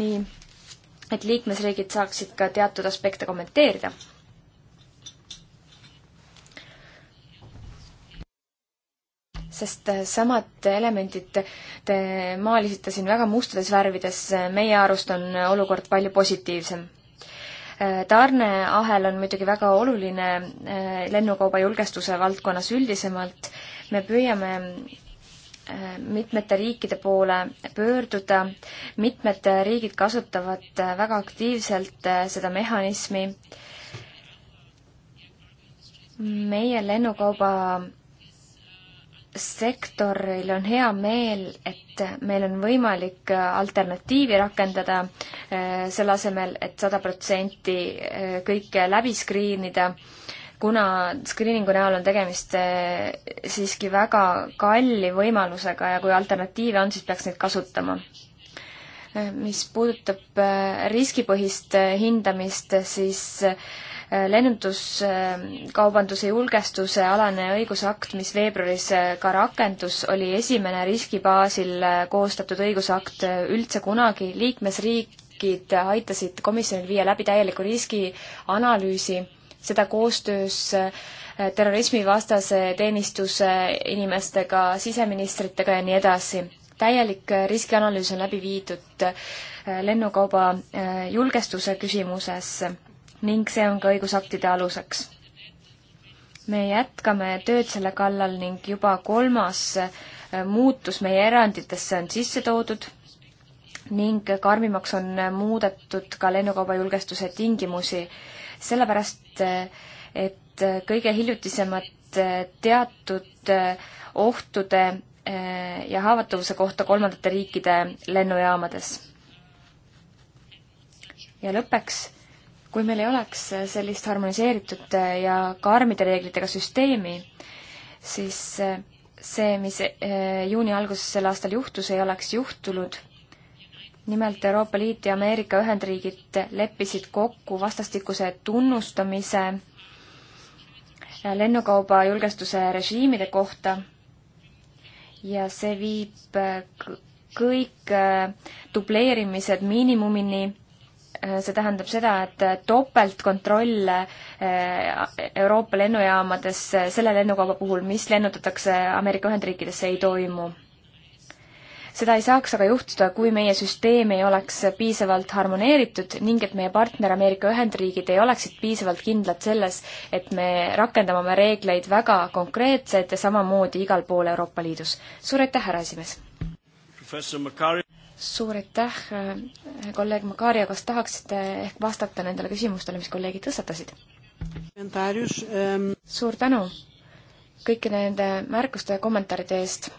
Speaker 3: nii et liikmesriigid saaksid ka teatud aspekte kommenteerida sest äh, samad elemendid te maalisite siin väga mustades värvides, meie arust on olukord palju positiivsem. Äh, tarneahel on muidugi väga oluline äh, lennukauba julgestuse valdkonnas üldisemalt, me püüame mitmete riikide poole pöörduda, mitmed riigid kasutavad väga aktiivselt seda mehhanismi, meie lennukauba sektoril on hea meel, et meil on võimalik äh, alternatiivi rakendada, äh, selle asemel, et sada protsenti äh, kõike läbi skriinida, kuna skriiningu näol on tegemist siiski väga kalli võimalusega ja kui alternatiive on, siis peaks neid kasutama mis puudutab riskipõhist hindamist, siis lennunduskaubanduse julgestuse alane õigusakt, mis veebruaris äh, ka rakendus, oli esimene riskibaasil äh, koostatud õigusakt äh, üldse kunagi. liikmesriigid aitasid komisjonil viia läbi täieliku riskianalüüsi, seda koostöös terrorismivastase teenistuse inimestega, siseministritega ja nii edasi täielik riskianalüüs on läbi viidud lennukauba julgestuse küsimuses ning see on ka õigusaktide aluseks. me jätkame tööd selle kallal ning juba kolmas äh, muutus meie eranditesse on sisse toodud ning karmimaks on muudetud ka lennukaubajulgestuse tingimusi, sellepärast äh, et kõige hiljutisemad äh, teatud ohtude ja haavatavuse kohta kolmandate riikide lennujaamades. ja lõppeks kui meil ei oleks sellist harmoniseeritud ja karmide reeglitega süsteemi, siis see, mis eh, juuni alguses sel aastal juhtus, ei oleks juhtunud. nimelt Euroopa Liit ja Ameerika Ühendriigid leppisid kokku vastastikuse tunnustamise lennukauba julgestuse režiimide kohta ja see viib kõik eh, dubleerimised miinimumini Äh, see tähendab seda, et äh, topeltkontroll äh, Euroopa lennujaamades selle lennukauba puhul, mis lennutatakse Ameerika Ühendriikidesse, ei toimu. seda ei saaks aga juhtuda, kui meie süsteem ei oleks piisavalt harmoneeritud ning et meie partner Ameerika Ühendriigid ei oleksid piisavalt kindlad selles, et me rakendame oma reegleid väga konkreetselt ja samamoodi igal pool Euroopa Liidus. suur aitäh, härra esimees! professor Macari suur aitäh, äh, kolleeg Makaria, kas tahaksite ehk vastata nendele küsimustele, mis kolleegid tõstatasid? Ähm, suur tänu kõikide nende märkuste ja kommentaaride eest.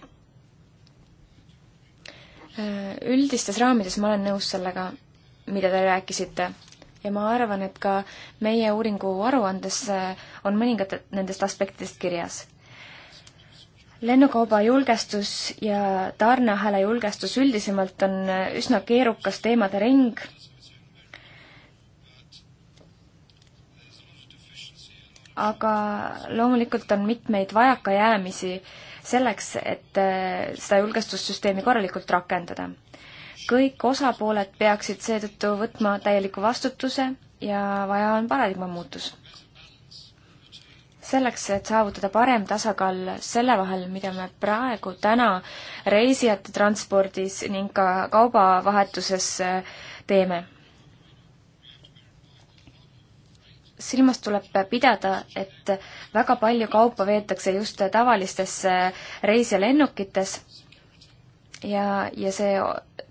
Speaker 3: Äh, üldistes raamides ma olen nõus sellega, mida te rääkisite ja ma arvan, et ka meie uuringu aruandes äh, on mõningad nendest aspektidest kirjas lennukauba julgestus ja tarneahela julgestus üldisemalt on üsna keerukas teemade ring. aga loomulikult on mitmeid vajakajäämisi selleks, et äh, seda julgestussüsteemi korralikult rakendada. kõik osapooled peaksid seetõttu võtma täieliku vastutuse ja vaja on paradigma muutus selleks, et saavutada parem tasakaal selle vahel, mida me praegu täna reisijate transpordis ning ka kaubavahetuses äh, teeme. silmas tuleb pidada, et väga palju kaupa veetakse just tavalistes äh, reisilennukites ja, ja see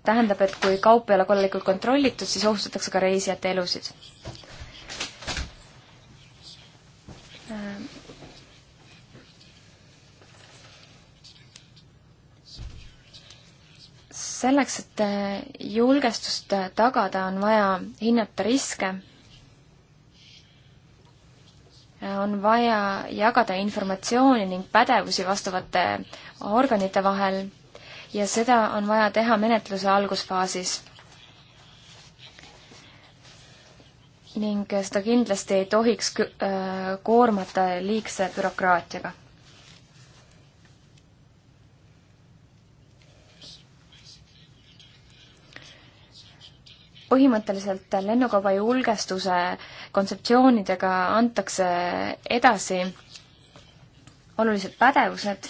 Speaker 3: tähendab, et kui kaup ei ole korralikult kontrollitud, siis ohustatakse ka reisijate elusid selleks, et äh, julgestust äh, tagada, on vaja hinnata riske, äh, on vaja jagada informatsiooni ning pädevusi vastavate organite vahel ja seda on vaja teha menetluse algusfaasis ning seda kindlasti ei tohiks äh, koormata liigse bürokraatiaga. põhimõtteliselt lennukauba julgestuse kontseptsioonidega antakse edasi olulised pädevused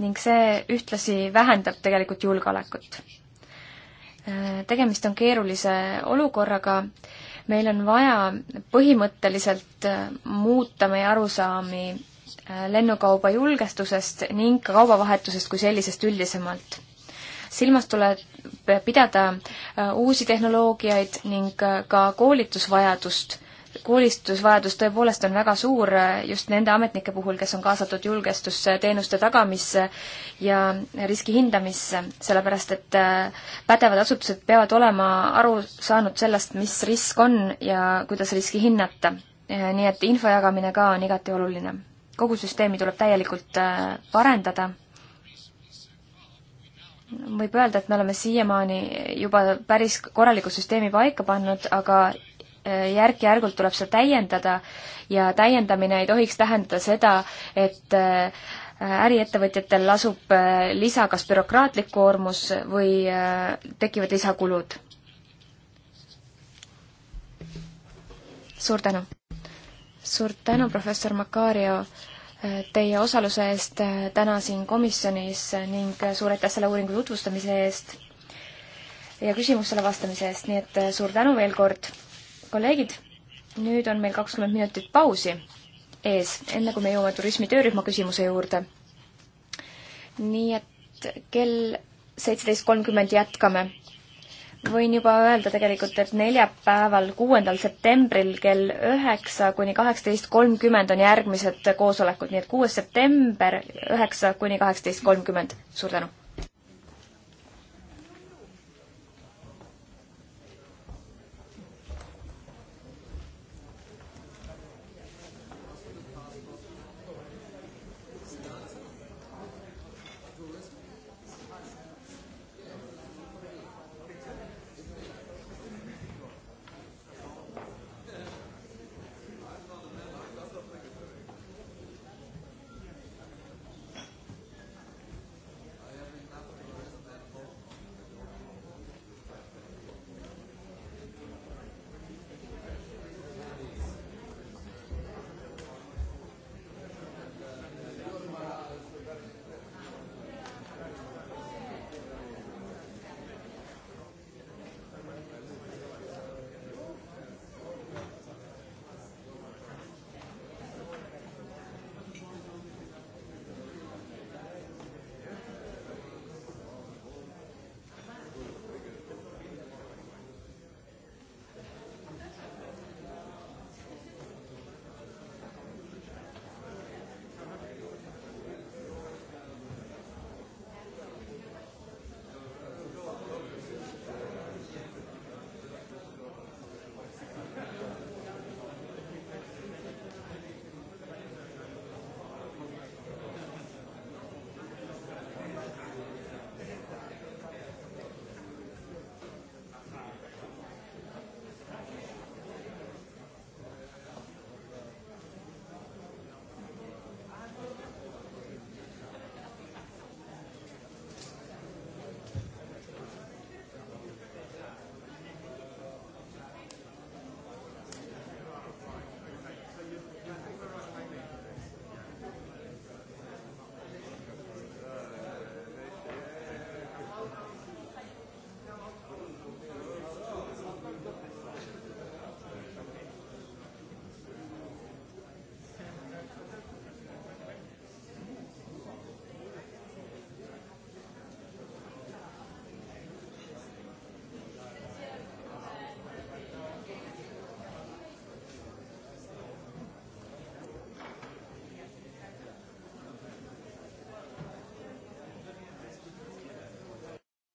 Speaker 3: ning see ühtlasi vähendab tegelikult julgeolekut Äh, tegemist on keerulise olukorraga, meil on vaja põhimõtteliselt äh, muuta meie arusaami äh, lennukauba julgestusest ning ka kaubavahetusest kui sellisest üldisemalt. silmas tuleb pidada uusi tehnoloogiaid ning ka koolitusvajadust koolitusvajadus tõepoolest on väga suur äh, just nende ametnike puhul, kes on kaasatud julgestusteenuste tagamisse ja riski hindamisse, sellepärast et äh, pädevad asutused peavad olema aru saanud sellest, mis risk on ja kuidas riski hinnata. Äh, nii et info jagamine ka on igati oluline. kogu süsteemi tuleb täielikult parendada võib öelda, et me oleme siiamaani juba päris korraliku süsteemi paika pannud, aga järk-järgult tuleb seda täiendada ja täiendamine ei tohiks tähendada seda, et äh, äriettevõtjatel lasub äh, lisa kas bürokraatlik koormus või äh, tekivad lisakulud. suur tänu! suur tänu, professor Makario, teie osaluse eest täna siin komisjonis ning suur aitäh selle uuringu tutvustamise eest ja küsimustele vastamise eest, nii et suur tänu veel kord! kolleegid, nüüd on meil kakskümmend minutit pausi ees, enne kui me jõuame turismi töörühma küsimuse juurde. nii et kell seitseteist kolmkümmend jätkame. võin juba öelda tegelikult, et neljapäeval, kuuendal septembril kell üheksa kuni kaheksateist kolmkümmend on järgmised koosolekud, nii et kuues september üheksa kuni kaheksateist kolmkümmend. suur tänu!